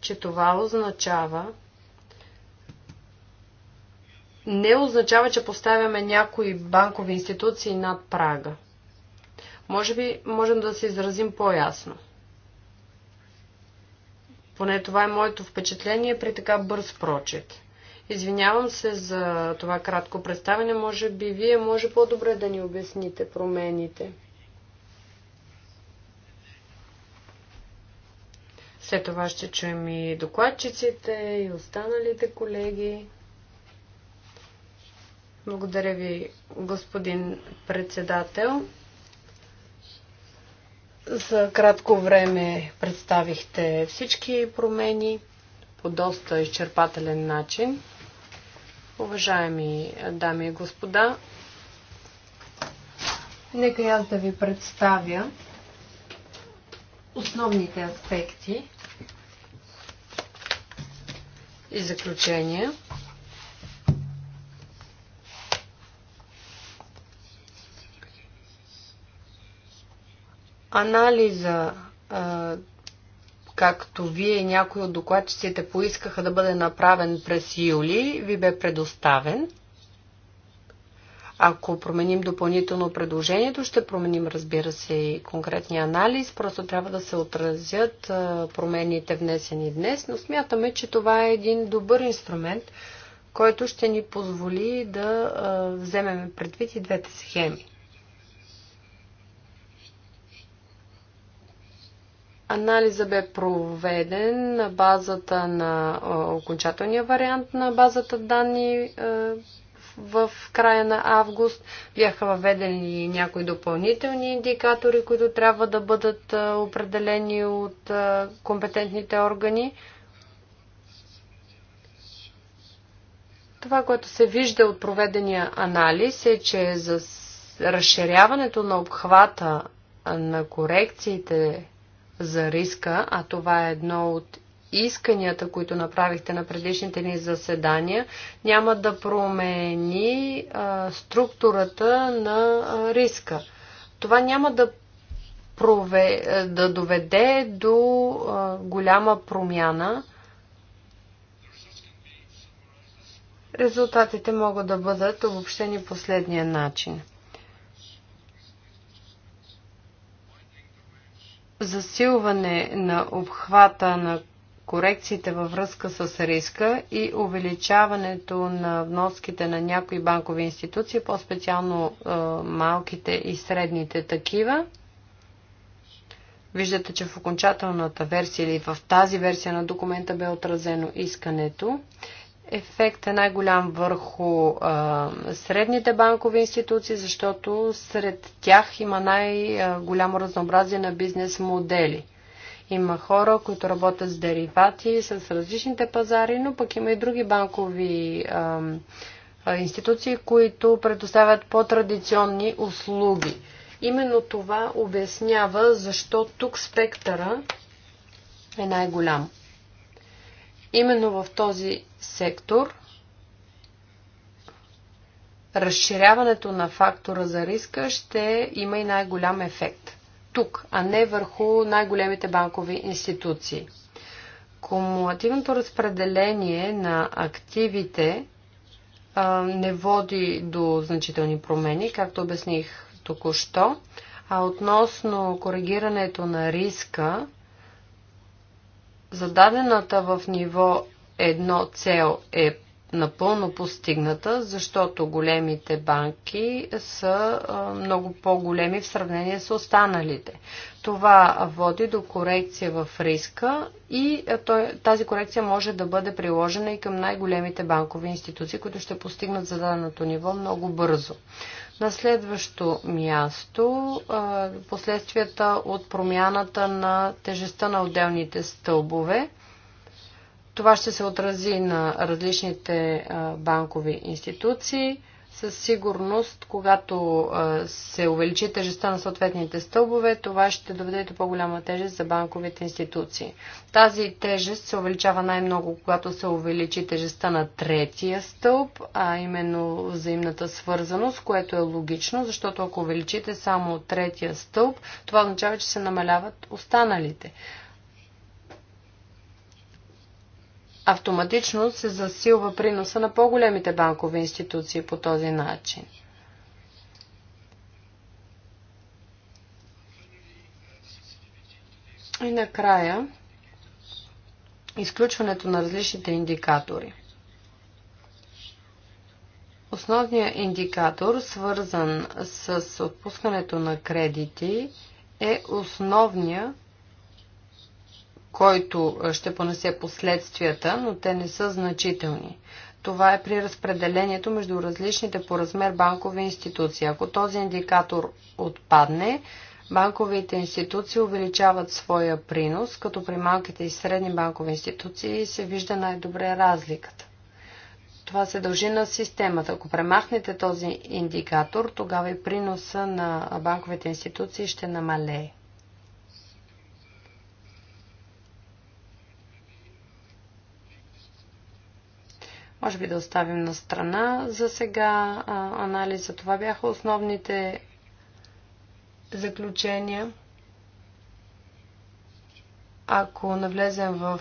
че това означава, не означава, че поставяме някои банкови институции над прага. Може би можем да се изразим по-ясно. Поне това е моето впечатление при така бърз прочет. Извинявам се за това кратко представяне. Може би вие може по-добре да ни обясните промените. След това ще чуем и докладчиците, и останалите колеги. Благодаря ви, господин председател. За кратко време представихте всички промени по доста изчерпателен начин. Уважаеми дами и господа, нека аз да ви представя основните аспекти и заключения. Анализа, както вие и някои от докладчиците поискаха да бъде направен през юли, ви бе предоставен. Ако променим допълнително предложението, ще променим, разбира се, и конкретния анализ. Просто трябва да се отразят промените внесени днес, но смятаме, че това е един добър инструмент, който ще ни позволи да вземем предвид и двете схеми. Анализа бе проведен на базата на окончателния вариант на базата данни в края на август. Бяха въведени някои допълнителни индикатори, които трябва да бъдат определени от компетентните органи. Това, което се вижда от проведения анализ е, че за разширяването на обхвата на корекциите за риска, а това е едно от исканията, които направихте на предишните ни заседания, няма да промени структурата на риска. Това няма да, прове, да доведе до голяма промяна. Резултатите могат да бъдат обобщени последния начин – засилване на обхвата на корекциите във връзка с риска и увеличаването на вноските на някои банкови институции, по-специално малките и средните такива. Виждате, че в окончателната версия или в тази версия на документа бе отразено искането ефект е най-голям върху а, средните банкови институции, защото сред тях има най-голямо разнообразие на бизнес модели. Има хора, които работят с деривати, с различните пазари, но пък има и други банкови а, институции, които предоставят по-традиционни услуги. Именно това обяснява защо тук спектъра е най-голям. Именно в този сектор разширяването на фактора за риска ще има и най-голям ефект. Тук, а не върху най-големите банкови институции. Кумулативното разпределение на активите а, не води до значителни промени, както обясних току-що. А относно коригирането на риска, зададената в ниво едно цел е напълно постигната, защото големите банки са много по-големи в сравнение с останалите. Това води до корекция в риска и тази корекция може да бъде приложена и към най-големите банкови институции, които ще постигнат зададеното ниво много бързо. На следващо място, последствията от промяната на тежестта на отделните стълбове. Това ще се отрази на различните банкови институции. Със сигурност, когато се увеличи тежестта на съответните стълбове, това ще доведе до по-голяма тежест за банковите институции. Тази тежест се увеличава най-много, когато се увеличи тежестта на третия стълб, а именно взаимната свързаност, което е логично, защото ако увеличите само третия стълб, това означава, че се намаляват останалите. автоматично се засилва приноса на по-големите банкови институции по този начин. И накрая, изключването на различните индикатори. Основният индикатор, свързан с отпускането на кредити, е основният който ще понесе последствията, но те не са значителни. Това е при разпределението между различните по размер банкови институции. Ако този индикатор отпадне, банковите институции увеличават своя принос, като при малките и средни банкови институции се вижда най-добре разликата. Това се дължи на системата. Ако премахнете този индикатор, тогава и приноса на банковите институции ще намалее. Може би да оставим на страна за сега анализа. Това бяха основните заключения. Ако навлезем в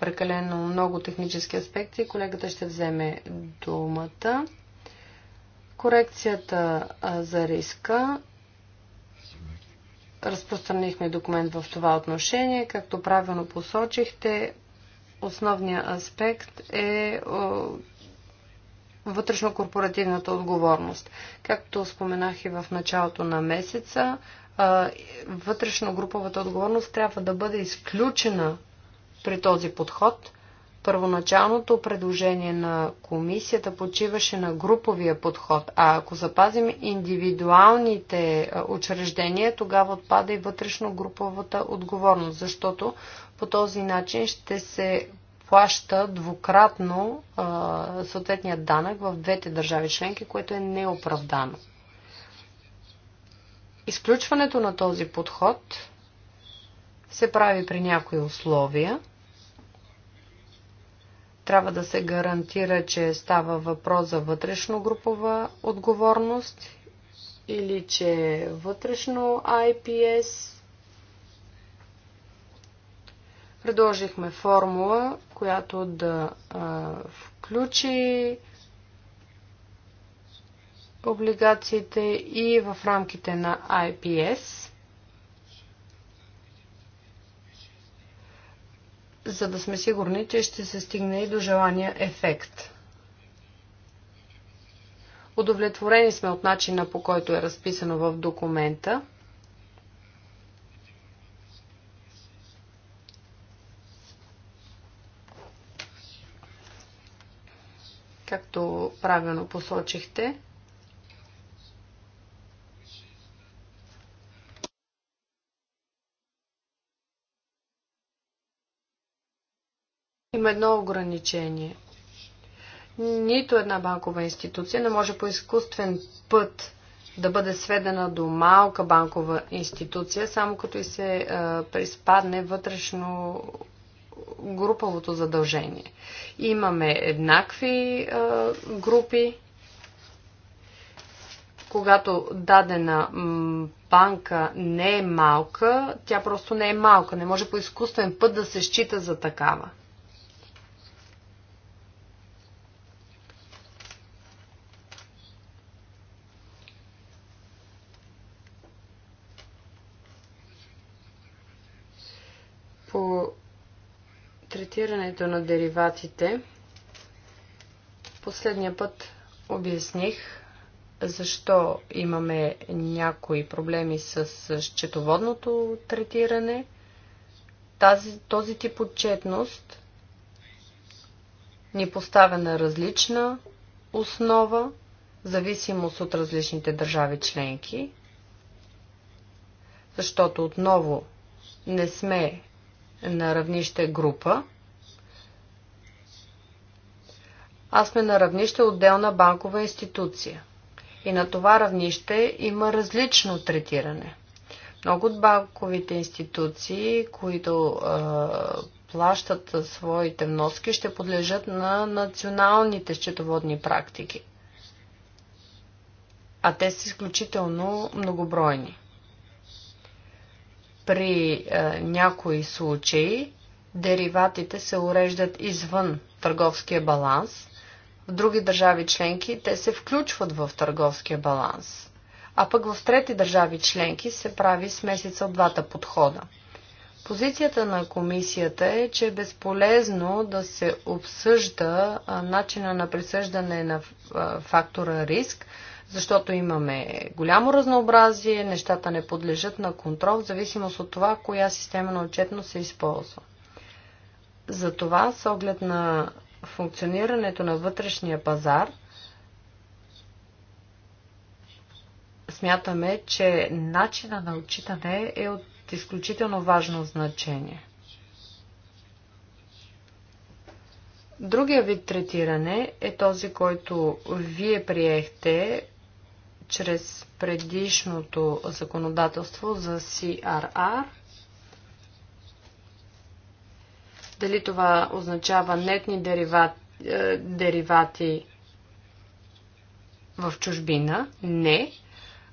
прекалено много технически аспекти, колегата ще вземе думата. Корекцията за риска. Разпространихме документ в това отношение. Както правилно посочихте, основният аспект е вътрешно-корпоративната отговорност. Както споменах и в началото на месеца, вътрешно-груповата отговорност трябва да бъде изключена при този подход – първоначалното предложение на комисията почиваше на груповия подход, а ако запазим индивидуалните учреждения, тогава отпада и вътрешно груповата отговорност, защото по този начин ще се плаща двукратно съответния данък в двете държави членки, което е неоправдано. Изключването на този подход се прави при някои условия – трябва да се гарантира, че става въпрос за вътрешно-групова отговорност или че е вътрешно IPS. Предложихме формула, която да а, включи облигациите и в рамките на IPS. за да сме сигурни, че ще се стигне и до желания ефект. Удовлетворени сме от начина по който е разписано в документа. Както правилно посочихте, Има едно ограничение. Нито една банкова институция не може по изкуствен път да бъде сведена до малка банкова институция, само като и се а, приспадне вътрешно груповото задължение. Имаме еднакви а, групи. Когато дадена банка не е малка, тя просто не е малка. Не може по изкуствен път да се счита за такава. третирането на дериватите, последния път обясних защо имаме някои проблеми с счетоводното третиране. Тази, този тип отчетност ни поставя на различна основа, зависимост от различните държави членки, защото отново не сме на равнище група, Аз сме на равнище отделна банкова институция. И на това равнище има различно третиране. Много от банковите институции, които е, плащат своите вноски, ще подлежат на националните счетоводни практики. А те са изключително многобройни. При е, някои случаи дериватите се уреждат извън търговския баланс, в други държави членки те се включват в търговския баланс. А пък в трети държави членки се прави смесица от двата подхода. Позицията на комисията е, че е безполезно да се обсъжда начина на присъждане на фактора риск, защото имаме голямо разнообразие, нещата не подлежат на контрол, в зависимост от това, коя система на отчетност се използва. Затова, с оглед на функционирането на вътрешния пазар смятаме, че начина на отчитане е от изключително важно значение. Другия вид третиране е този, който вие приехте чрез предишното законодателство за CRR – Дали това означава нетни деривати, е, деривати в чужбина? Не.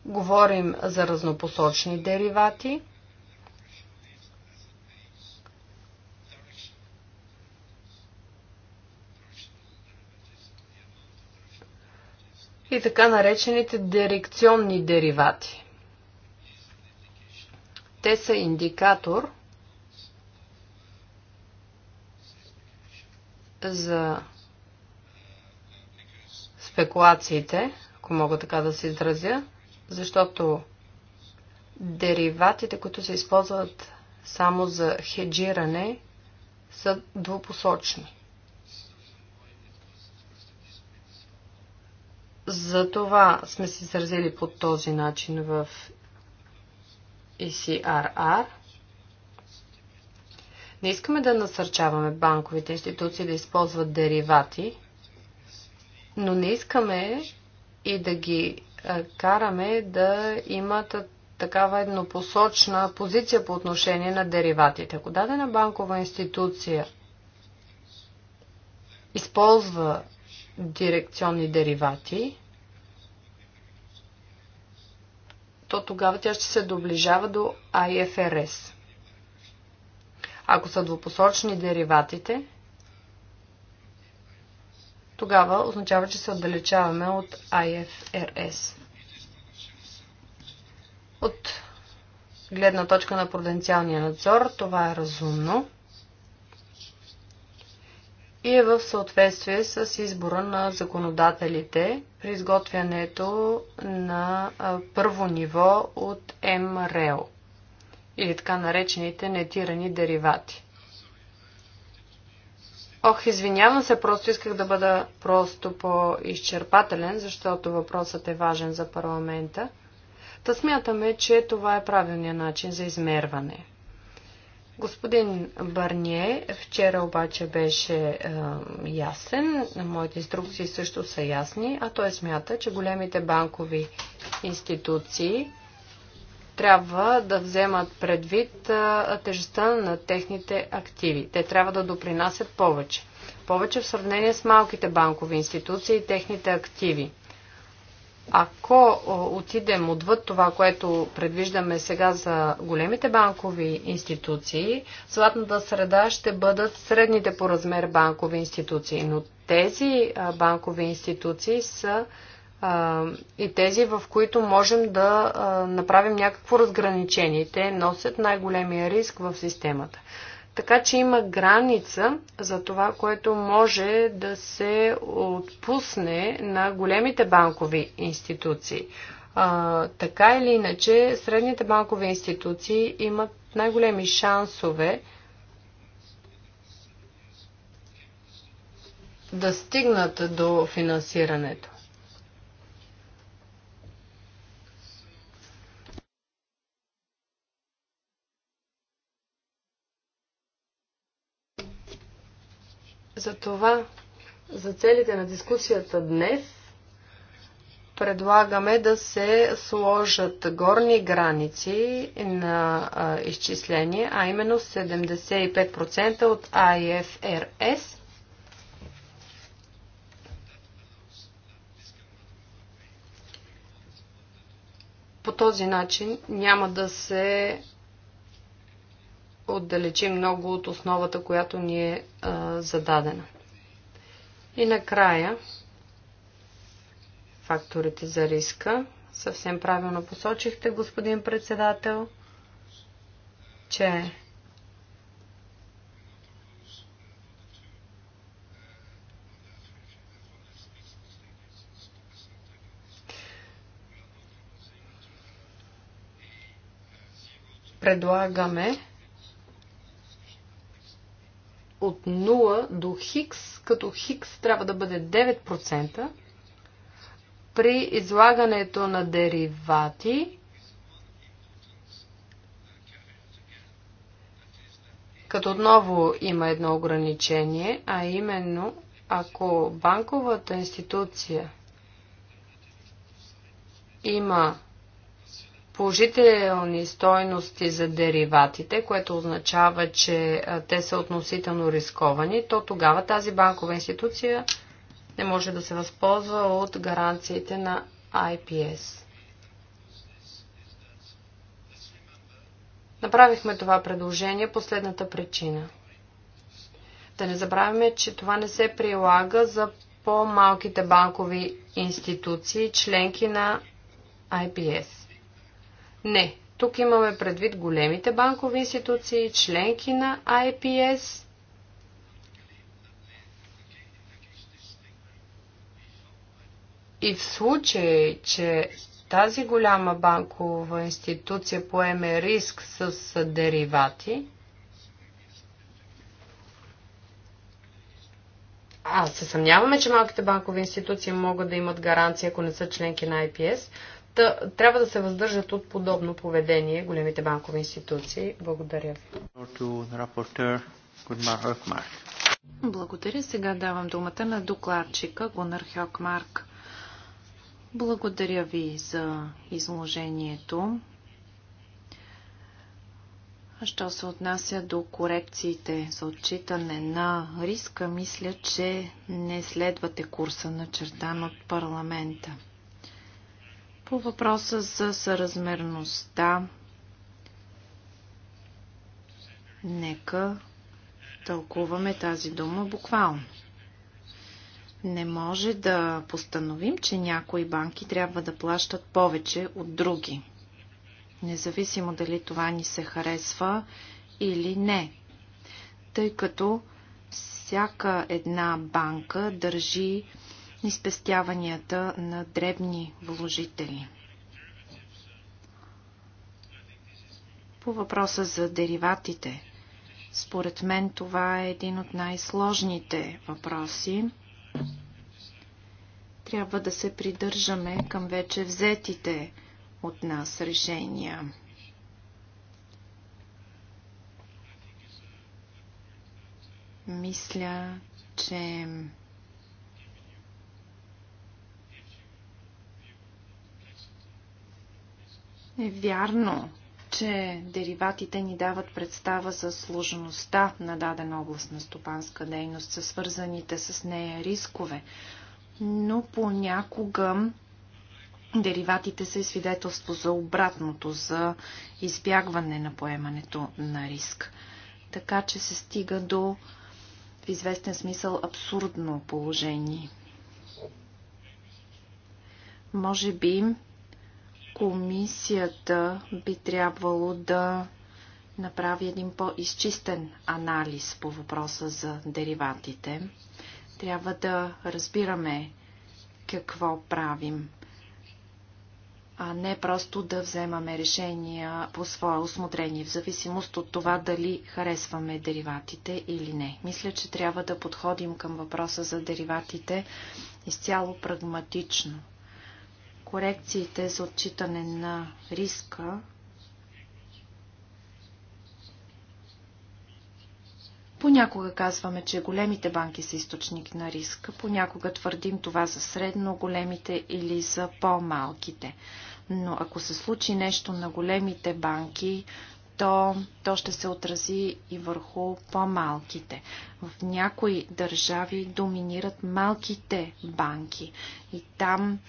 Говорим за разнопосочни деривати. и така наречените дирекционни деривати. Те са индикатор – за спекулациите, ако мога така да се изразя, защото дериватите, които се използват само за хеджиране, са двупосочни. Затова сме се изразили по този начин в ECRR – не искаме да насърчаваме банковите институции да използват деривати, но не искаме и да ги караме да имат такава еднопосочна позиция по отношение на дериватите. Ако дадена банкова институция използва дирекционни деривати, то тогава тя ще се доближава до IFRS. Ако са двупосочни дериватите, тогава означава, че се отдалечаваме от IFRS. От гледна точка на пруденциалния надзор, това е разумно и е в съответствие с избора на законодателите при изготвянето на първо ниво от МРЕО или така наречените нетирани деривати. Ох, извинявам се, просто исках да бъда просто по-изчерпателен, защото въпросът е важен за парламента. Та смятаме, че това е правилният начин за измерване. Господин Барние вчера обаче беше е, ясен, моите инструкции също са ясни, а той смята, че големите банкови институции трябва да вземат предвид тежестта на техните активи. Те трябва да допринасят повече. Повече в сравнение с малките банкови институции и техните активи. Ако отидем отвъд това, което предвиждаме сега за големите банкови институции, златната среда ще бъдат средните по размер банкови институции, но тези банкови институции са и тези, в които можем да направим някакво разграничение. Те носят най-големия риск в системата. Така че има граница за това, което може да се отпусне на големите банкови институции. А, така или иначе, средните банкови институции имат най-големи шансове да стигнат до финансирането. За това за целите на дискусията днес предлагаме да се сложат горни граници на а, изчисление, а именно 75% от IFRS. По този начин няма да се отдалечи много от основата, която ни е а, зададена. И накрая, факторите за риска. Съвсем правилно посочихте, господин председател, че предлагаме от 0 до Хикс, като Хикс трябва да бъде 9%. При излагането на деривати, като отново има едно ограничение, а именно ако банковата институция има положителни стойности за дериватите, което означава, че те са относително рисковани, то тогава тази банкова институция не може да се възползва от гаранциите на IPS. Направихме това предложение последната причина. Да не забравяме, че това не се прилага за по-малките банкови институции, членки на IPS. Не. Тук имаме предвид големите банкови институции, членки на IPS. И в случай, че тази голяма банкова институция поеме риск с деривати, а се съмняваме, че малките банкови институции могат да имат гаранция, ако не са членки на IPS, да, трябва да се въздържат от подобно поведение големите банкови институции. Благодаря ви. Благодаря. Сега давам думата на докладчика Гунър Хьокмарк. Благодаря ви за изложението. що се отнася до корекциите за отчитане на риска, мисля, че не следвате курса на черта от парламента. По въпроса за съразмерността, нека тълкуваме тази дума буквално. Не може да постановим, че някои банки трябва да плащат повече от други. Независимо дали това ни се харесва или не. Тъй като всяка една банка държи и спестяванията на дребни вложители. По въпроса за дериватите, според мен това е един от най-сложните въпроси. Трябва да се придържаме към вече взетите от нас решения. Мисля, че е вярно, че дериватите ни дават представа за сложността на дадена област на стопанска дейност, със свързаните с нея рискове. Но понякога дериватите са и свидетелство за обратното, за избягване на поемането на риск. Така че се стига до в известен смисъл абсурдно положение. Може би Комисията би трябвало да направи един по-изчистен анализ по въпроса за дериватите. Трябва да разбираме какво правим, а не просто да вземаме решения по свое осмотрение, в зависимост от това дали харесваме дериватите или не. Мисля, че трябва да подходим към въпроса за дериватите изцяло прагматично корекциите за отчитане на риска Понякога казваме, че големите банки са източник на риск, понякога твърдим това за средно големите или за по-малките. Но ако се случи нещо на големите банки, то, то ще се отрази и върху по-малките. В някои държави доминират малките банки и там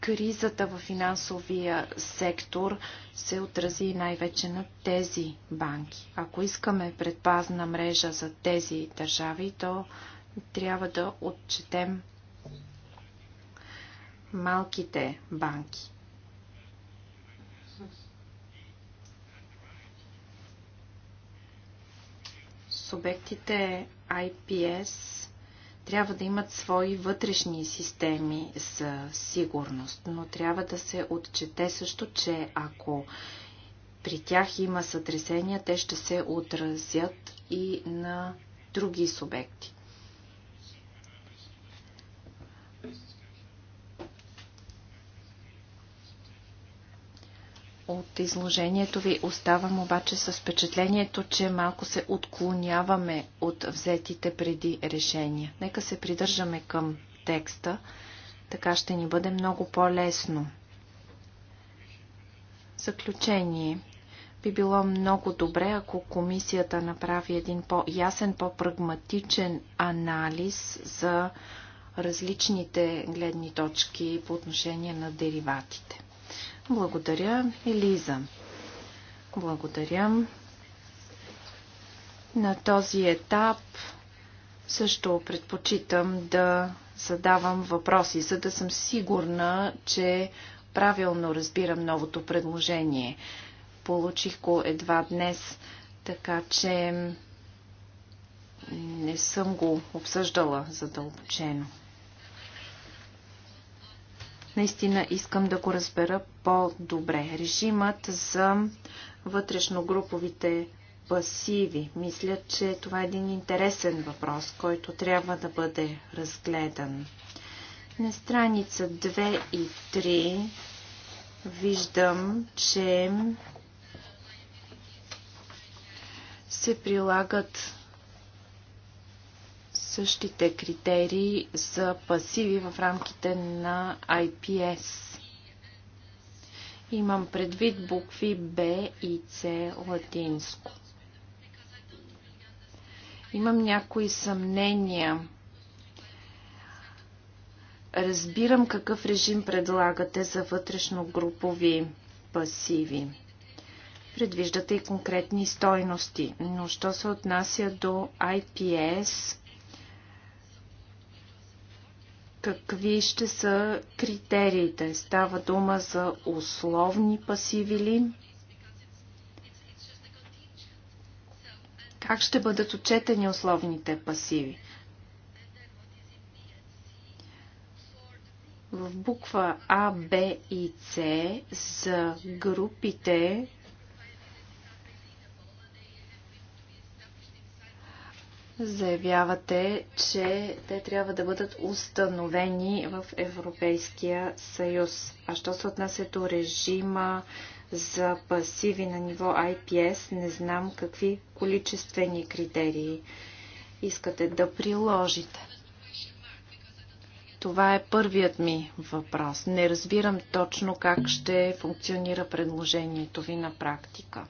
кризата в финансовия сектор се отрази най-вече на тези банки. Ако искаме предпазна мрежа за тези държави, то трябва да отчетем малките банки. Субектите IPS трябва да имат свои вътрешни системи за сигурност, но трябва да се отчете също, че ако при тях има сътресения, те ще се отразят и на други субекти. от изложението ви. Оставам обаче с впечатлението, че малко се отклоняваме от взетите преди решения. Нека се придържаме към текста, така ще ни бъде много по-лесно. Заключение би било много добре, ако комисията направи един по-ясен, по-прагматичен анализ за различните гледни точки по отношение на дериватите. Благодаря, Елиза. Благодаря. На този етап също предпочитам да задавам въпроси, за да съм сигурна, че правилно разбирам новото предложение. Получих го едва днес, така че не съм го обсъждала задълбочено. Наистина искам да го разбера по-добре. Режимът за вътрешногруповите пасиви. Мисля, че това е един интересен въпрос, който трябва да бъде разгледан. На страница 2 и 3 виждам, че се прилагат същите критерии за пасиви в рамките на IPS. Имам предвид букви B и C латинско. Имам някои съмнения. Разбирам какъв режим предлагате за вътрешно групови пасиви. Предвиждате и конкретни стойности, но що се отнася до IPS, какви ще са критериите? Става дума за условни пасиви ли? Как ще бъдат отчетени условните пасиви? В буква А, Б и С за групите заявявате, че те трябва да бъдат установени в Европейския съюз. А що се отнася до режима за пасиви на ниво IPS, не знам какви количествени критерии искате да приложите. Това е първият ми въпрос. Не разбирам точно как ще функционира предложението ви на практика.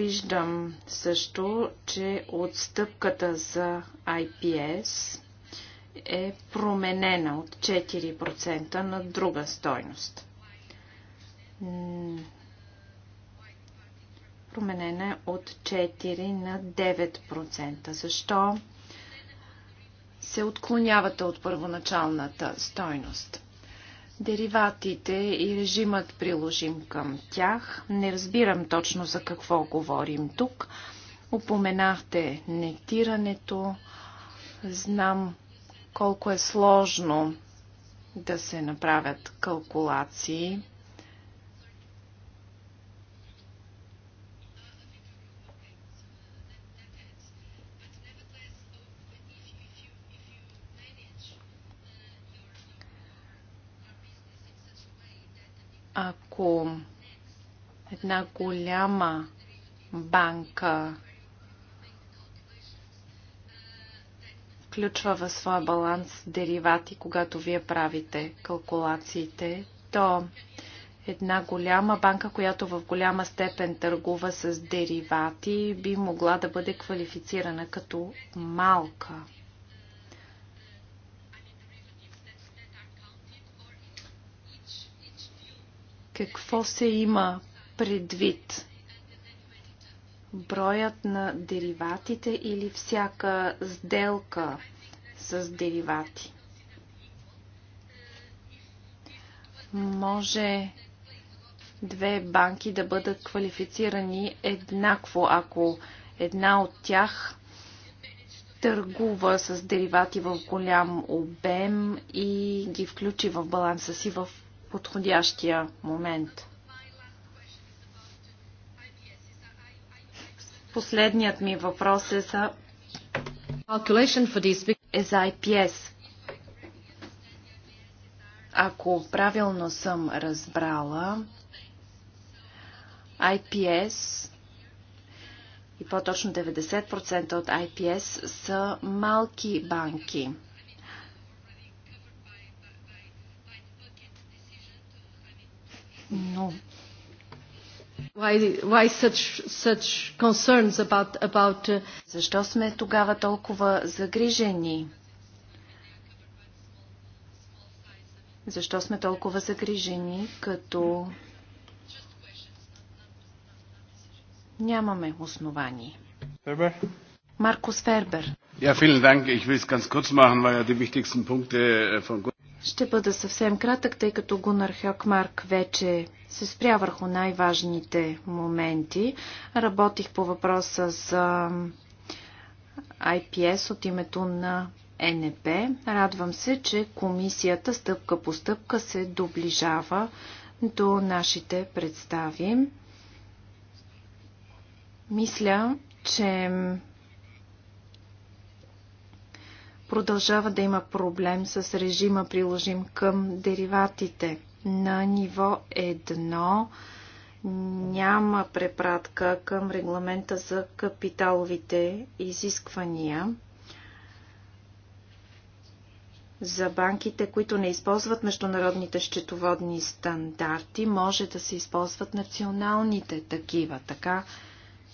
Виждам също, че отстъпката за IPS е променена от 4% на друга стойност. Променена е от 4 на 9%. Защо се отклонявате от първоначалната стойност? дериватите и режимът приложим към тях. Не разбирам точно за какво говорим тук. Упоменахте нетирането. Знам колко е сложно да се направят калкулации. ако една голяма банка включва в своя баланс деривати, когато вие правите калкулациите, то една голяма банка, която в голяма степен търгува с деривати, би могла да бъде квалифицирана като малка Какво се има предвид? Броят на дериватите или всяка сделка с деривати? Може две банки да бъдат квалифицирани еднакво, ако една от тях търгува с деривати в голям обем и ги включи в баланса си в подходящия момент. Последният ми въпрос е за е за IPS. Ако правилно съм разбрала, IPS и по-точно 90% от IPS са малки банки – No. Why, why such, such concerns about, about, uh... Защо сме тогава толкова загрижени? Защо сме толкова загрижени, като нямаме основание? Фербер? Маркус Фербер. Ja, vielen Dank. Ich will es ganz kurz machen, weil ja die wichtigsten Punkte von ще бъда съвсем кратък, тъй като Гунар Хелкмарк вече се спря върху най-важните моменти. Работих по въпроса за IPS от името на НП. Радвам се, че комисията стъпка по стъпка се доближава до нашите представи. Мисля, че Продължава да има проблем с режима приложим към дериватите. На ниво 1 няма препратка към регламента за капиталовите изисквания за банките, които не използват международните счетоводни стандарти, може да се използват националните такива. Така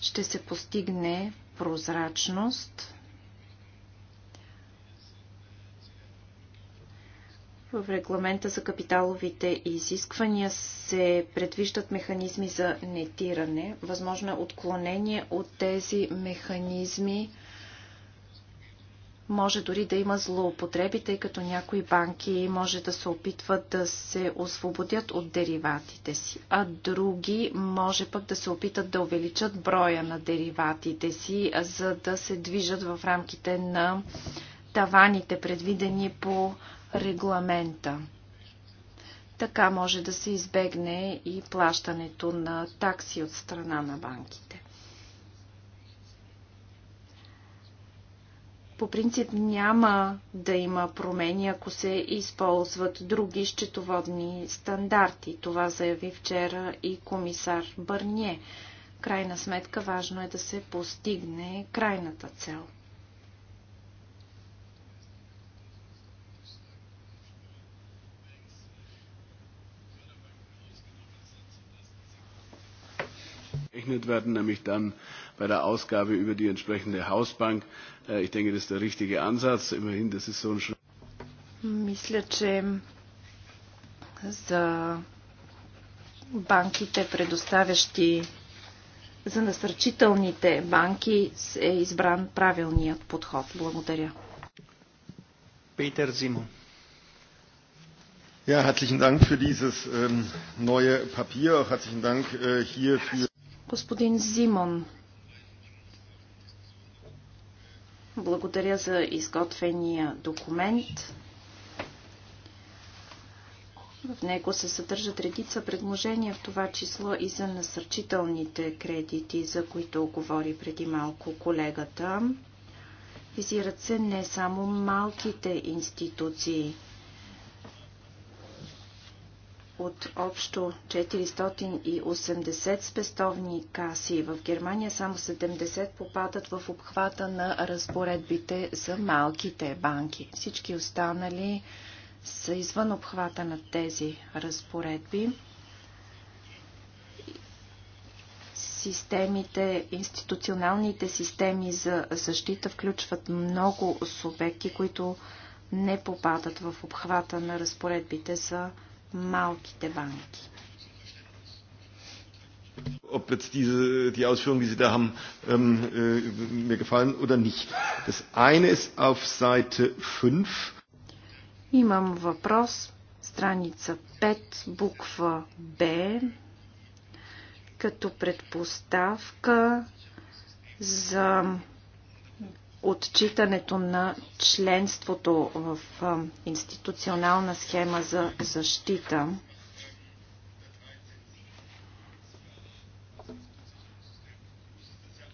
ще се постигне прозрачност В регламента за капиталовите изисквания се предвиждат механизми за нетиране. Възможно е отклонение от тези механизми. Може дори да има злоупотреби, тъй като някои банки може да се опитват да се освободят от дериватите си, а други може пък да се опитат да увеличат броя на дериватите си, за да се движат в рамките на таваните, предвидени по регламента. Така може да се избегне и плащането на такси от страна на банките. По принцип няма да има промени, ако се използват други счетоводни стандарти. Това заяви вчера и комисар Бърние. Крайна сметка важно е да се постигне крайната цел – gerechnet werden, nämlich dann bei der Ausgabe über die entsprechende Hausbank. Ich denke, das ist der richtige Ansatz. Immerhin, das ist so ein Schritt. Мисля, че за банките, предоставящи за насърчителните банки е избран правилният подход. Благодаря. Петър Зимон. Ja, herzlichen Dank für dieses ähm, neue Papier. Auch herzlichen Dank äh, hier für Господин Зимон, благодаря за изготвения документ. В него се съдържат редица предложения, в това число и за насърчителните кредити, за които говори преди малко колегата. Визират се не само малките институции – от общо 480 спестовни каси в Германия само 70 попадат в обхвата на разпоредбите за малките банки. Всички останали са извън обхвата на тези разпоредби. Системите, институционалните системи за защита включват много субекти, които не попадат в обхвата на разпоредбите за малките малките банки. Ob jetzt diese, die Ausführungen, die Sie da haben, ähm, äh, mir gefallen oder nicht. Das eine ist auf Seite 5. Имам въпрос, страница 5, буква Б, като предпоставка за отчитането на членството в институционална схема за защита.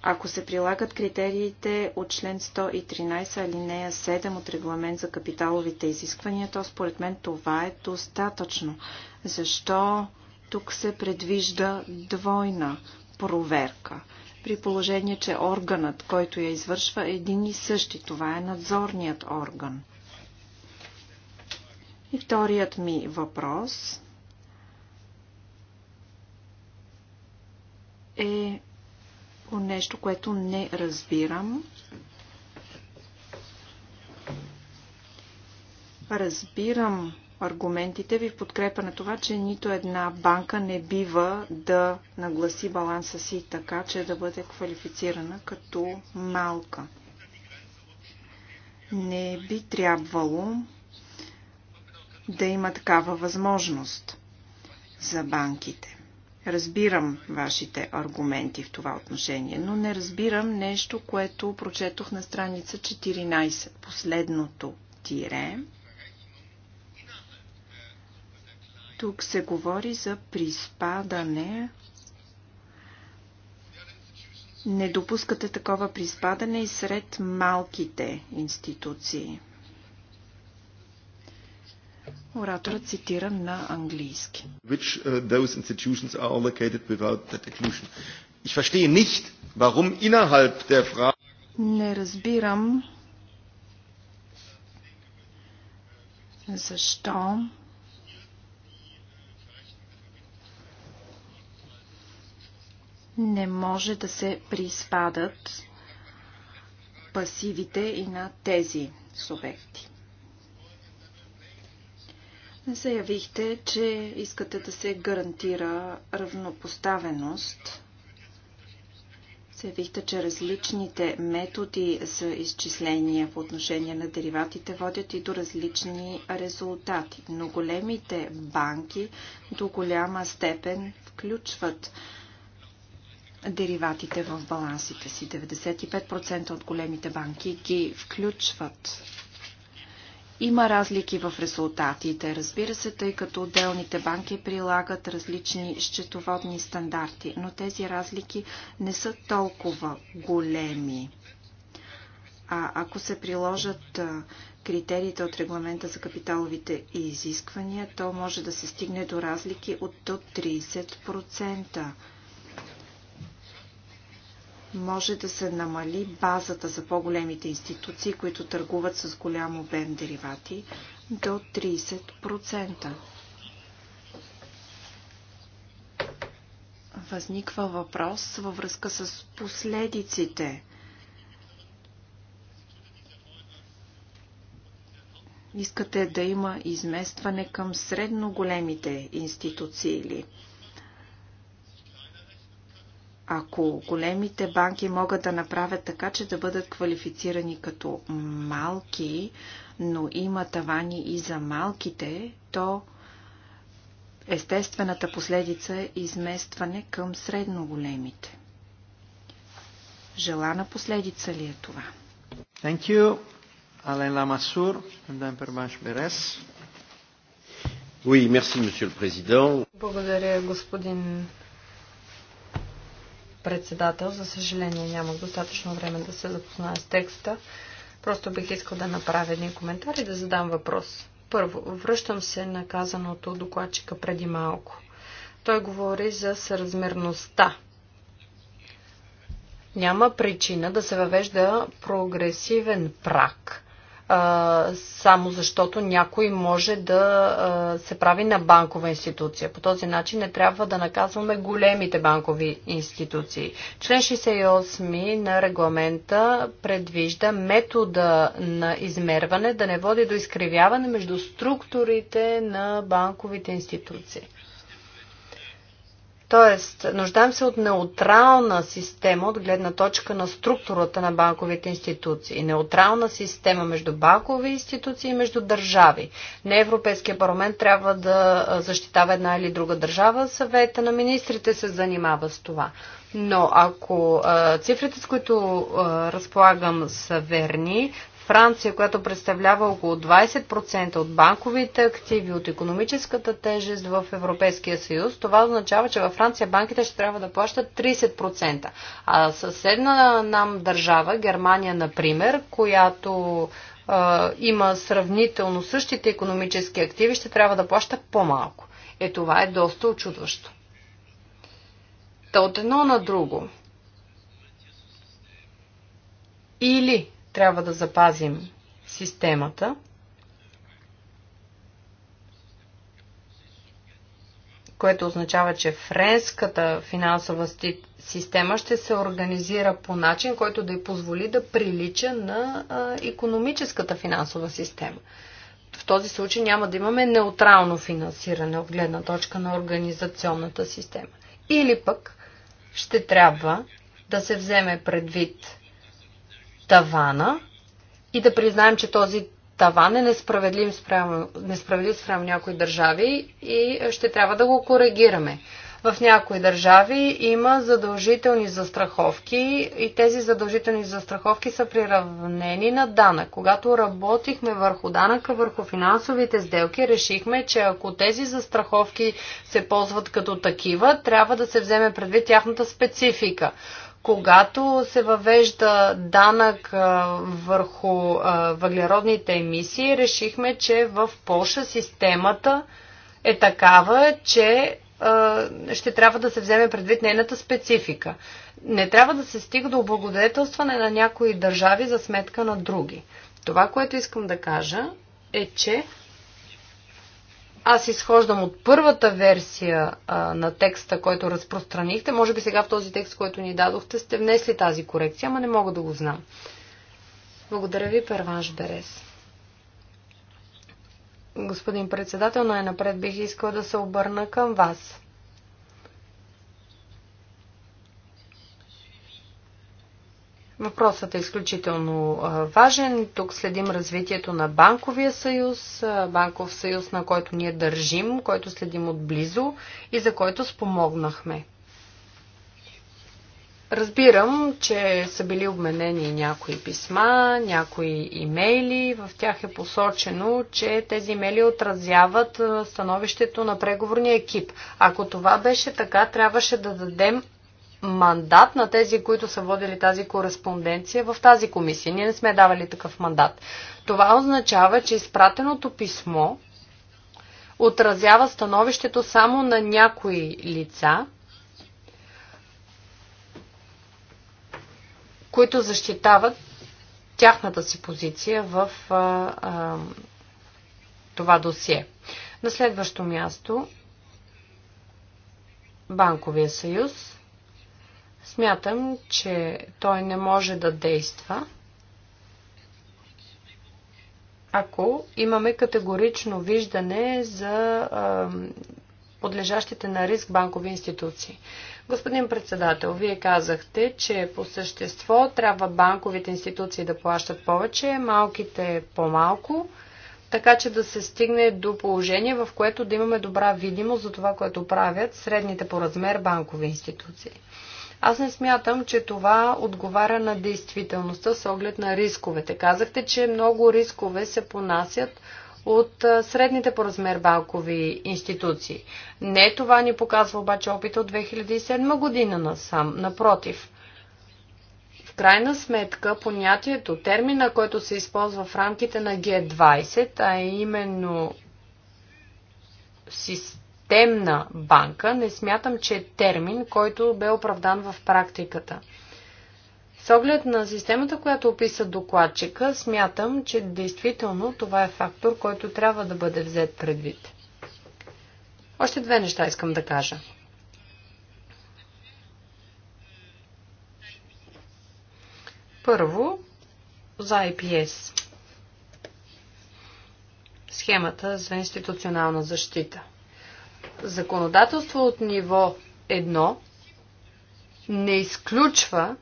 Ако се прилагат критериите от член 113 алинея 7 от регламент за капиталовите изисквания, то според мен това е достатъчно. Защо тук се предвижда двойна проверка? при положение, че органът, който я извършва, е един и същи. Това е надзорният орган. И вторият ми въпрос е по нещо, което не разбирам. Разбирам аргументите ви в подкрепа на това, че нито една банка не бива да нагласи баланса си така, че да бъде квалифицирана като малка. Не би трябвало да има такава възможност за банките. Разбирам вашите аргументи в това отношение, но не разбирам нещо, което прочетох на страница 14, последното тире. Тук се говори за приспадане. Не допускате такова приспадане и сред малките институции. Оратора цитира на английски. Which uh, those institutions are allocated without that inclusion. Ich verstehe nicht, warum innerhalb der Frage... Не разбирам защо не може да се приспадат пасивите и на тези субекти. Заявихте, че искате да се гарантира равнопоставеност. Заявихте, че различните методи за изчисления по отношение на дериватите водят и до различни резултати. Но големите банки до голяма степен включват дериватите в балансите си. 95% от големите банки ги включват. Има разлики в резултатите, разбира се, тъй като отделните банки прилагат различни счетоводни стандарти, но тези разлики не са толкова големи. А ако се приложат критериите от регламента за капиталовите изисквания, то може да се стигне до разлики от до 30% може да се намали базата за по-големите институции, които търгуват с голям обем деривати, до 30%. Възниква въпрос във връзка с последиците. Искате да има изместване към средно големите институции ли? Ако големите банки могат да направят така, че да бъдат квалифицирани като малки, но има тавани и за малките, то естествената последица е изместване към средно големите. Желана последица ли е това? Thank you. Alain Lamassoure, Madame Permanche Beres. Oui, merci, Monsieur le Président. Благодаря, господин председател. За съжаление нямах достатъчно време да се запозная с текста. Просто бих искал да направя един коментар и да задам въпрос. Първо, връщам се на казаното докладчика преди малко. Той говори за съразмерността. Няма причина да се въвежда прогресивен прак само защото някой може да се прави на банкова институция. По този начин не трябва да наказваме големите банкови институции. Член 68 на регламента предвижда метода на измерване да не води до изкривяване между структурите на банковите институции. Тоест, нуждам се от неутрална система от гледна точка на структурата на банковите институции. Неутрална система между банкови институции и между държави. Не Европейския парламент трябва да защитава една или друга държава, съвета на министрите се занимава с това. Но ако а, цифрите, с които а, разполагам, са верни, Франция, която представлява около 20% от банковите активи, от економическата тежест в Европейския съюз, това означава, че във Франция банките ще трябва да плащат 30%. А съседна нам държава, Германия, например, която е, има сравнително същите економически активи, ще трябва да плаща по-малко. Е, това е доста очудващо. Та от едно на друго. Или трябва да запазим системата, което означава, че френската финансова система ще се организира по начин, който да й позволи да прилича на економическата финансова система. В този случай няма да имаме неутрално финансиране от гледна точка на организационната система. Или пък ще трябва да се вземе предвид тавана и да признаем, че този таван е несправедлив спрямо, несправедлив спрямо някои държави и ще трябва да го коригираме. В някои държави има задължителни застраховки и тези задължителни застраховки са приравнени на данък. Когато работихме върху данъка, върху финансовите сделки, решихме, че ако тези застраховки се ползват като такива, трябва да се вземе предвид тяхната специфика когато се въвежда данък върху въглеродните емисии, решихме, че в Польша системата е такава, че ще трябва да се вземе предвид нейната специфика. Не трябва да се стига до облагодетелстване на някои държави за сметка на други. Това, което искам да кажа е, че аз изхождам от първата версия а, на текста, който разпространихте. Може би сега в този текст, който ни дадохте, сте внесли тази корекция, ама не мога да го знам. Благодаря ви, Перванш Берес. Господин председател, най-напред бих искал да се обърна към вас. Въпросът е изключително важен. Тук следим развитието на банковия съюз, банков съюз, на който ние държим, който следим отблизо и за който спомогнахме. Разбирам, че са били обменени някои писма, някои имейли. В тях е посочено, че тези имейли отразяват становището на преговорния екип. Ако това беше така, трябваше да дадем мандат на тези, които са водили тази кореспонденция в тази комисия. Ние не сме давали такъв мандат. Това означава, че изпратеното писмо отразява становището само на някои лица, които защитават тяхната си позиция в а, а, това досие. На следващо място Банковия съюз. Смятам, че той не може да действа, ако имаме категорично виждане за подлежащите на риск банкови институции. Господин председател, вие казахте, че по същество трябва банковите институции да плащат повече, малките по-малко, така че да се стигне до положение, в което да имаме добра видимост за това, което правят средните по размер банкови институции. Аз не смятам, че това отговаря на действителността с оглед на рисковете. Казахте, че много рискове се понасят от средните по размер банкови институции. Не това ни показва обаче опита от 2007 година насам. Напротив, в крайна сметка понятието, термина, който се използва в рамките на G20, а именно система, системна банка не смятам, че е термин, който бе оправдан в практиката. С оглед на системата, която описа докладчика, смятам, че действително това е фактор, който трябва да бъде взет предвид. Още две неща искам да кажа. Първо, за IPS. Схемата за институционална защита – законодателство от ниво 1 не изключва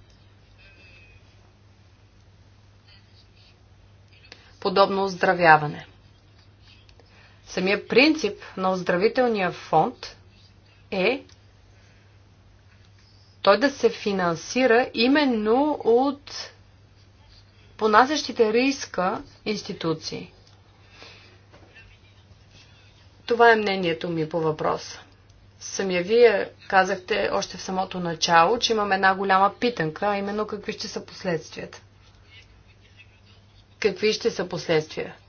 подобно оздравяване. Самия принцип на оздравителния фонд е той да се финансира именно от понасящите риска институции. Това е мнението ми по въпроса. Самия вие казахте още в самото начало, че имаме една голяма питанка, а именно какви ще са последствията. Какви ще са последствията?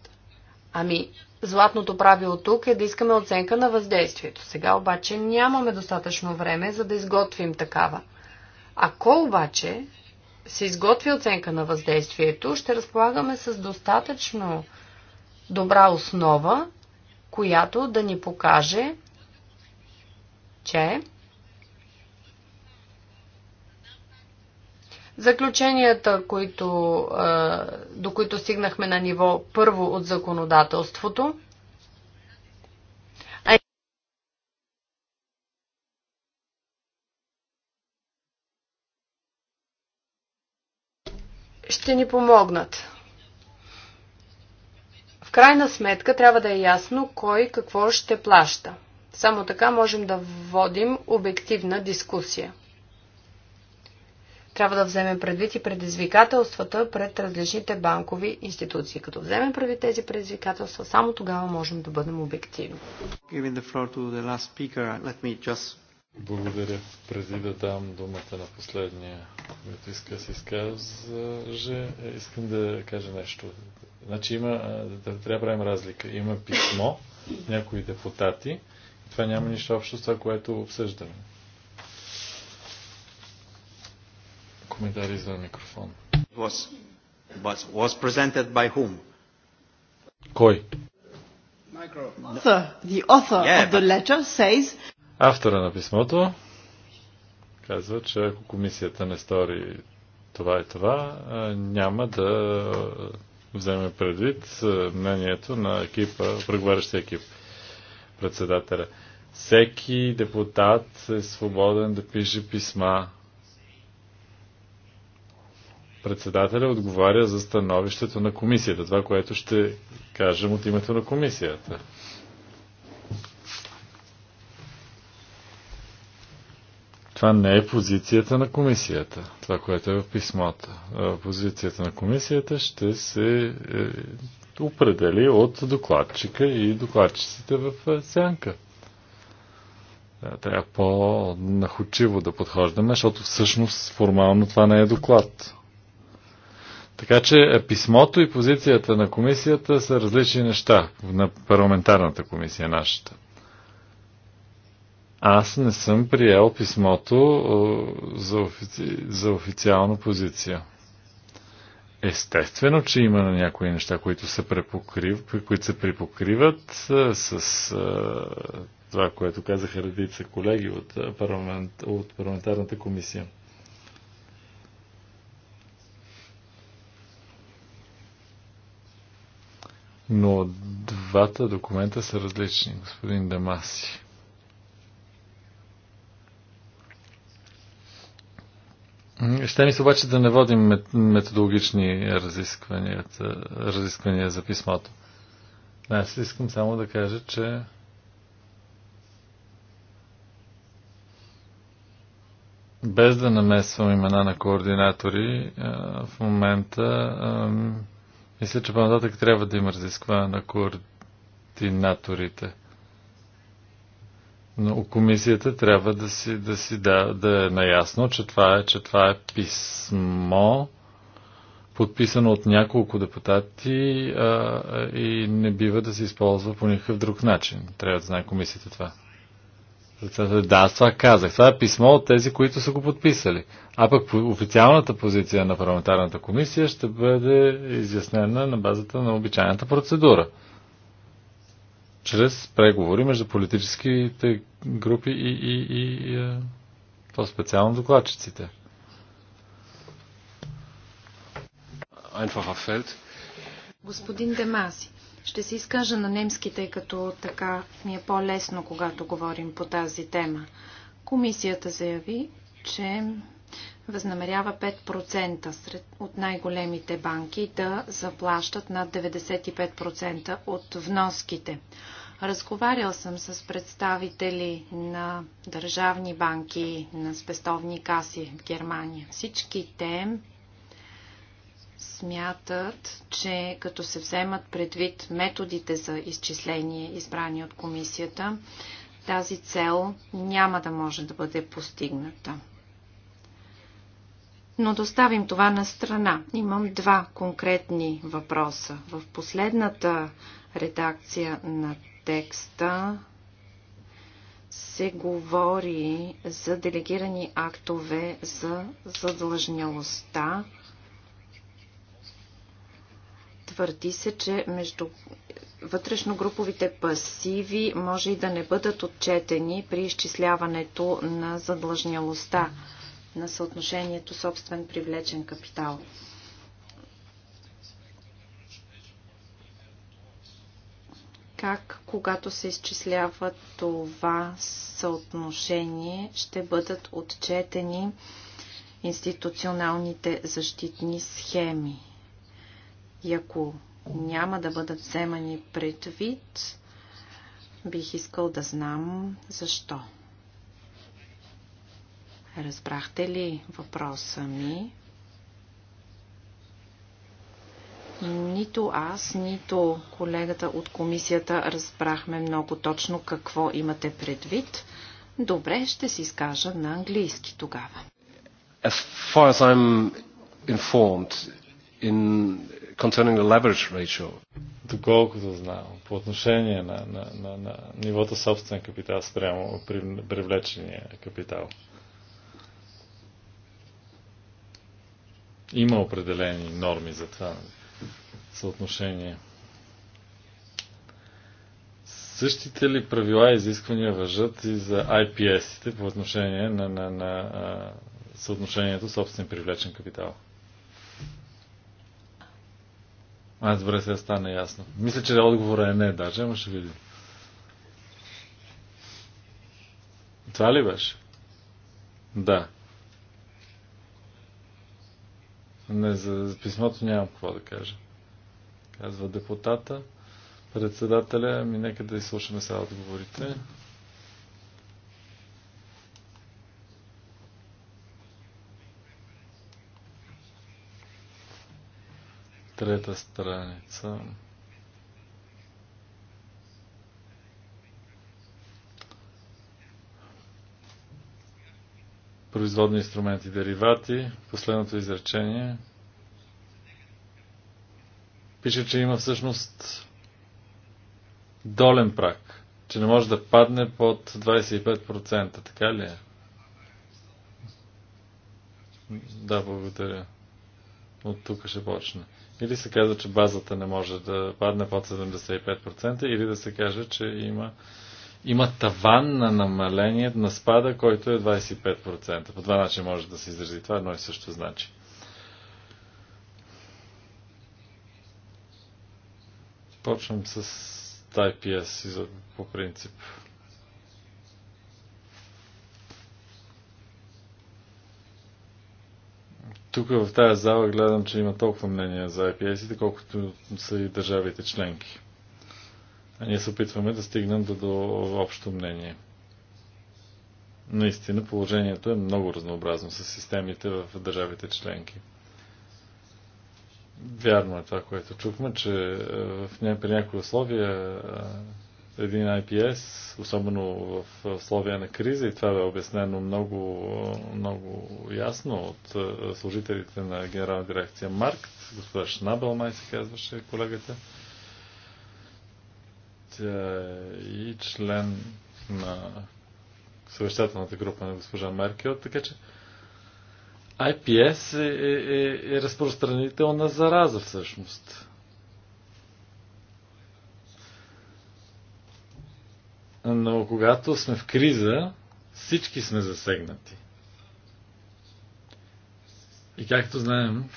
Ами, златното правило тук е да искаме оценка на въздействието. Сега обаче нямаме достатъчно време, за да изготвим такава. Ако обаче се изготви оценка на въздействието, ще разполагаме с достатъчно добра основа, която да ни покаже, че заключенията, които, до които стигнахме на ниво първо от законодателството, ще ни помогнат крайна сметка трябва да е ясно кой какво ще плаща. Само така можем да водим обективна дискусия. Трябва да вземем предвид и предизвикателствата пред различните банкови институции. Като вземем предвид тези предизвикателства, само тогава можем да бъдем обективни. Благодаря. Преди да дам думата на последния, който иска да се изкаже, е, искам да кажа нещо Значи има, да, трябва да правим разлика. Има писмо, някои депутати. И това няма нищо общо с това, което обсъждаме. Коментари за микрофон. Was, was, was presented by whom? Кой? the author yeah, of the letter says... Автора на писмото казва, че ако комисията не стори това и това, няма да вземе предвид мнението на екипа, преговарящия екип, председателя. Всеки депутат е свободен да пише писма. Председателя отговаря за становището на комисията, това, което ще кажем от името на комисията. Това не е позицията на комисията, това, което е в писмата. Позицията на комисията ще се е, определи от докладчика и докладчиците в сянка. Трябва по-нахочиво да подхождаме, защото всъщност формално това не е доклад. Така че е, писмото и позицията на комисията са различни неща на парламентарната комисия, нашата. Аз не съм приел писмото за, офици... за официална позиция. Естествено, че има на някои неща, които се, препокрив... които се припокриват с това, което казаха редица колеги от, парламент... от парламентарната комисия. Но двата документа са различни, господин Дамаси. Ще ми се обаче да не водим методологични разисквания, разисквания за писмото. Аз искам само да кажа, че без да намесвам имена на координатори, в момента мисля, че по-нататък трябва да има разискване на координаторите. Но комисията трябва да си, да, си да, да е наясно, че това е, че това е писмо, подписано от няколко депутати а, и не бива да се използва по никакъв друг начин. Трябва да знае комисията това. Да, аз това казах. Това е писмо от тези, които са го подписали. А пък официалната позиция на парламентарната комисия ще бъде изяснена на базата на обичайната процедура чрез преговори между политическите групи и, и, и, и е, то специално докладчиците. Господин Демаси, ще се изкажа на немски, тъй като така ми е по-лесно, когато говорим по тази тема. Комисията заяви, че възнамерява 5% сред, от най-големите банки да заплащат над 95% от вноските. Разговарял съм с представители на държавни банки, на спестовни каси в Германия. Всички те смятат, че като се вземат предвид методите за изчисление, избрани от комисията, тази цел няма да може да бъде постигната. Но доставим това на страна. Имам два конкретни въпроса. В последната редакция на текста се говори за делегирани актове за задлъжнялостта. Твърди се, че между вътрешногруповите пасиви може и да не бъдат отчетени при изчисляването на задлъжнялостта на съотношението собствен привлечен капитал. как, когато се изчислява това съотношение, ще бъдат отчетени институционалните защитни схеми. И ако няма да бъдат вземани предвид, бих искал да знам защо. Разбрахте ли въпроса ми? Нито аз, нито колегата от комисията разбрахме много точно какво имате предвид. Добре, ще си изкажа на английски тогава. As far as I'm informed in concerning the leverage ratio. Доколкото знам, по отношение на, на, на, на нивото собствен капитал спрямо привлечения капитал. Има определени норми за това съотношение. Същите ли правила и изисквания въжат и за IPS-ите по отношение на, на, на съотношението собствен привлечен капитал? Аз добре, сега стана ясно. Мисля, че отговора е не, даже, ама ще видим. Това ли беше? Да. Не, за писмото нямам какво да кажа. Казва депутата, председателя, ми нека да изслушаме сега отговорите. Трета страница. производни инструменти, деривати, последното изречение. Пише, че има всъщност долен прак, че не може да падне под 25%, така ли е? Да, благодаря. От тук ще почне. Или се казва, че базата не може да падне под 75%, или да се каже, че има има таван на намаление на спада, който е 25%. По два начина може да се изрази това, едно и също значи. Почвам с IPS по принцип. Тук в тази зала гледам, че има толкова мнения за IPS-ите, колкото са и държавите членки. А ние се опитваме да стигнем до, до общо мнение. Наистина положението е много разнообразно с системите в държавите членки. Вярно е това, което чухме, че е, в ня... при някои условия е, един IPS, особено в условия на криза, и това бе обяснено много, много ясно от е, служителите на генерална дирекция Маркт, господа Шнабел, май се казваше колегата, тя е и член на съвещателната група на госпожа Меркел, така че IPS е, е, е, е разпространителна зараза всъщност. Но когато сме в криза, всички сме засегнати. И както знаем,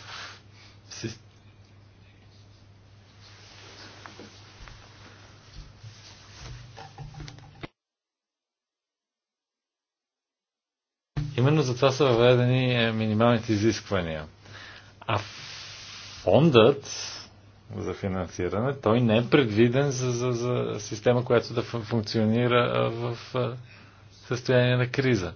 Именно за това са въведени е, минималните изисквания. А фондът за финансиране, той не е предвиден за, за, за система, която да функционира в състояние на криза.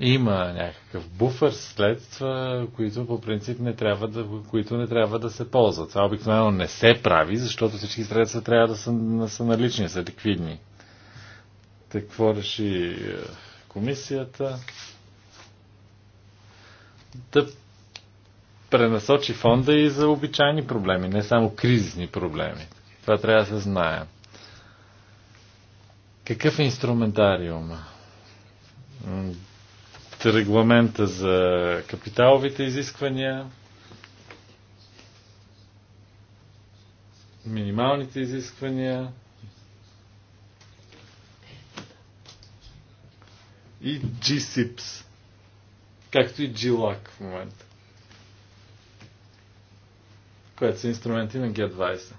Има някакъв буфер, следства, които по принцип не трябва да, които не трябва да се ползват. Това обикновено не се прави, защото всички средства трябва да са, да са налични, са ликвидни какво реши е, комисията да пренасочи фонда и за обичайни проблеми, не само кризисни проблеми. Това трябва да се знае. Какъв е инструментариум? Регламента за капиталовите изисквания, минималните изисквания, и GSIPS, както и GLAC в момента, което са инструменти на G20.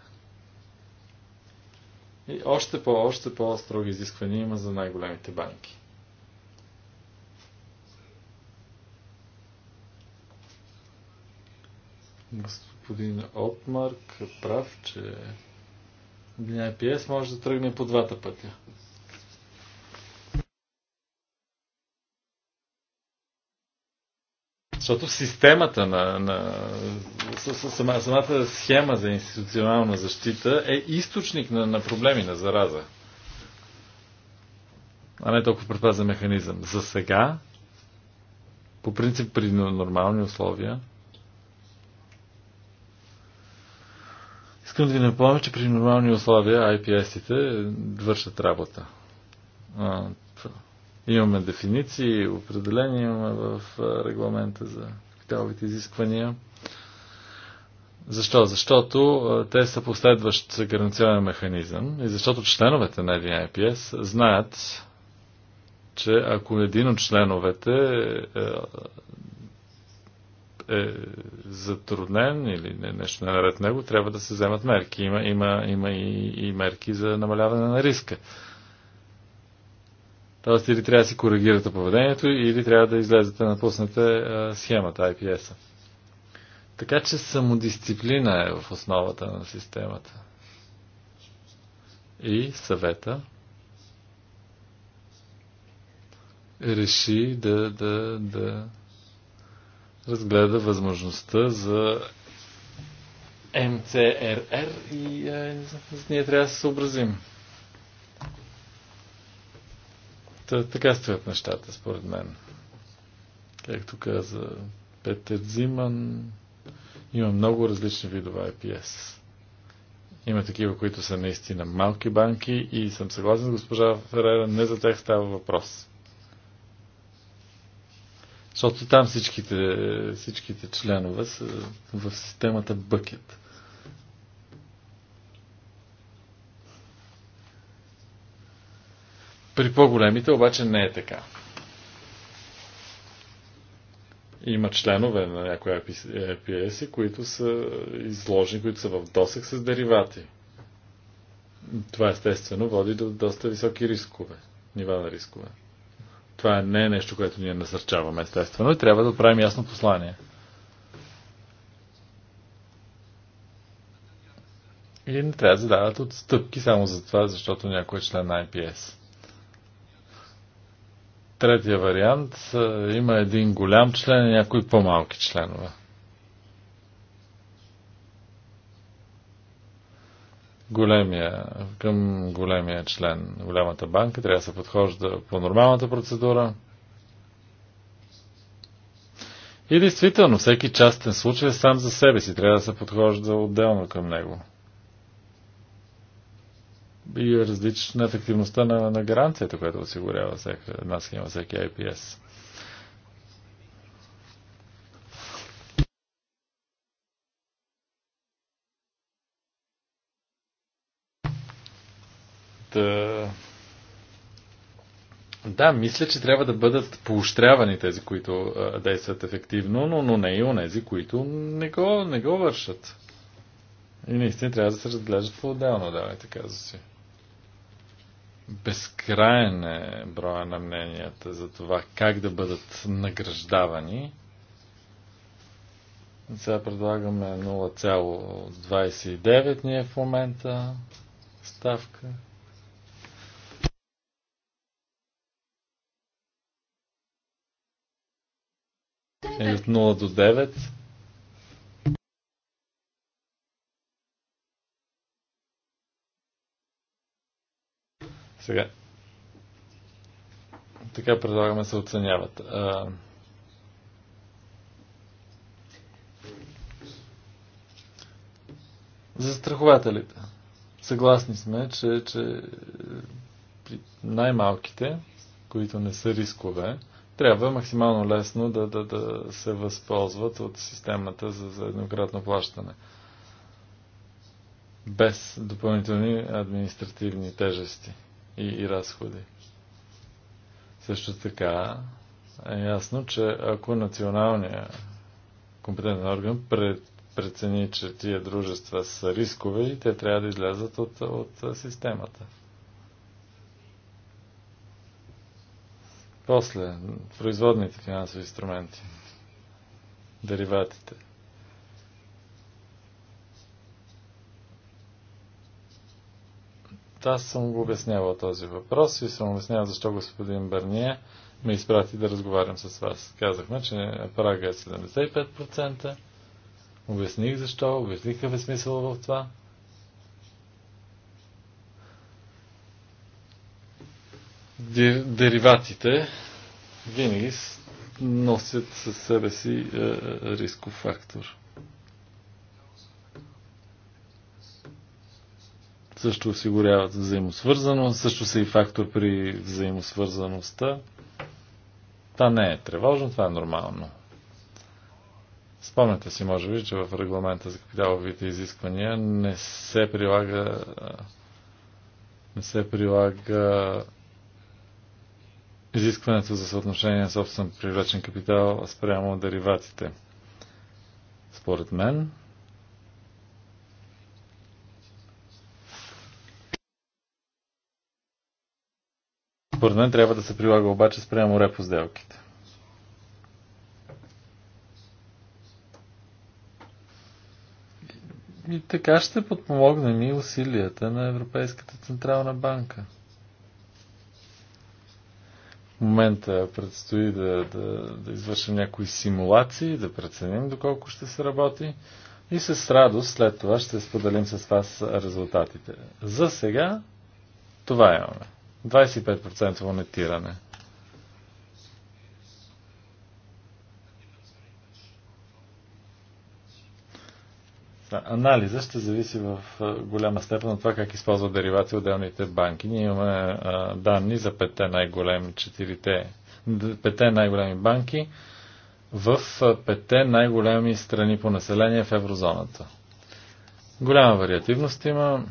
И още по, още по-строги изисквания има за най-големите банки. Господин Отмарк е прав, че IPS може да тръгне по двата пътя. Защото в системата на, на сама, самата схема за институционална защита е източник на, на проблеми на зараза. А не толкова предпазен механизъм. За сега, по принцип при нормални условия, искам да ви напомня, че при нормални условия IPS-ите вършат работа Имаме дефиниции, определения имаме в регламента за капиталовите изисквания. Защо? Защото те са последващ гаранционен механизъм и защото членовете на един IPS знаят, че ако един от членовете е, е, е затруднен или нещо не наред него, трябва да се вземат мерки. Има, има, има и, и мерки за намаляване на риска. Тоест или трябва да си коригирате поведението, или трябва да излезете на пуснете схемата IPS-а. Така че самодисциплина е в основата на системата. И съвета реши да, да, да разгледа възможността за МЦРР и е, ние трябва да се съобразим. Та, така стоят нещата, според мен. Както каза Петър Зиман, има много различни видове IPS. Има такива, които са наистина малки банки и съм съгласен с госпожа Ферера, не за тях става въпрос. Защото там всичките, всичките членове са в системата бъкет. При по-големите обаче не е така. Има членове на някои IPS, които са изложени, които са в досък с деривати. Това естествено води до доста високи рискове, нива на рискове. Това не е нещо, което ние насърчаваме, естествено, и трябва да отправим ясно послание. И не трябва да задават отстъпки само за това, защото някой е член на IPS третия вариант има един голям член и някои по-малки членове. Големия, към големия член, голямата банка, трябва да се подхожда по нормалната процедура. И действително, всеки частен случай е сам за себе си трябва да се подхожда отделно към него и различна ефективността на, на гаранцията, която осигурява всяка една схема, всеки IPS. Да. Да, мисля, че трябва да бъдат поощрявани тези, които а, действат ефективно, но, но не и онези, които не го, не го вършат. И наистина трябва да се разглеждат по-отделно, давайте каза си безкраен е броя на мненията за това как да бъдат награждавани. Сега предлагаме 0,29 ние в момента ставка. Или от 0 до 9. Сега. Така предлагаме се оценяват. А... За страхователите. Съгласни сме, че, че най-малките, които не са рискове, трябва максимално лесно да, да, да се възползват от системата за, за еднократно плащане. Без допълнителни административни тежести и, и разходи. Също така е ясно, че ако националният компетентен орган пред, прецени, че тия дружества са рискове и те трябва да излязат от, от системата. После, производните финансови инструменти, дериватите – Аз съм го обяснявал този въпрос и съм обяснявал защо господин Бърния ме изпрати да разговарям с вас. Казахме, че прага е 75%. Обясних защо, обясних какъв е смисъл в това. Дериватите винаги носят със себе си е, е, рисков фактор. също осигуряват взаимосвързаност, също са и фактор при взаимосвързаността. Това не е тревожно, това е нормално. Спомняте си, може би, че в регламента за капиталовите изисквания не се прилага не се прилага изискването за съотношение на собствен привлечен капитал спрямо дериватите. Според мен, Според мен трябва да се прилага обаче спрямо репо сделките. И така ще подпомогнем и усилията на Европейската Централна банка. В момента предстои да, да, да извършим някои симулации, да преценим доколко ще се работи и с радост след това ще споделим с вас резултатите. За сега това имаме. 25% монетиране. Анализа ще зависи в голяма степен от това как използват деривати отделните банки. Ние имаме данни за петте най-големи четирите, петте най-големи банки в петте най-големи страни по население в еврозоната. Голяма вариативност има.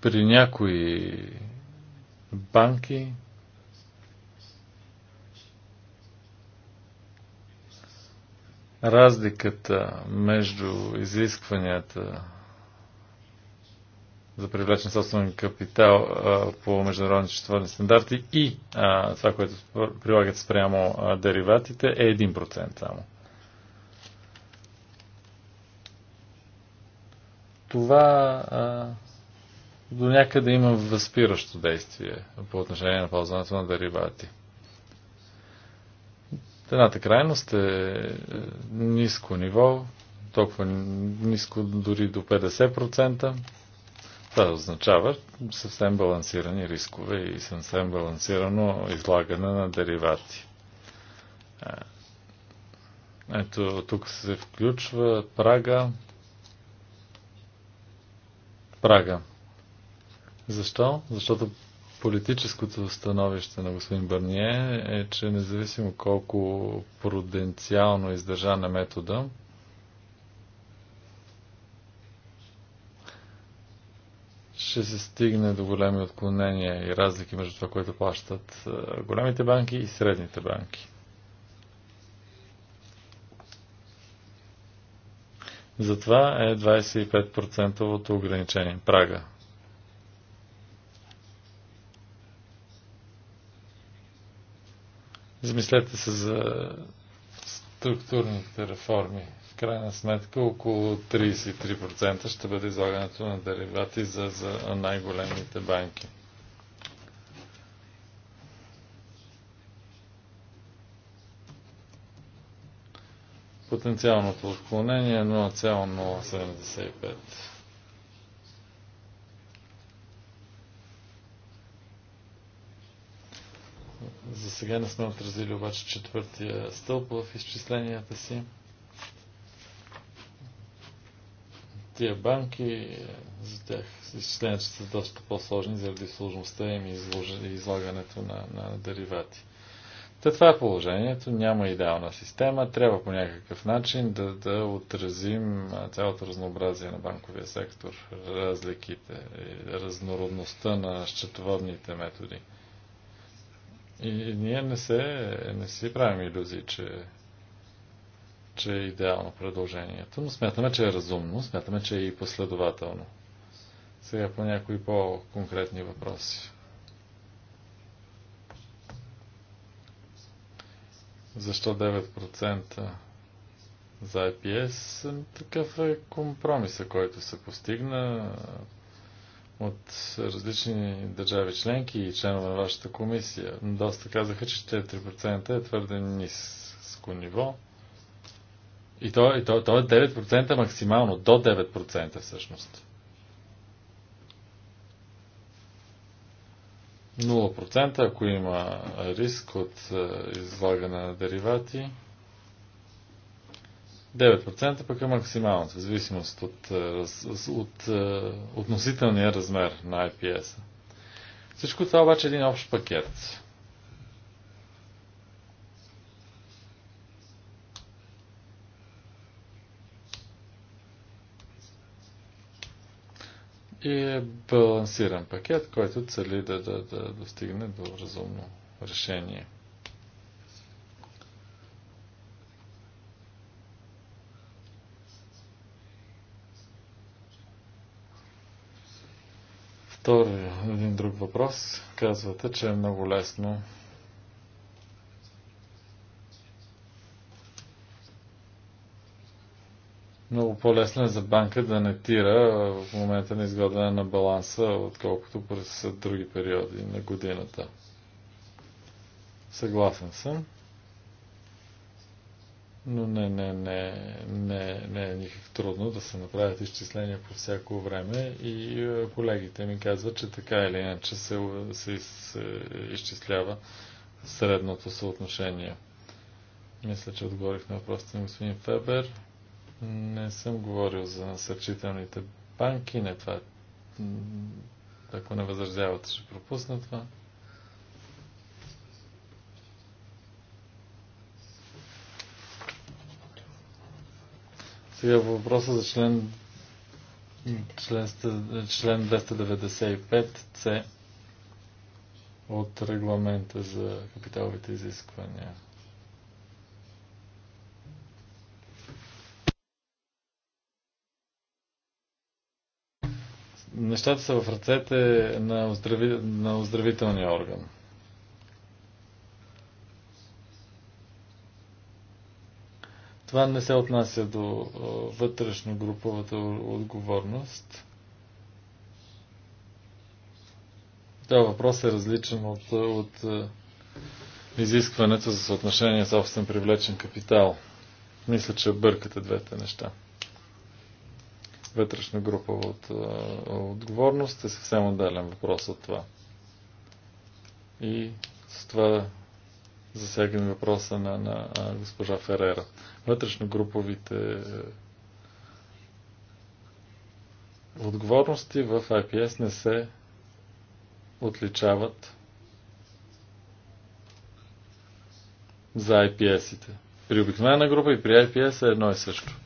При някои банки разликата между изискванията за привлечен собствен капитал а, по международни счетоводни стандарти и а, това, което прилагат спрямо а, дериватите, е 1% само. Това а, до някъде има възпиращо действие по отношение на ползването на деривати. Едната крайност е, е ниско ниво, толкова ниско дори до 50%. Това означава съвсем балансирани рискове и съвсем балансирано излагане на деривати. Ето, тук се включва прага. Прага защо? Защото политическото становище на господин Бърние е, че независимо колко пруденциално издържа на е метода, ще се стигне до големи отклонения и разлики между това, което плащат е, големите банки и средните банки. Затова е 25% от ограничение, прага Замислете се за структурните реформи. В крайна сметка около 33% ще бъде излагането на деривати за, за най-големите банки. Потенциалното отклонение е 0,075. За сега не сме отразили обаче четвъртия стълб в изчисленията си. Тия банки, за тях изчисленията са доста по-сложни заради сложността им и излагането на, на деривати. Та това е положението, няма идеална система, трябва по някакъв начин да, да отразим цялото разнообразие на банковия сектор, разликите, разнородността на счетоводните методи. И ние не, се, не си правим иллюзии, че, че е идеално предложението, но смятаме, че е разумно, смятаме, че е и последователно. Сега по някои по-конкретни въпроси. Защо 9% за IPS? Ами, такъв е компромиса, който се постигна от различни държави членки и членове на вашата комисия. Доста казаха, че 4% е, е твърде ниско ниво. И то, и то, то е 9% максимално, до 9% всъщност. 0% ако има риск от е, излагане на деривати. 9% пък е максималната, в зависимост от, е, от, е, относителния размер на IPS-а. Всичко това обаче е един общ пакет. И е балансиран пакет, който цели да, да, да достигне до разумно решение. Втори, един друг въпрос. Казвате, че е много лесно много по-лесно е за банка да не тира в момента на изгладане на баланса, отколкото през други периоди на годината. Съгласен съм но не, не, не, не, не е никак трудно да се направят изчисления по всяко време и е, колегите ми казват, че така или иначе се, се, изчислява средното съотношение. Мисля, че отговорих на въпросите на господин Фебер. Не съм говорил за насърчителните банки, не това. Ако не възразявате, ще пропусна това. Сега въпроса за член, член, член 295c от регламента за капиталовите изисквания. Нещата са в ръцете на, на оздравителния орган. Това не се отнася до вътрешно груповата отговорност. Това въпрос е различен от, от изискването за съотношение с собствен привлечен капитал. Мисля, че бъркате двете неща. Вътрешна групова от, отговорност е съвсем отделен въпрос от това. И с това Засягаме въпроса на, на госпожа Ферера. Вътрешно груповите. Е, отговорности в IPS не се отличават за IPS-ите. При обикновена група и при IPS е едно и също.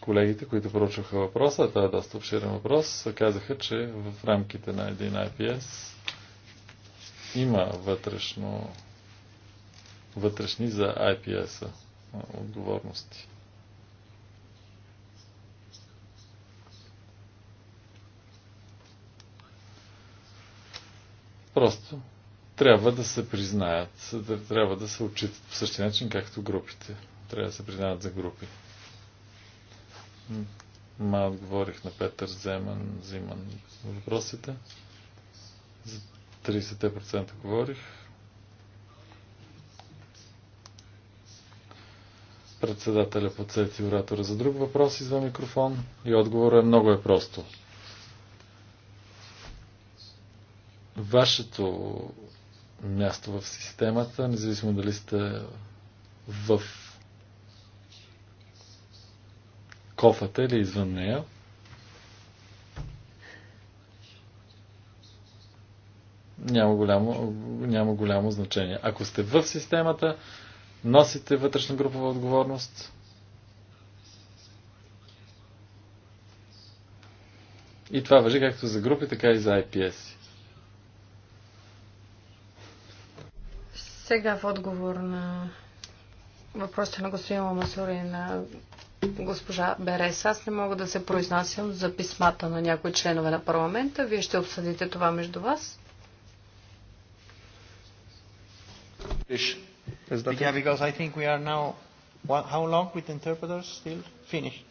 Колегите, които проучваха въпроса, това е доста обширен въпрос, казаха, че в рамките на един IPS има вътрешно, вътрешни за IPS-а отговорности. Просто трябва да се признаят, трябва да се отчитат по същия начин, както групите. Трябва да се признаят за групи. Ма отговорих на Петър Земан, Зиман въпросите. За 30% говорих. Председателя подсети оратора за друг въпрос извън микрофон и отговорът е много е просто. Вашето място в системата, независимо дали сте в кофата или извън нея, няма голямо, няма голямо значение. Ако сте в системата, носите вътрешна групова отговорност, И това въжи както за групи, така и за IPS. Сега в отговор на въпросите на господин Ламасури и на госпожа Береса, аз не мога да се произнасям за писмата на някои членове на парламента. Вие ще обсъдите това между вас. Yeah, because I think we are now, what, how long with interpreters still? Finished.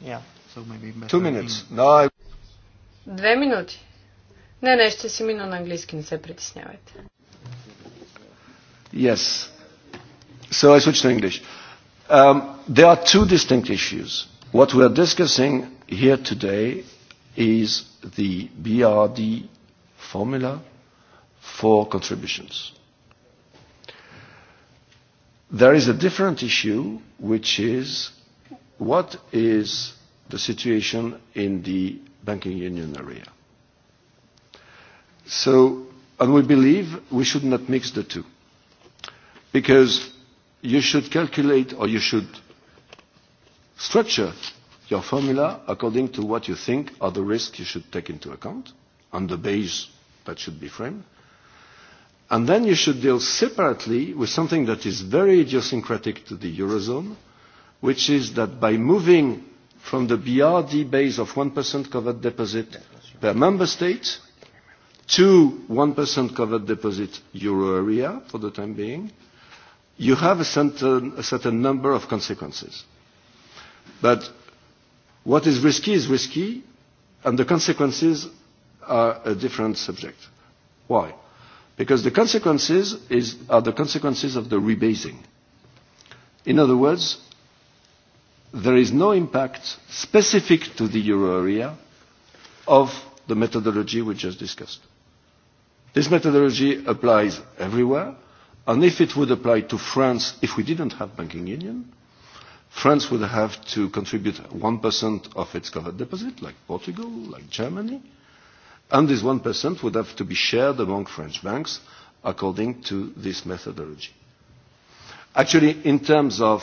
Yeah, so maybe better. Two minutes. No, I... Две минути. Не, не, ще си мина на английски, не се притеснявайте. Yes. So I switch to English. Um, there are two distinct issues. What we are discussing here today is the BRD formula for contributions There is a different issue, which is what is the situation in the banking union area. So, and we believe we should not mix the two, because you should calculate or you should structure your formula according to what you think are the risks you should take into account on the base that should be framed. And then you should deal separately with something that is very idiosyncratic to the Eurozone, which is that by moving from the BRD base of 1% covered deposit per member state to 1% covered deposit euro area for the time being, you have a certain, a certain number of consequences. But what is risky is risky, and the consequences are a different subject. Why? Because the consequences is, are the consequences of the rebasing. In other words, there is no impact specific to the euro area of the methodology we just discussed. This methodology applies everywhere, and if it would apply to France, if we didn't have banking union, France would have to contribute 1% of its covered deposit, like Portugal, like Germany, And this 1% would have to be shared among French banks according to this methodology. Actually, in terms of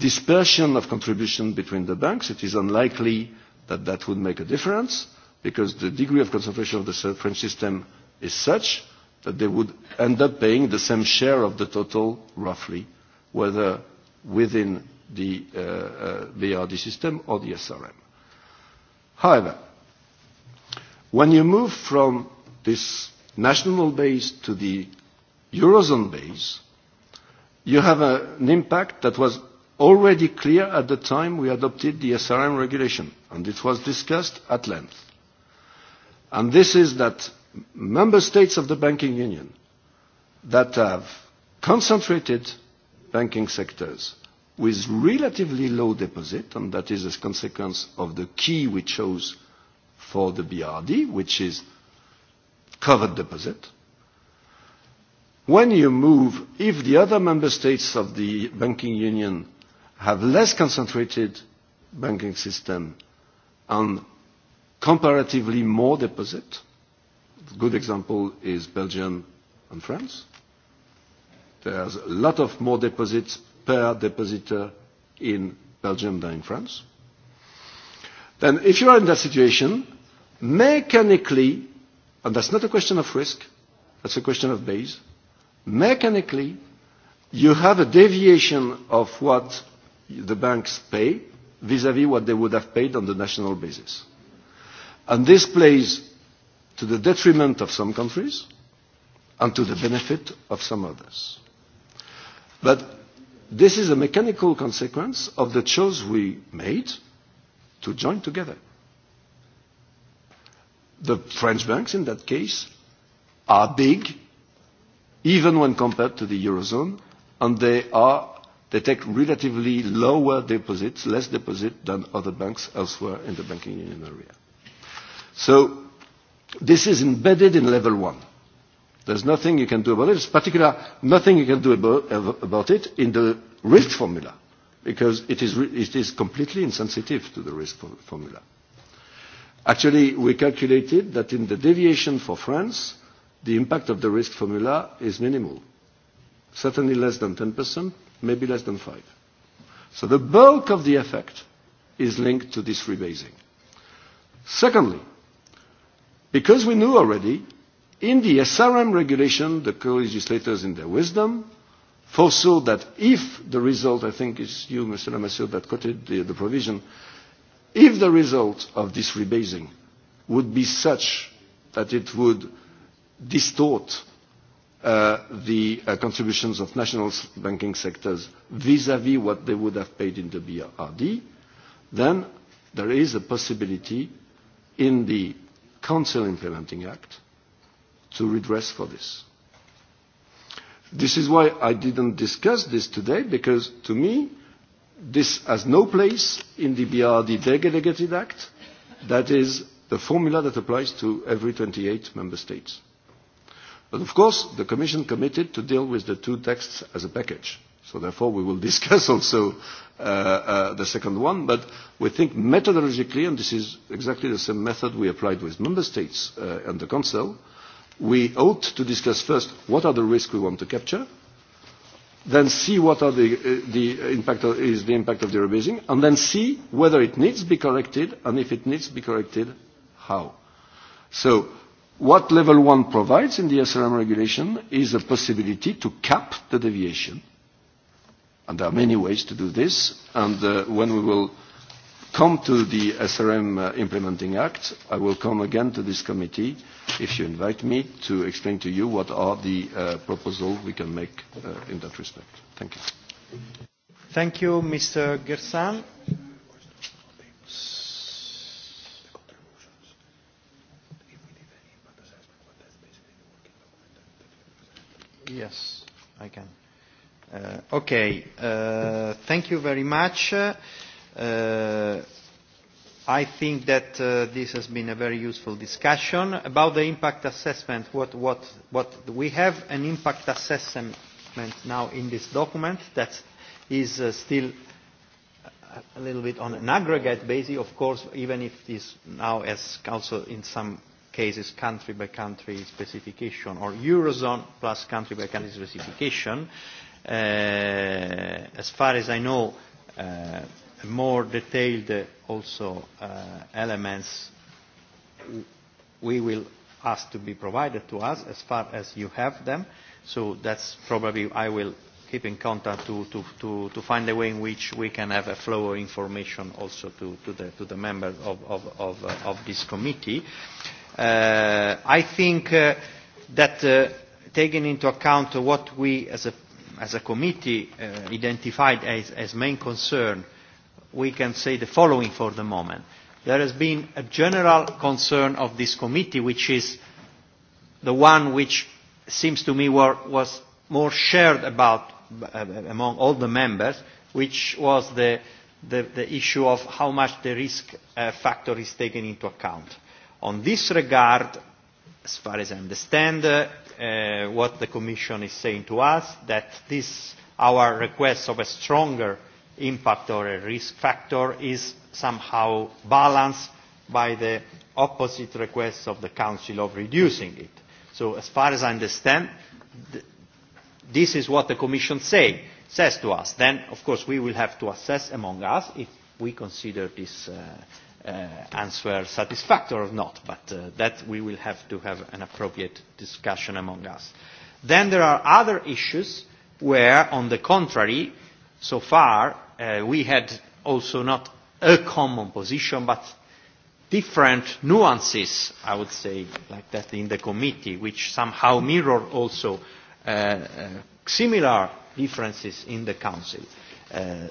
dispersion of contribution between the banks, it is unlikely that that would make a difference because the degree of concentration of the French system is such that they would end up paying the same share of the total, roughly, whether within the uh, uh, BRD system or the SRM. However, When you move from this national base to the Eurozone base, you have a, an impact that was already clear at the time we adopted the SRM regulation, and it was discussed at length. And this is that member states of the banking union that have concentrated banking sectors with relatively low deposit, and that is a consequence of the key we chose for the BRD, which is covered deposit. When you move, if the other member states of the banking union have less concentrated banking system and comparatively more deposit, a good example is Belgium and France, there's a lot of more deposits per depositor in Belgium than in France. Then if you are in that situation, mechanically, and that's not a question of risk, that's a question of base, mechanically, you have a deviation of what the banks pay vis-à-vis what they would have paid on the national basis. And this plays to the detriment of some countries and to the benefit of some others. But this is a mechanical consequence of the choice we made to join together. The French banks in that case are big, even when compared to the Eurozone, and they are they take relatively lower deposits, less deposit than other banks elsewhere in the banking union area. So this is embedded in level one. There's nothing you can do about it. there's particular, nothing you can do about, about it in the risk formula, because it is, it is completely insensitive to the risk formula. Actually, we calculated that in the deviation for France, the impact of the risk formula is minimal. Certainly less than 10%, maybe less than 5%. So the bulk of the effect is linked to this rebasing. Secondly, because we knew already, in the SRM regulation, the co-legislators in their wisdom foresaw that if the result, I think it's you, Mr. Lamassoure, that quoted the, the provision, If the result of this rebasing would be such that it would distort uh, the uh, contributions of national banking sectors vis-à-vis -vis what they would have paid in the BRD, then there is a possibility in the Council Implementing Act to redress for this. This is why I didn't discuss this today, because to me, This has no place in the BRD Delegated Act. That is the formula that applies to every 28 member states. But of course, the Commission committed to deal with the two texts as a package. So therefore, we will discuss also uh, uh, the second one. But we think methodologically, and this is exactly the same method we applied with member states uh, and the Council, we ought to discuss first what are the risks we want to capture – then see what are the, uh, the impact of, is the impact of the rebasing, and then see whether it needs to be corrected, and if it needs to be corrected, how. So what level one provides in the SRM regulation is a possibility to cap the deviation. And there are many ways to do this, and uh, when we will come to the SRM Implementing Act. I will come again to this committee if you invite me to explain to you what are the uh, proposals we can make uh, in that respect. Thank you. Thank you, Mr. Gersan. Yes, I can. Uh, okay, uh, thank you very much. Uh, Uh, I think that uh, this has been a very useful discussion. About the impact assessment, what, what, what we have an impact assessment now in this document that is uh, still a little bit on an aggregate basis, of course, even if this now as also in some cases country by country specification or Eurozone plus country by country specification. Uh, as far as I know, uh, more detailed also uh, elements we will ask to be provided to us as far as you have them. So that's probably I will keep in contact to, to, to, to find a way in which we can have a flow of information also to, to, the, to the members of, of, of, uh, of this committee. Uh, I think uh, that uh, taking into account what we as a, as a committee uh, identified as, as main concern we can say the following for the moment. There has been a general concern of this committee, which is the one which seems to me were, was more shared about uh, among all the members, which was the, the, the issue of how much the risk uh, factor is taken into account. On this regard, as far as I understand, uh, uh, what the Commission is saying to us, that this, our request of a stronger uh, impact or a risk factor is somehow balanced by the opposite request of the Council of reducing it. So as far as I understand, th this is what the Commission say, says to us. Then, of course, we will have to assess among us if we consider this uh, uh, answer satisfactory or not, but uh, that we will have to have an appropriate discussion among us. Then there are other issues where, on the contrary, so far uh, we had also not a common position, but different nuances, I would say, like that in the committee, which somehow mirror also uh, uh, similar differences in the Council. Uh,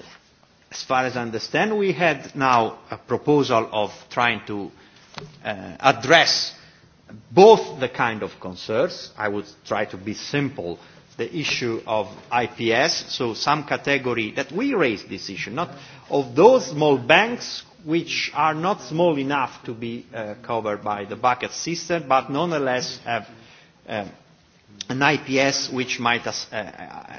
as far as I understand, we had now a proposal of trying to uh, address both the kind of concerns. I would try to be simple the issue of IPS, so some category that we raised this issue, not of those small banks which are not small enough to be uh, covered by the bucket system, but nonetheless have uh, an IPS which might uh,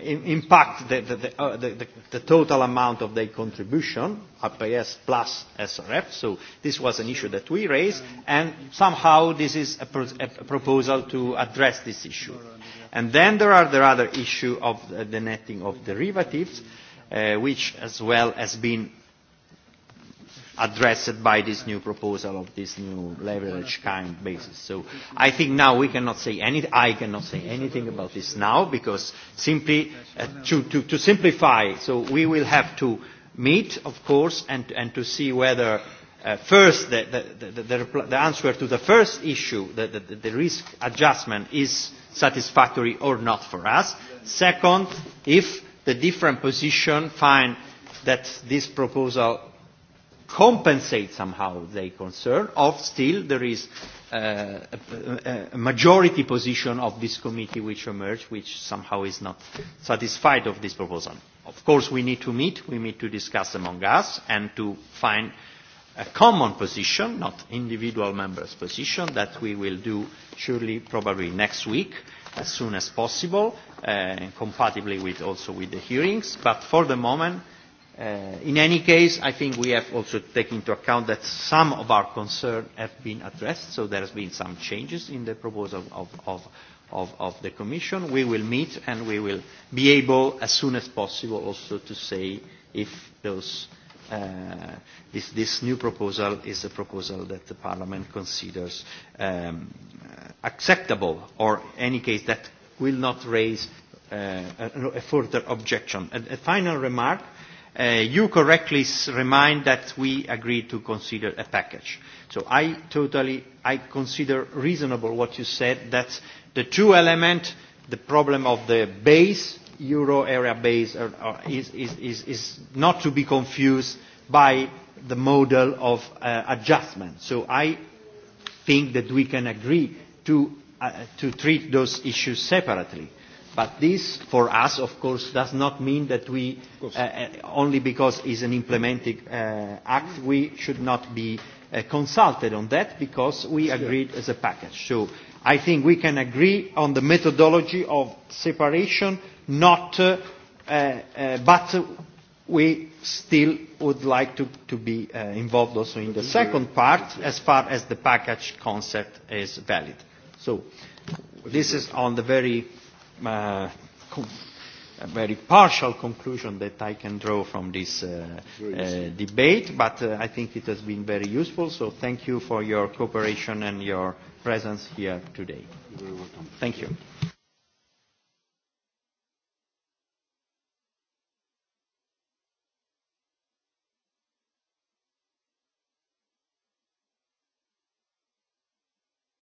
impact the, the, the, uh, the, the, the total amount of their contribution, IPS plus SRF. So this was an issue that we raised, and somehow this is a, pro a proposal to address this issue. And then there are the other issue of the netting of derivatives, uh, which as well has been addressed by this new proposal of this new leverage kind basis. So I think now we cannot say anything, I cannot say anything about this now because simply uh, to, to, to simplify, so we will have to meet, of course, and, and to see whether first, the, the, the, the, the answer to the first issue, the, the, the risk adjustment, is satisfactory or not for us. Second, if the different position find that this proposal compensates somehow their concern, or still there is uh, a, a majority position of this committee which emerged, which somehow is not satisfied of this proposal. Of course, we need to meet, we need to discuss among us, and to find a common position, not individual members' position, that we will do surely probably next week as soon as possible, uh, compatibly with also with the hearings. But for the moment, uh, in any case, I think we have also taken into account that some of our concerns have been addressed, so there has been some changes in the proposal of, of, of, of the Commission. We will meet and we will be able, as soon as possible, also to say if those uh, this, this new proposal is a proposal that the Parliament considers um, acceptable or in any case that will not raise uh, a, a further objection. A, a final remark. Uh, you correctly remind that we agreed to consider a package. So I totally, I consider reasonable what you said, that the two elements, the problem of the base euro area base or are, is, is, is, is not to be confused by the model of uh, adjustment. So I think that we can agree to, uh, to treat those issues separately. But this, for us, of course, does not mean that we, uh, only because it's an implementing uh, act, we should not be uh, consulted on that because we agreed as a package. So I think we can agree on the methodology of separation not, uh, uh, but we still would like to, to be uh, involved also in the second part as far as the package concept is valid. So this is on the very, uh, a very partial conclusion that I can draw from this uh, uh, debate, but uh, I think it has been very useful, so thank you for your cooperation and your presence here today. Thank you.